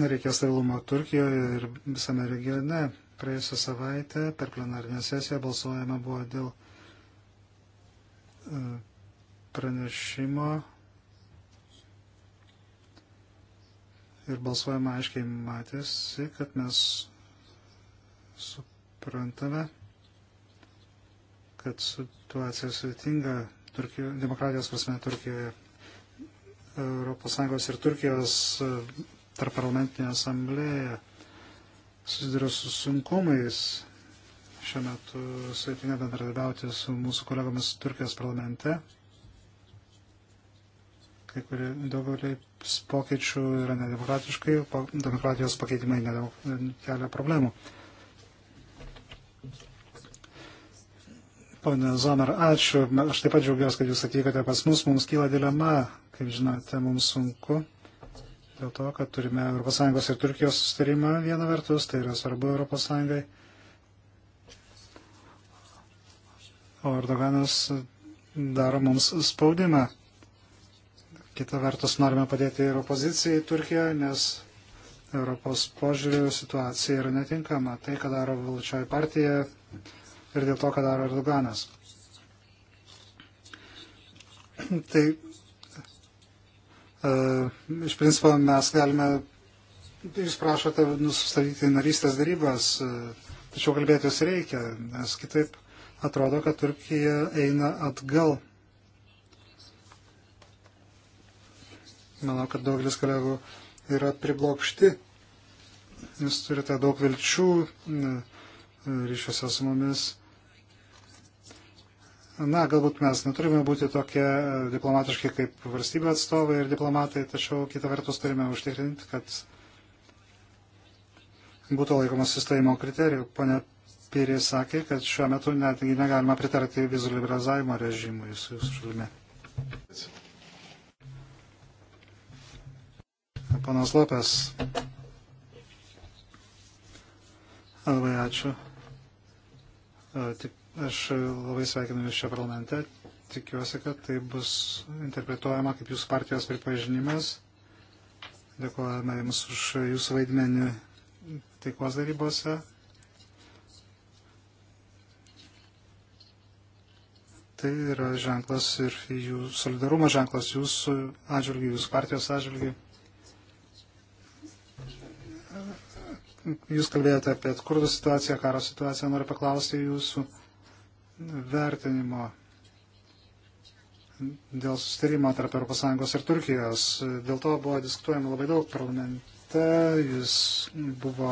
reikia stabilumo Turkijoje ir visame regione praėjusią savaitę per plenarinę sesiją balsuojama buvo dėl e, pranešimo ir balsuojama aiškiai matėsi, kad mes suprantame, kad situacija sudėtinga Turkijo, demokratijos prasme Turkijoje. ES ir Turkijos e, tarp parlamentinė asamblėje susiduria su sunkumais šiuo metu sveitinė bendradarbiauti su mūsų kolegomis Turkijos parlamente. Kai kurie daugelis pokyčių yra nedemokratiškai, po, demokratijos pakeitimai nedaug kelia problemų. Pone Zomer, ačiū. Aš taip pat džiaugiuosi, kad jūs atvykote pas mus. Mums kyla dilema, kaip žinote, mums sunku dėl to, kad turime ES ir Turkijos sustarimą vieną vertus, tai yra svarbu ES. O Erdoganas daro mums spaudimą. Kita vertus, norime padėti ir opozicijai Turkijoje, nes Europos požiūrių situacija yra netinkama. Tai, ką daro valčioji partija ir dėl to, ką daro Erdoganas. Tai E, iš principo mes galime, jūs prašote nusustabdyti narystės darybas, e, tačiau kalbėtis reikia, nes kitaip atrodo, kad Turkija eina atgal. Manau, kad daugelis kolegų yra priblokšti. Jūs turite daug vilčių e, ryšiuose su mumis. Na, galbūt mes neturime būti tokie e, diplomatiški kaip valstybių atstovai ir diplomatai, tačiau kitą vertus turime užtikrinti, kad būtų laikomas sustojimo kriterijų. Pone Pyrė sakė, kad šiuo metu netgi negalima pritarti vizų liberalizavimo režimui su jūsų šalimi. Panas Lopes. Labai ačiū. E, tik Aš labai sveikinu Jūs čia parlamente. Tikiuosi, kad tai bus interpretuojama kaip Jūsų partijos pripažinimas. Dėkojame Jums už Jūsų vaidmenį taikos darybose. Tai yra ženklas ir jų solidarumo ženklas Jūsų atžvilgių, Jūsų partijos atžvilgių. Jūs kalbėjote apie kurdų situaciją, karo situaciją. Noriu paklausti jūsų, vertinimo dėl sustarimo tarp ES ir Turkijos. Dėl to buvo diskutuojama labai daug parlamente, jis buvo,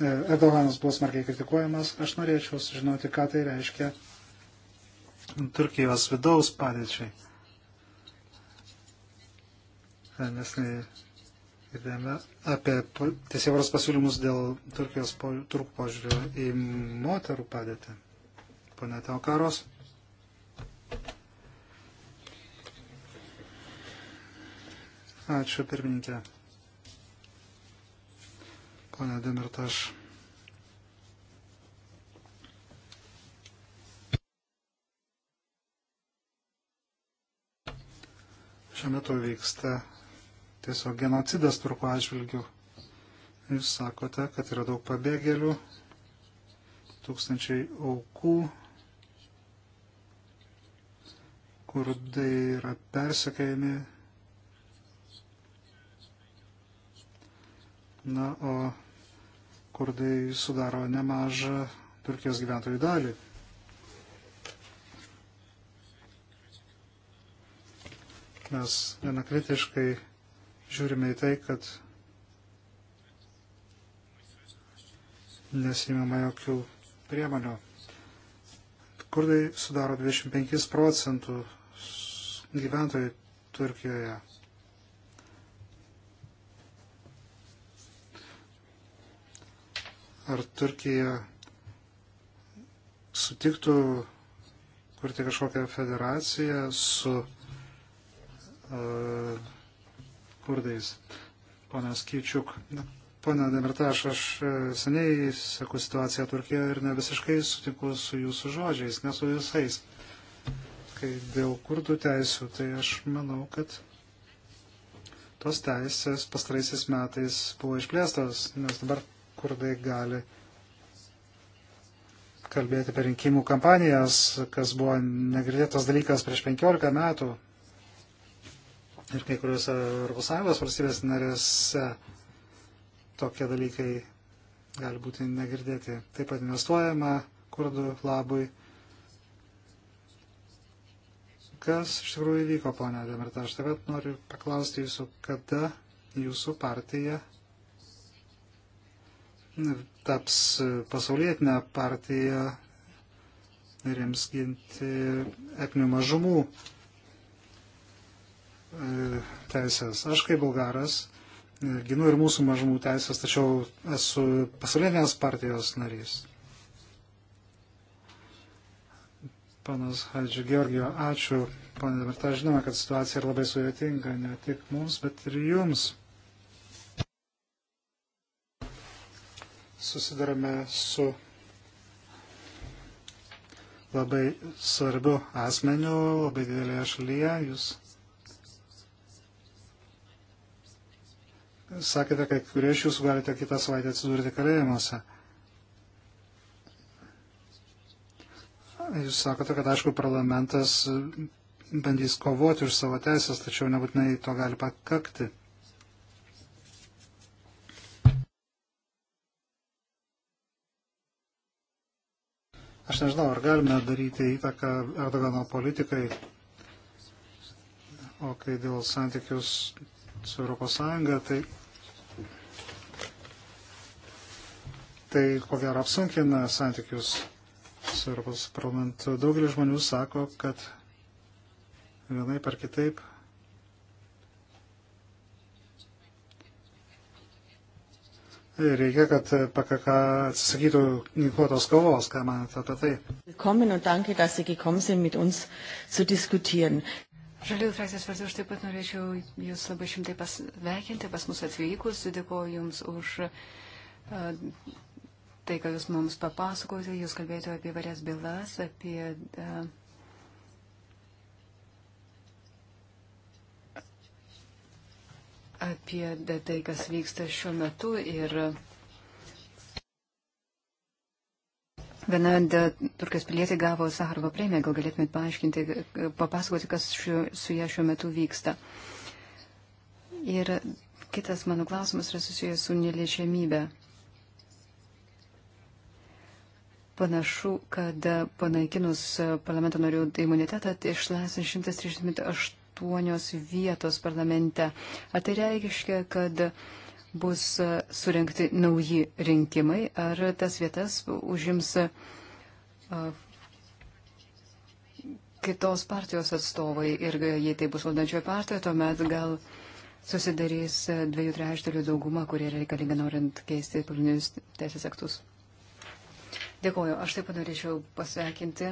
e, Erdoganas buvo smarkiai kritikuojamas. Aš norėčiau sužinoti, ką tai reiškia Turkijos vidaus padėčiai. E, nes girdėjome apie teisėvaros pasiūlymus dėl Turkijos po, turkų požiūrio į moterų padėtį. Pane Teokaros. Ačiū pirmininkė. Pone Demirtaš. Šiuo metu vyksta tiesiog genocidas turko atžvilgių. Jūs sakote, kad yra daug pabėgėlių, tūkstančiai aukų kurdai yra persekėjami. Na, o kurdai sudaro nemažą Turkijos gyventojų dalį. Mes gana kritiškai žiūrime į tai, kad nesimama jokių priemonių. Kurdai sudaro 25 procentų gyventojų Turkijoje. Ar Turkija sutiktų kurti kažkokią federaciją su uh, kurdais? Ponas Kyčiuk. Pone Demirtaš, aš e, seniai seku situaciją Turkijoje ir ne visiškai sutinku su jūsų žodžiais, ne su visais. Uh, kai dėl kurdų teisų, tai aš manau, kad tos teisės pastaraisiais metais buvo išplėstos, nes dabar kurdai gali kalbėti per rinkimų kampanijas, kas buvo negirdėtas dalykas prieš 15 metų. Ir kai kuriuose ES valstybės narėse tokie dalykai gali būti negirdėti. Taip pat investuojama kurdų labui Kas iš tikrųjų įvyko, ponia Demirta? Aš taip pat noriu paklausti jūsų, kada jūsų partija taps pasaulietinę partiją ir jiems ginti etnių mažumų e, teisės. Aš kaip bulgaras e, ginu ir mūsų mažumų teisės, tačiau esu pasaulinės partijos narys. Panas Hadži Georgijo, ačiū, ponė Dabarta. Žinoma, kad situacija yra labai sudėtinga, ne tik mums, bet ir jums. Susidarame su labai svarbiu asmeniu, labai didelėje šalyje. Jūs sakėte, kad kurie iš jūsų galite kitą savaitę atsidurti kalėjimuose. Jūs sakote, kad aišku, parlamentas bandys kovoti už savo teisės, tačiau nebūtinai to gali pakakti. Aš nežinau, ar galime daryti įtaką Erdogano politikai, o kai dėl santykius su Europos Sąjunga, tai, tai ko gero apsunkina santykius su Europos parlamentu. Daugelis žmonių sako, kad vienai par kitaip Reikia, kad PKK atsisakytų ginkluotos kovos, ką manate apie tai. Žaliųjų frakcijos vardu aš taip pat norėčiau Jūs labai šimtai pasveikinti pas mus atvykus. Dėkuoju Jums už uh, tai, ką Jūs mums papasakote. Jūs kalbėjote apie varias bylas, apie. E, apie tai, kas vyksta šiuo metu ir Viena turkijos pilietė gavo Saharovo premiją, gal galėtumėt paaiškinti, papasakoti, kas šiuo, su ją šiuo metu vyksta. Ir kitas mano klausimas yra susijęs su neliečiamybė. Panašu, kad panaikinus parlamento narių imunitetą išlaisvins 138 vietos parlamente. Ar tai reiškia, kad bus surinkti nauji rinkimai, ar tas vietas užims kitos partijos atstovai ir jei tai bus valdančioje partijoje, tuomet gal susidarys dviejų trečdalių dauguma, kurie reikalinga norint keisti pagrindinius teisės aktus. Dėkuoju, aš taip pat norėčiau pasveikinti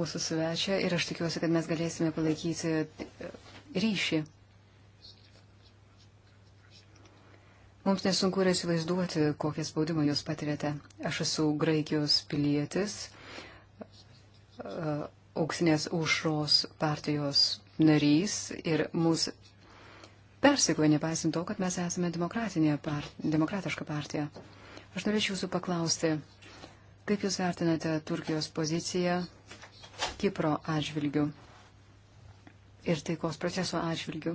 mūsų svečią ir aš tikiuosi, kad mes galėsime palaikyti e, ryšį. Mums nesunku yra įsivaizduoti, kokią spaudimą jūs patirėte. Aš esu Graikijos pilietis, e, auksinės užros partijos narys ir mūsų persikoja, nepaisant to, kad mes esame part, demokratiška partija. Aš norėčiau jūsų paklausti, kaip jūs vertinate Turkijos poziciją Kipro atžvilgių ir taikos proceso atžvilgių?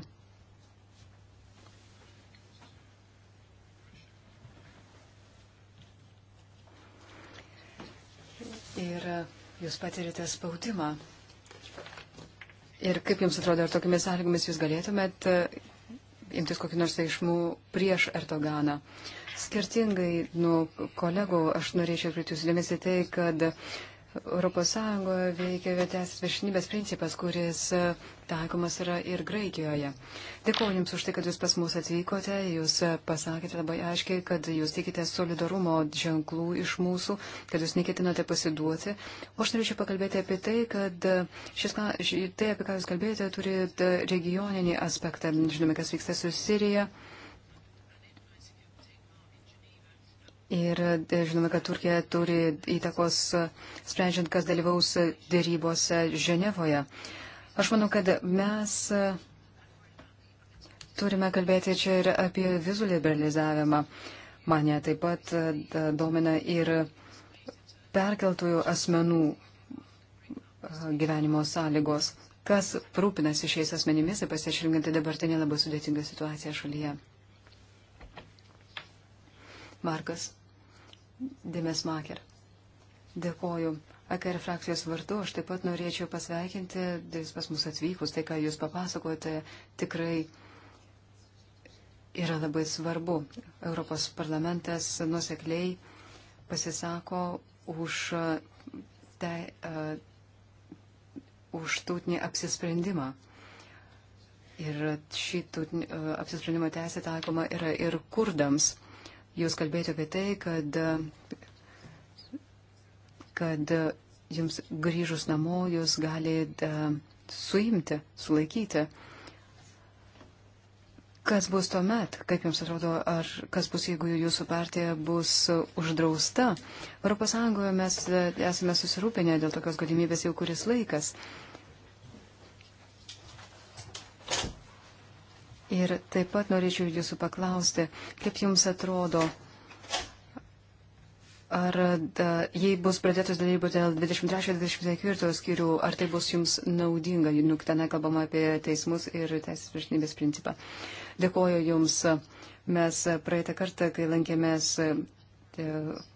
Ir jūs patirite spaudimą. Ir kaip jums atrodo, ar tokiamis sąlygomis jūs galėtumėt e, imtis kokį nors veiksmų prieš Erdoganą? Uh, Skirtingai nuo kolegų, aš norėčiau kreipti jūsų dėmesį tai, kad ES veikia teisės viršinybės principas, kuris e, taikomas yra ir Graikijoje. Dėkuoju Jums už tai, kad Jūs pas mus atvykote, Jūs e, pasakėte labai aiškiai, kad Jūs tikite solidarumo ženklų iš mūsų, kad Jūs neketinote pasiduoti. O aš norėčiau pakalbėti apie tai, kad e, šis, tai, apie ką Jūs kalbėjote, turi regioninį aspektą. Žinome, kas vyksta su Sirija. Ir e, žinome, kad Turkija turi įtakos e, sprendžiant, kas dalyvaus e, dėrybose Ženevoje. Aš manau, kad mes turime kalbėti čia ir apie vizų liberalizavimą. Mane taip pat domina ir perkeltųjų asmenų gyvenimo sąlygos. Kas rūpinasi šiais asmenimis, ypač atsižvelgiant į dabartinę labai sudėtingą situaciją šalyje? Markas. Demesmaker. Dėkoju. AKR frakcijos vardu aš taip pat norėčiau pasveikinti, jūs pas mus atvykus, tai ką jūs papasakote, tikrai yra labai svarbu. Europos parlamentas nusekliai pasisako už, te, uh, už tautinį apsisprendimą. Ir šį tautinį uh, apsisprendimo teisę taikoma yra ir kurdams. Uh, Jūs kalbėjote apie tai, kad, kad jums grįžus namo jūs galite suimti, sulaikyti. Kas bus tuomet, kaip jums atrodo, ar kas bus, jeigu jūsų partija bus uždrausta? ES mes e, esame susirūpinę dėl tokios galimybės jau kuris laikas. Ir taip pat norėčiau jūsų paklausti, kaip jums atrodo, ar da, jei bus pradėtos darybos dėl 23-24 skirių, ar tai bus jums naudinga, juk nu, ten kalbama apie teismus ir teisės viršnybės principą. Dėkoju jums. Mes praeitą kartą, kai lankėmės e,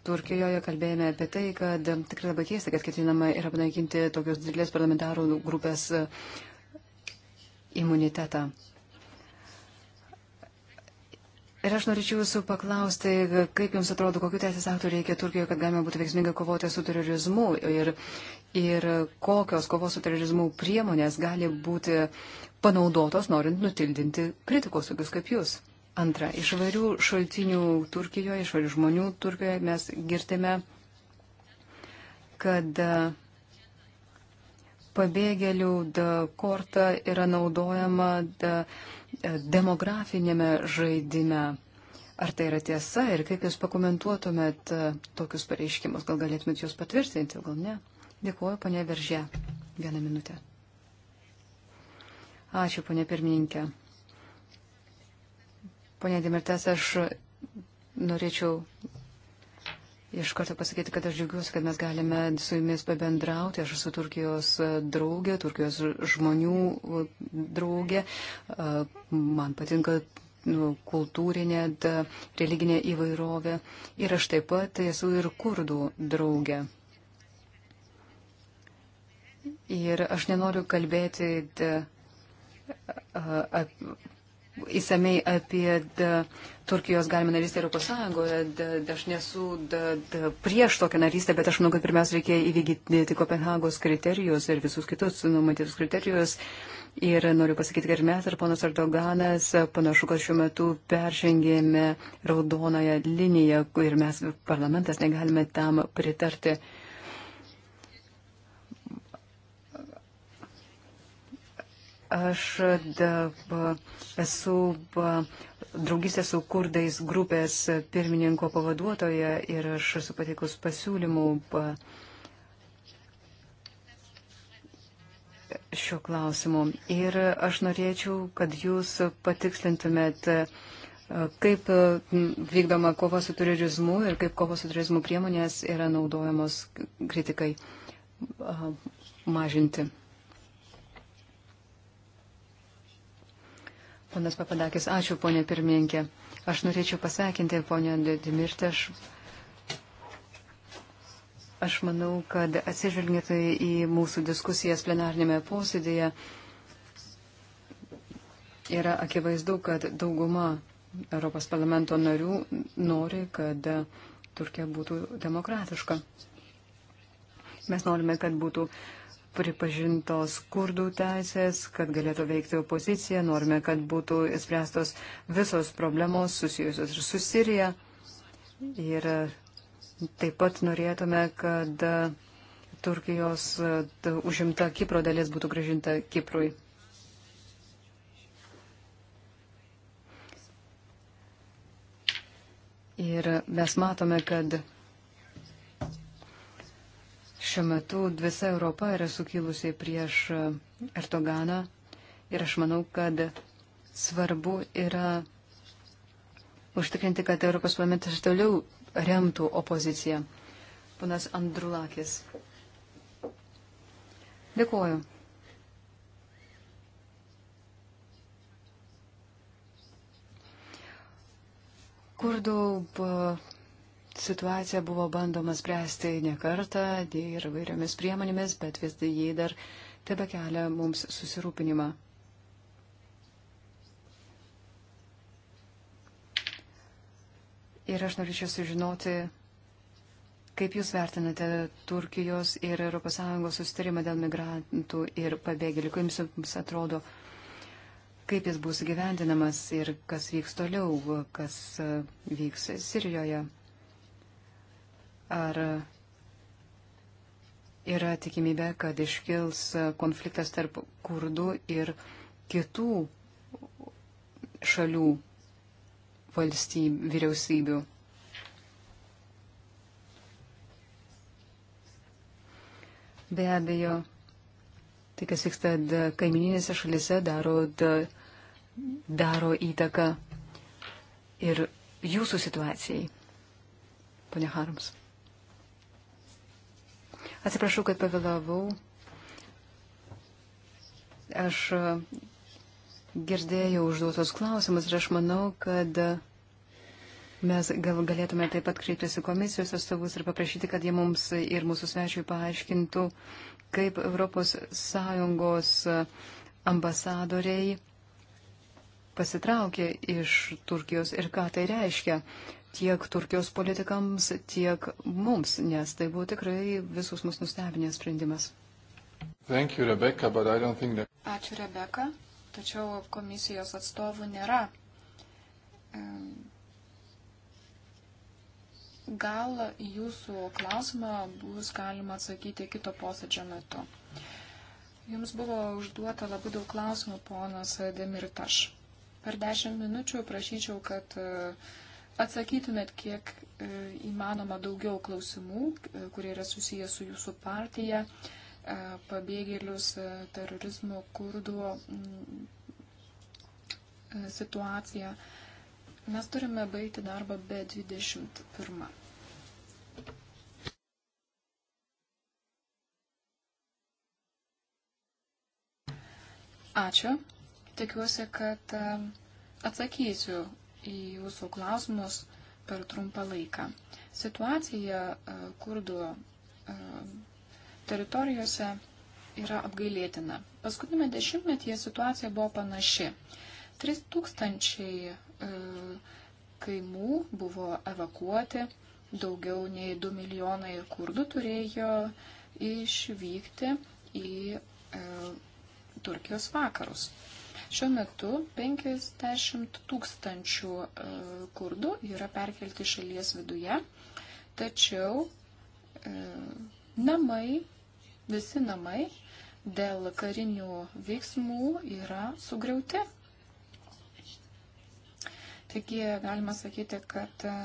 Turkijoje kalbėjome apie tai, kad tikrai labai keista, kad ketinama yra panaikinti tokios didelės parlamentarų grupės e, imunitetą. Ir aš norėčiau jūsų paklausti, kaip jums atrodo, kokiu teisės aktu reikia Turkijoje, kad galima būtų veiksmingai kovoti su terorizmu ir, ir kokios kovos su terorizmu priemonės gali būti panaudotos, norint nutildinti kritikus, tokius kaip jūs. Antra, iš varių šaltinių Turkijoje, iš varių žmonių Turkijoje mes girtime, kad uh, pabėgėlių korta yra naudojama e, demografinėme žaidime. Ar tai yra tiesa ir kaip Jūs pakomentuotumėt e, tokius pareiškimus? Gal galėtumėt juos patvirtinti, gal ne? Dėkuoju, ponė Veržė. Vieną minutę. Ačiū, ponė pirmininkė. Pone Dimirtas, aš norėčiau Iš karto pasakyti, kad aš džiaugiuosi, kad mes galime su jumis pabendrauti. Aš esu Turkijos draugė, Turkijos žmonių draugė. Man patinka nu, kultūrinė, religinė įvairovė. Ir aš taip pat esu ir kurdų draugė. Ir aš nenoriu kalbėti įsamei apie da, Turkijos galimą narystę Europos Sąjungoje. Da, da, aš nesu da, da, prieš tokią narystę, bet aš manau, kad pirmiausia reikia įvykdyti Kopenhagos kriterijus ir visus kitus numatytus kriterijus. Ir noriu pasakyti, kad ir mes, ir ponas Erdoganas, panašu, kad šiuo metu peržengėme raudonąją liniją ir mes, parlamentas, negalime tam pritarti. Uh, Aš da, ba, esu ba, draugystė su kurdais grupės pirmininko pavaduotoja ir aš esu pateikus pasiūlymų ba, šiuo klausimu. Ir aš norėčiau, kad jūs patikslintumėt, kaip vykdoma kova su turizmu ir kaip kova su turizmu priemonės yra naudojamos kritikai mažinti. Ponas Papadakis, ačiū, ponė pirmininkė. Aš norėčiau pasakinti, ponė Dimirtė, aš, aš manau, kad atsižvelgėte į mūsų diskusijas plenarnėme posėdėje. Yra akivaizdu, kad dauguma Europos parlamento narių nori, kad Turkija būtų demokratiška. Mes norime, kad būtų uh, pripažintos kurdų teisės, kad galėtų veikti opozicija, norime, kad būtų spręstos visos problemos susijusios ir su Sirija. Ir taip pat norėtume, kad Turkijos užimta Kipro dalis būtų gražinta Kiprui. Ir mes matome, kad Šiuo metu visa Europa yra sukilusi prieš Erdoganą ir aš manau, kad svarbu yra užtikrinti, kad Europos parlamentas toliau remtų opoziciją. Ponas Andrulakis. Dėkuoju. Kurdų situaciją buvo bandoma spręsti ne kartą ir vairiomis priemonėmis, bet vis tai jį dar tebe kelia mums susirūpinimą. Ir aš norėčiau sužinoti, kaip Jūs vertinate Turkijos ir ES sustarimą dėl migrantų ir pabėgėlių, kaip Jums atrodo, kaip jis bus gyvendinamas ir kas vyks toliau, kas vyks Sirijoje. Ar yra tikimybė, kad iškils konfliktas tarp kurdų ir kitų šalių valstybių, vyriausybių? Be abejo, tai kas vyksta kaimininėse šalise daro, da, daro įtaką ir jūsų situacijai, ponia Harms. Atsiprašau, kad pavėlavau. Aš e, girdėjau užduotos klausimus ir aš manau, kad mes gal galėtume taip pat kreiptis į komisijos atstovus ir paprašyti, kad jie mums ir mūsų svečiui paaiškintų, kaip ES ambasadoriai pasitraukė iš Turkijos ir ką tai reiškia tiek Turkijos politikams, tiek mums, nes tai buvo tikrai visus mus nustebinęs sprendimas. Thank you, Rebecca, that... Ačiū, Rebeka, tačiau komisijos atstovų nėra. Gal jūsų klausimą bus galima atsakyti kito posėdžio metu. Jums buvo užduota labai daug klausimų, ponas Demirtaš. Per dešimt minučių prašyčiau, kad uh, atsakytumėt kiek e, įmanoma daugiau klausimų, e, kurie yra susijęs su jūsų partija, e, pabėgėlius, terorizmo, kurdų mm, situaciją. Mes turime baigti darbą be 21. Ačiū. Tikiuosi, kad atsakysiu į jūsų klausimus per trumpą laiką. Situacija e, kurdų e, teritorijose yra apgailėtina. Paskutinėme dešimtmetyje situacija buvo panaši. 3000 e, kaimų buvo evakuoti, daugiau nei 2 milijonai kurdų turėjo išvykti į Turkijos vakarus. Šiuo metu 50 tūkstančių e, kurdų yra perkelti šalies viduje, tačiau e, namai, visi namai dėl karinių veiksmų yra sugriauti. Taigi galima sakyti, kad e,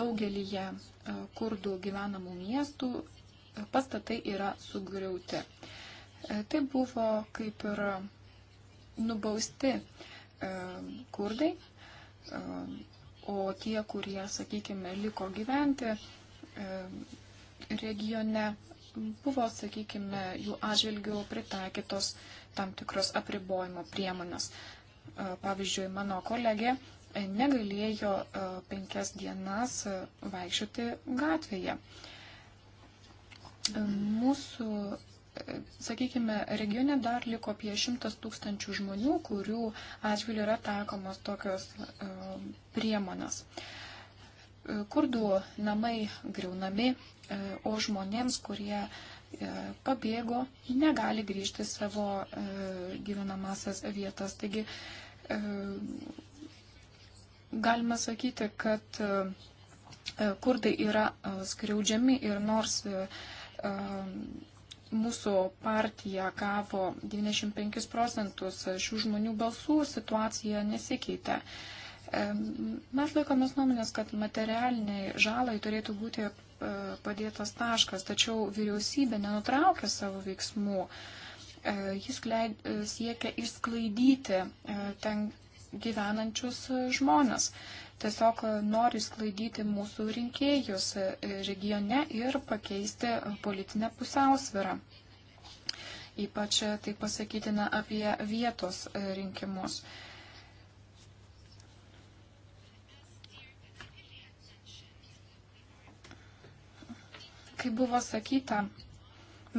daugelįje kurdų gyvenamų miestų pastatai yra sugriauti. E, tai buvo kaip ir nubausti e, kurdai, e, o tie, kurie, sakykime, liko gyventi regione, buvo, sakykime, jų atžvilgių pritaikytos tam tikros apribojimo priemonės. Pavyzdžiui, mano kolegė negalėjo penkias dienas vaikščioti gatvėje. Mūsų, sakykime, regione dar liko apie šimtas tūkstančių žmonių, kurių atžvilgiu yra taikomos tokios e, priemonės. E, kurdų namai griaunami, e, o žmonėms, kurie pabėgo, negali grįžti savo gyvenamasias vietas. Taigi galime sakyti, kad kurdai yra skriaudžiami ir nors Ehm, mūsų partija gavo 95 procentus šių žmonių balsų, situacija nesikeitė. Ehm, mes laikomės nuomonės, kad materialiniai žalai turėtų būti e, padėtas taškas, tačiau vyriausybė nenutraukė savo veiksmų. E, jis leid, e, siekia išsklaidyti ten gyvenančius žmonės tiesiog nori sklaidyti mūsų rinkėjus regione ir pakeisti politinę pusiausvyrą. Ypač tai pasakytina apie vietos rinkimus. Kaip buvo sakyta,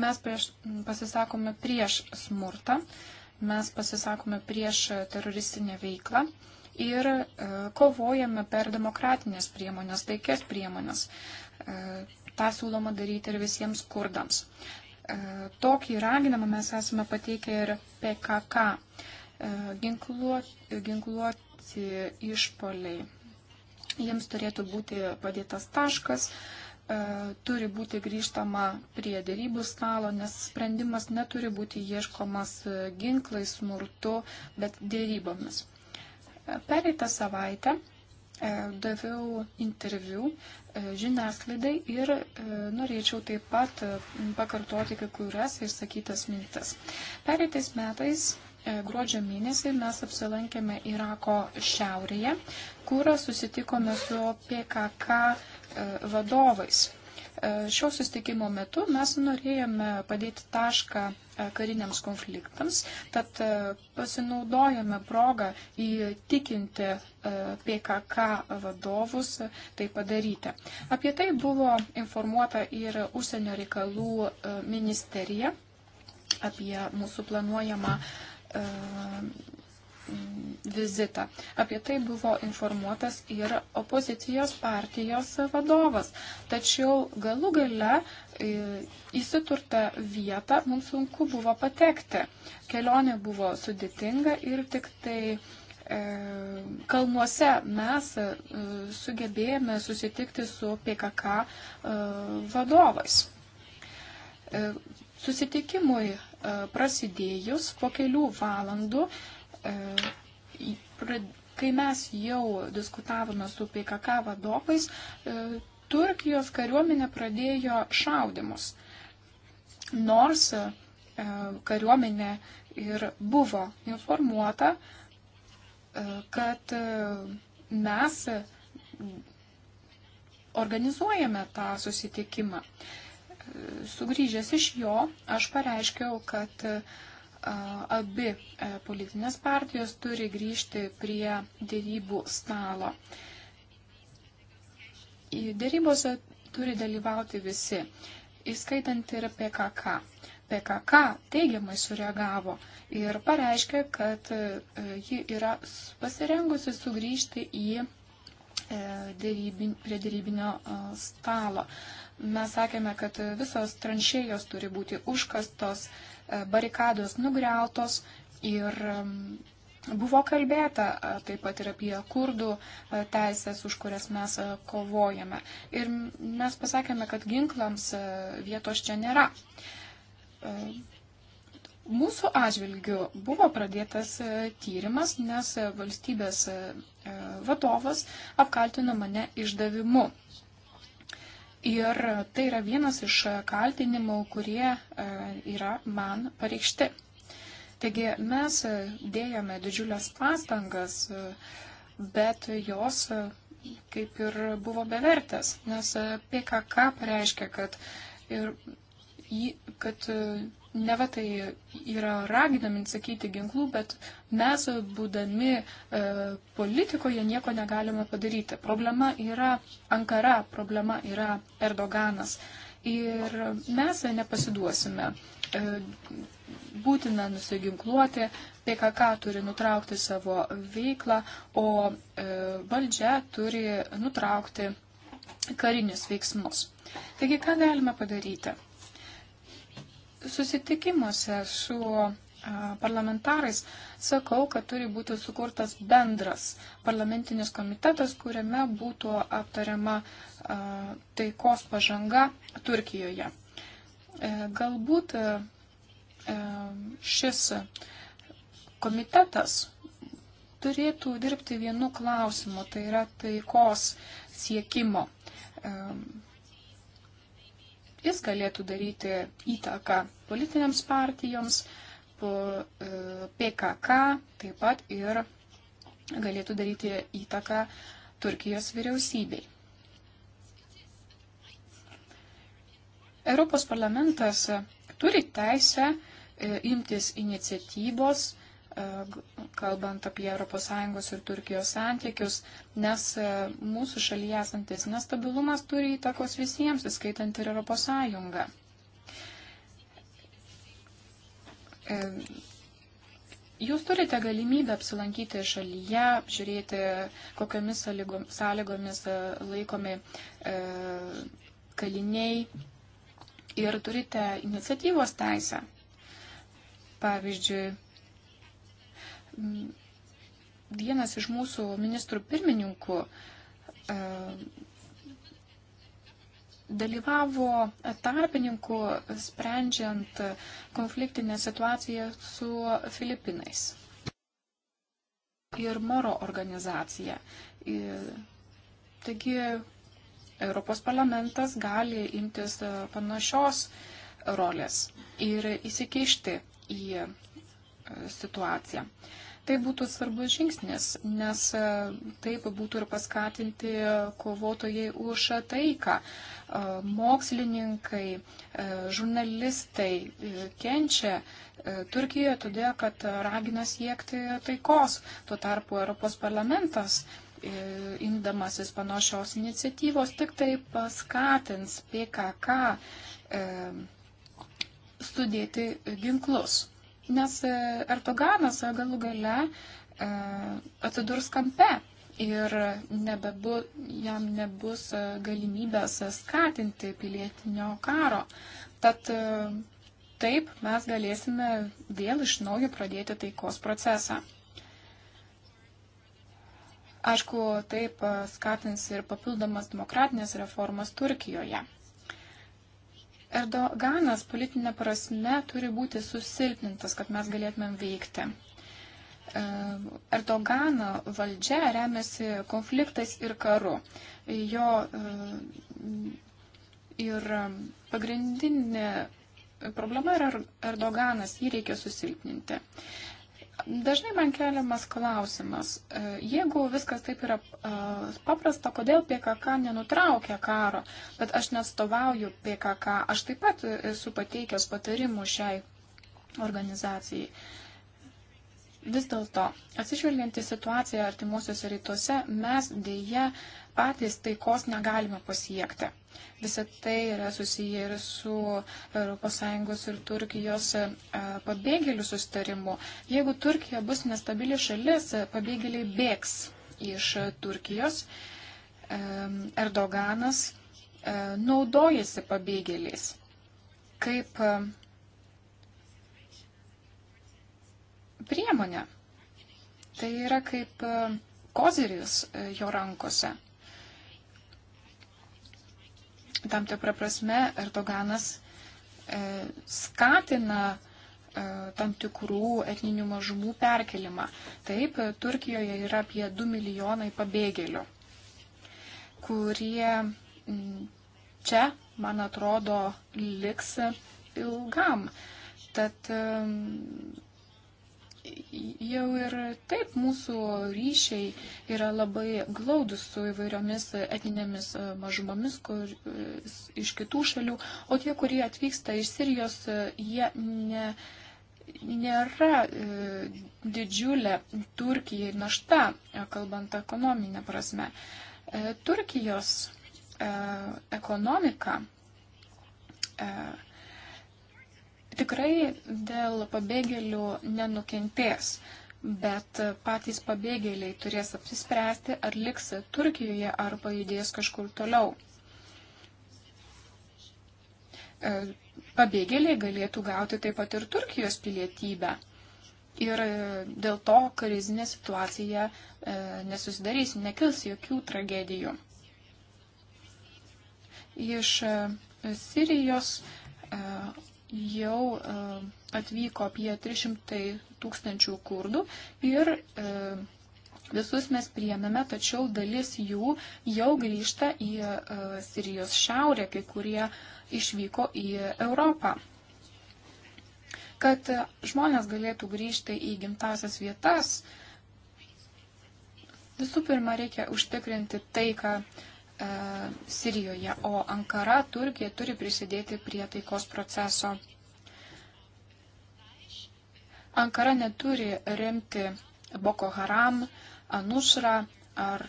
mes prieš, pasisakome prieš smurtą, mes pasisakome prieš teroristinę veiklą, ir e, kovojame per demokratinės priemonės, taikias priemonės. E, Ta siūloma daryti ir visiems kurdams. E, tokį raginamą mes esame pateikę ir PKK ginkluoti, ginkluoti išpoliai. Jiems turėtų būti padėtas taškas, turi būti grįžtama prie dėrybų stalo, nes sprendimas neturi būti ieškomas ginklais, smurtu, bet dėrybomis. Pereitą savaitę e, daviau interviu e, žiniasklaidai ir e, norėčiau taip pat pakartoti kai kurias išsakytas mintis. Pereitais metais gruodžio mėnesį mes apsilankėme Irako šiaurėje, kur susitikome su PKK vadovais. E, šio sustikimo metu mes norėjome padėti tašką e, kariniams konfliktams, tad e, pasinaudojame progą įtikinti PKK vadovus tai padaryti. Apie tai buvo informuota ir užsienio reikalų ministerija apie mūsų planuojamą vizitą. Apie tai buvo informuotas ir opozicijos partijos vadovas. Tačiau galų gale e, įsiturtą vietą mums sunku buvo patekti. Kelionė buvo sudėtinga ir tik tai e, kalnuose mes e, sugebėjome susitikti su PKK vadovais. Susitikimui prasidėjus po kelių valandų E, kai mes jau diskutavome su PKK vadovais, e, Turkijos kariuomenė pradėjo šaudimus. Nors e, kariuomenė ir buvo informuota, kad mes organizuojame tą susitikimą. Sugryžęs iš jo, aš pareiškiau, kad abi e, politinės partijos turi grįžti prie dėrybų stalo. Dėrybose turi dalyvauti visi, įskaitant ir PKK. PKK teigiamai sureagavo ir pareiškė, kad e, ji yra pasirengusi sugrįžti į e, dėrybin, prie dėrybinio stalo. Mes sakėme, kad visos tranšėjos turi būti užkastos barikados nugriautos ir um, buvo kalbėta taip pat ir apie kurdų teisės, už kurias mes kovojame. Ir mes pasakėme, kad ginklams vietos čia nėra. Mūsų atžvilgiu buvo pradėtas tyrimas, nes valstybės vadovas apkaltino mane išdavimu Ir tai yra vienas iš kaltinimų, kurie e, yra man pareikšti. Taigi mes e, dėjome didžiulės pastangas, e, bet jos kaip ir buvo bevertės, nes PKK pareiškia, kad, ir, kad nevatai yra raginami atsakyti ginklų, bet mes, būdami e, politikoje, nieko negalime padaryti. Problema yra Ankara, problema yra Erdoganas. Ir mes nepasiduosime. E, būtina nusiginkluoti, PKK turi nutraukti savo veiklą, o e, valdžia turi nutraukti karinius veiksmus. Taigi, ką galime padaryti? susitikimuose su parlamentarais sakau, kad turi būti sukurtas bendras parlamentinis komitetas, kuriame būtų aptariama taikos pažanga Turkijoje. E, galbūt e, e, šis komitetas turėtų dirbti vienu klausimu, tai yra taikos siekimo Jis galėtų daryti įtaką politinėms partijoms, PKK, e, taip pat ir galėtų daryti įtaką Turkijos vyriausybei. Europos parlamentas turi teisę e, imtis iniciatyvos E, kalbant apie ES ir Turkijos santykius, nes e, mūsų šalyje esantis nestabilumas turi įtakos visiems, įskaitant ir ES. E, jūs turite galimybę apsilankyti šalyje, žiūrėti, kokiamis sąlygomis laikomi kaliniai ir turite iniciatyvos teisę. Pavyzdžiui, vienas iš mūsų ministrų pirmininkų e, dalyvavo tarpininku sprendžiant konfliktinę situaciją su Filipinais ir Moro organizacija. Taigi Europos parlamentas gali imtis panašios rolės ir įsikišti į e, situaciją. Tai būtų svarbus žingsnis, nes e, taip būtų ir paskatinti kovotojai už taiką. E, mokslininkai, e, žurnalistai kenčia Turkijoje todėl, kad ragina siekti taikos. Tuo tarpu Europos parlamentas, imdamasis panašios iniciatyvos, tik tai paskatins PKK sudėti ginklus nes e, Erdoganas e, galų gale e, atsidurs kampe ir nebebu, jam nebus galimybės skatinti pilietinio karo. Tad taip mes galėsime vėl iš naujo pradėti taikos procesą. Aišku, taip skatins ir papildomas demokratinės reformas Turkijoje. Erdoganas politinė prasme turi būti susilpnintas, kad mes galėtumėm veikti. E, Erdogano valdžia remiasi konfliktais ir karu. Jo e, ir pagrindinė problema yra Erdoganas, jį reikia susilpninti. Uh, Dažnai man keliamas klausimas, e, jeigu viskas taip yra e, paprasta, kodėl PKK nenutraukia karo, bet aš nestovauju PKK, aš taip pat esu pateikęs patarimų šiai organizacijai. Vis dėlto, atsižvelgiant į situaciją artimuosiuose rytuose, mes dėje patys taikos negalime pasiekti. Visą tai yra susiję ir su ES ir Turkijos e, pabėgėlių sustarimu. Jeigu Turkija bus nestabili šalis, e, pabėgėliai bėgs iš Turkijos. E, Erdoganas naudojasi pabėgėliais kaip priemonė. Tai yra kaip koziris jo rankose tam tikrą prasme Erdoganas e, skatina e, tam tikrų etninių mažumų perkelimą. Taip, e, Turkijoje yra apie 2 milijonai pabėgėlių, kurie m, čia, man atrodo, liks ilgam. Tad m, e, jau ir taip mūsų ryšiai yra labai glaudus su įvairiomis etinėmis mažumomis kur, e, iš kitų šalių, o tie, kurie atvyksta iš Sirijos, e, jie ne, nėra e, didžiulė Turkijai našta, kalbant ekonominę prasme. Turkijos ekonomika tikrai dėl pabėgėlių nenukentės, bet patys pabėgėliai turės apsispręsti, ar liks Turkijoje, ar pajudės kažkur toliau. E, pabėgėliai galėtų gauti taip pat ir Turkijos pilietybę. Ir e, dėl to krizinė situacija e, nesusidarys, nekils jokių tragedijų. Iš Sirijos jau e, atvyko apie 300 tūkstančių kurdų ir e, Visus mes priemėme, tačiau dalis jų jau grįžta į e, Sirijos šiaurę, kai kurie išvyko į Europą. Kad žmonės galėtų grįžti į gimtasias vietas, visų pirma reikia užtikrinti taiką E, Sirijoje, o Ankara, Turkija turi prisidėti prie taikos proceso. Ankara neturi remti Boko Haram, Anušra ar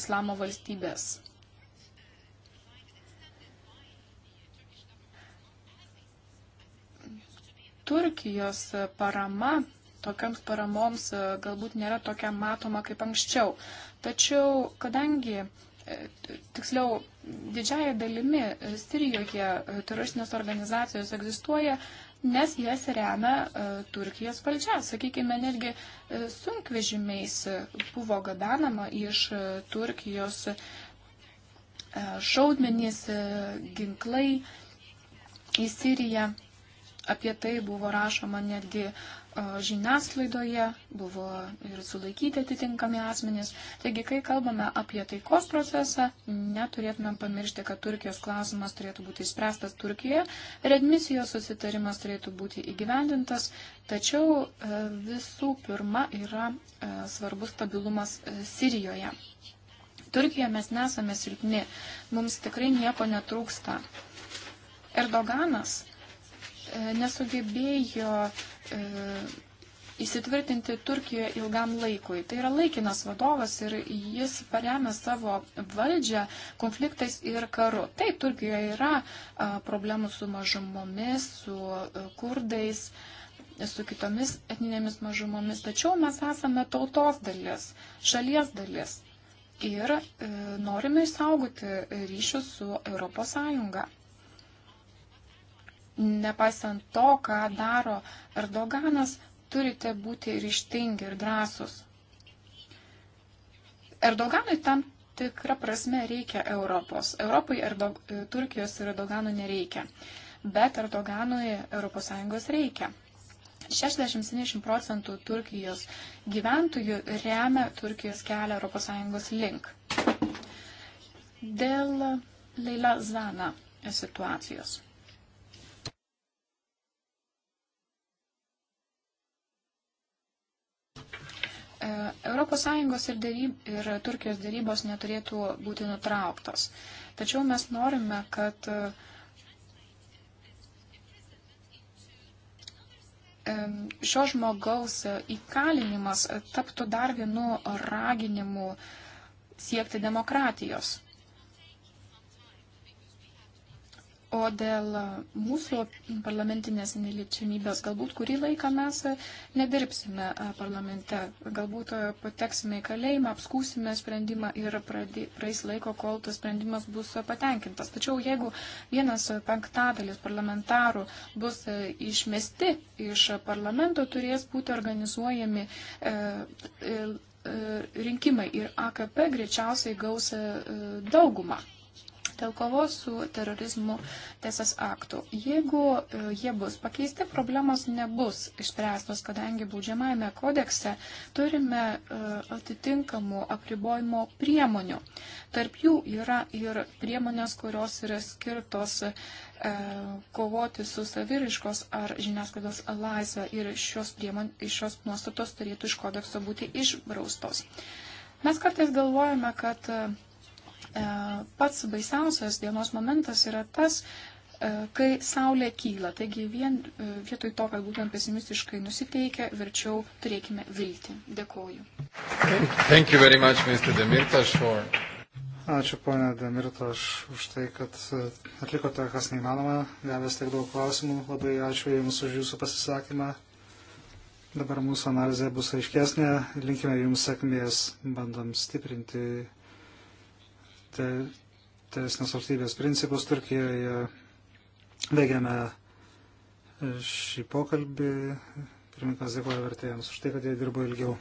Islamo valstybės. Turkijos parama tokiams paramoms e, galbūt nėra tokia matoma kaip anksčiau. Tačiau, kadangi tiksliau, didžiaja dalimi Sirijoje teroristinės organizacijos egzistuoja, nes jas remia e, Turkijos valdžia. Sakykime, netgi e, sunkvežimiais buvo gabenama iš e, Turkijos šaudmenys, ginklai į Siriją. Apie tai buvo rašoma netgi žiniasklaidoje, buvo ir sulaikyti atitinkami asmenys. Taigi, kai kalbame apie taikos procesą, neturėtume pamiršti, kad Turkijos klausimas turėtų būti įspręstas Turkijoje, redmisijos susitarimas turėtų būti įgyvendintas, tačiau visų pirma yra svarbus stabilumas Sirijoje. Turkijoje mes nesame silpni, mums tikrai nieko netrūksta. Erdoganas nesugebėjo uh, E, įsitvirtinti Turkijoje ilgam laikui. Tai yra laikinas vadovas ir jis paremia savo valdžią konfliktais ir karu. Taip, Turkijoje yra e, problemų su mažumomis, su e, kurdais, su kitomis etninėmis mažumomis, tačiau mes esame tautos dalis, šalies dalis. Ir e, norime išsaugoti ryšius su ES nepaisant to, ką daro Erdoganas, turite būti ryštingi ir drąsus. Erdoganui tam tikra prasme reikia Europos. Europai Erdog... Turkijos ir Erdogano nereikia, bet Erdoganui ES reikia. 60-70 procentų Turkijos gyventojų remia Turkijos kelią ES link. Dėl Leila Zana situacijos. ES ir, dėryb, ir Turkijos dėrybos neturėtų būti nutrauktos. Tačiau mes norime, kad šio žmogaus įkalinimas taptų dar vienu raginimu siekti demokratijos. O dėl mūsų parlamentinės neliečiamybės galbūt kurį laiką mes nedirbsime parlamente. Galbūt pateksime į kalėjimą, apskūsime sprendimą ir praeis laiko, kol tas sprendimas bus patenkintas. Tačiau jeigu vienas penktadalis parlamentarų bus išmesti iš parlamento, turės būti organizuojami. E, e, e rinkimai ir AKP greičiausiai gaus e, daugumą dėl kovos su terorizmu teisės aktų. Jeigu e, jie bus pakeisti, problemos nebus išspręstos, kadangi baudžiamajame kodekse turime e, atitinkamų apribojimo priemonių. Tarp jų yra ir priemonės, kurios yra skirtos e, kovoti su saviriškos ar žiniasklaidos laisvę ir šios, priemon, šios nuostatos turėtų iš kodekso būti išbraustos. Mes kartais galvojame, kad E, pats baisiausias dienos momentas yra tas, e, kai saulė kyla. Taigi vien e, vietoj to, kad būtume pesimistiškai nusiteikę, verčiau turėkime viltį. Dėkoju. Much, Demirtaš, for... Ačiū, ponė Demirtaš, už tai, kad atlikote, kas neįmanoma, gavęs tiek daug klausimų. Labai ačiū Jums už Jūsų pasisakymą. Dabar mūsų analizė bus aiškesnė. Linkime Jums sėkmės, bandom stiprinti te, teisinės valstybės principus Turkijoje. Baigiame e, šį pokalbį. Pirmininkas dėkoja vertėjams už tai, kad jie dirbo ilgiau.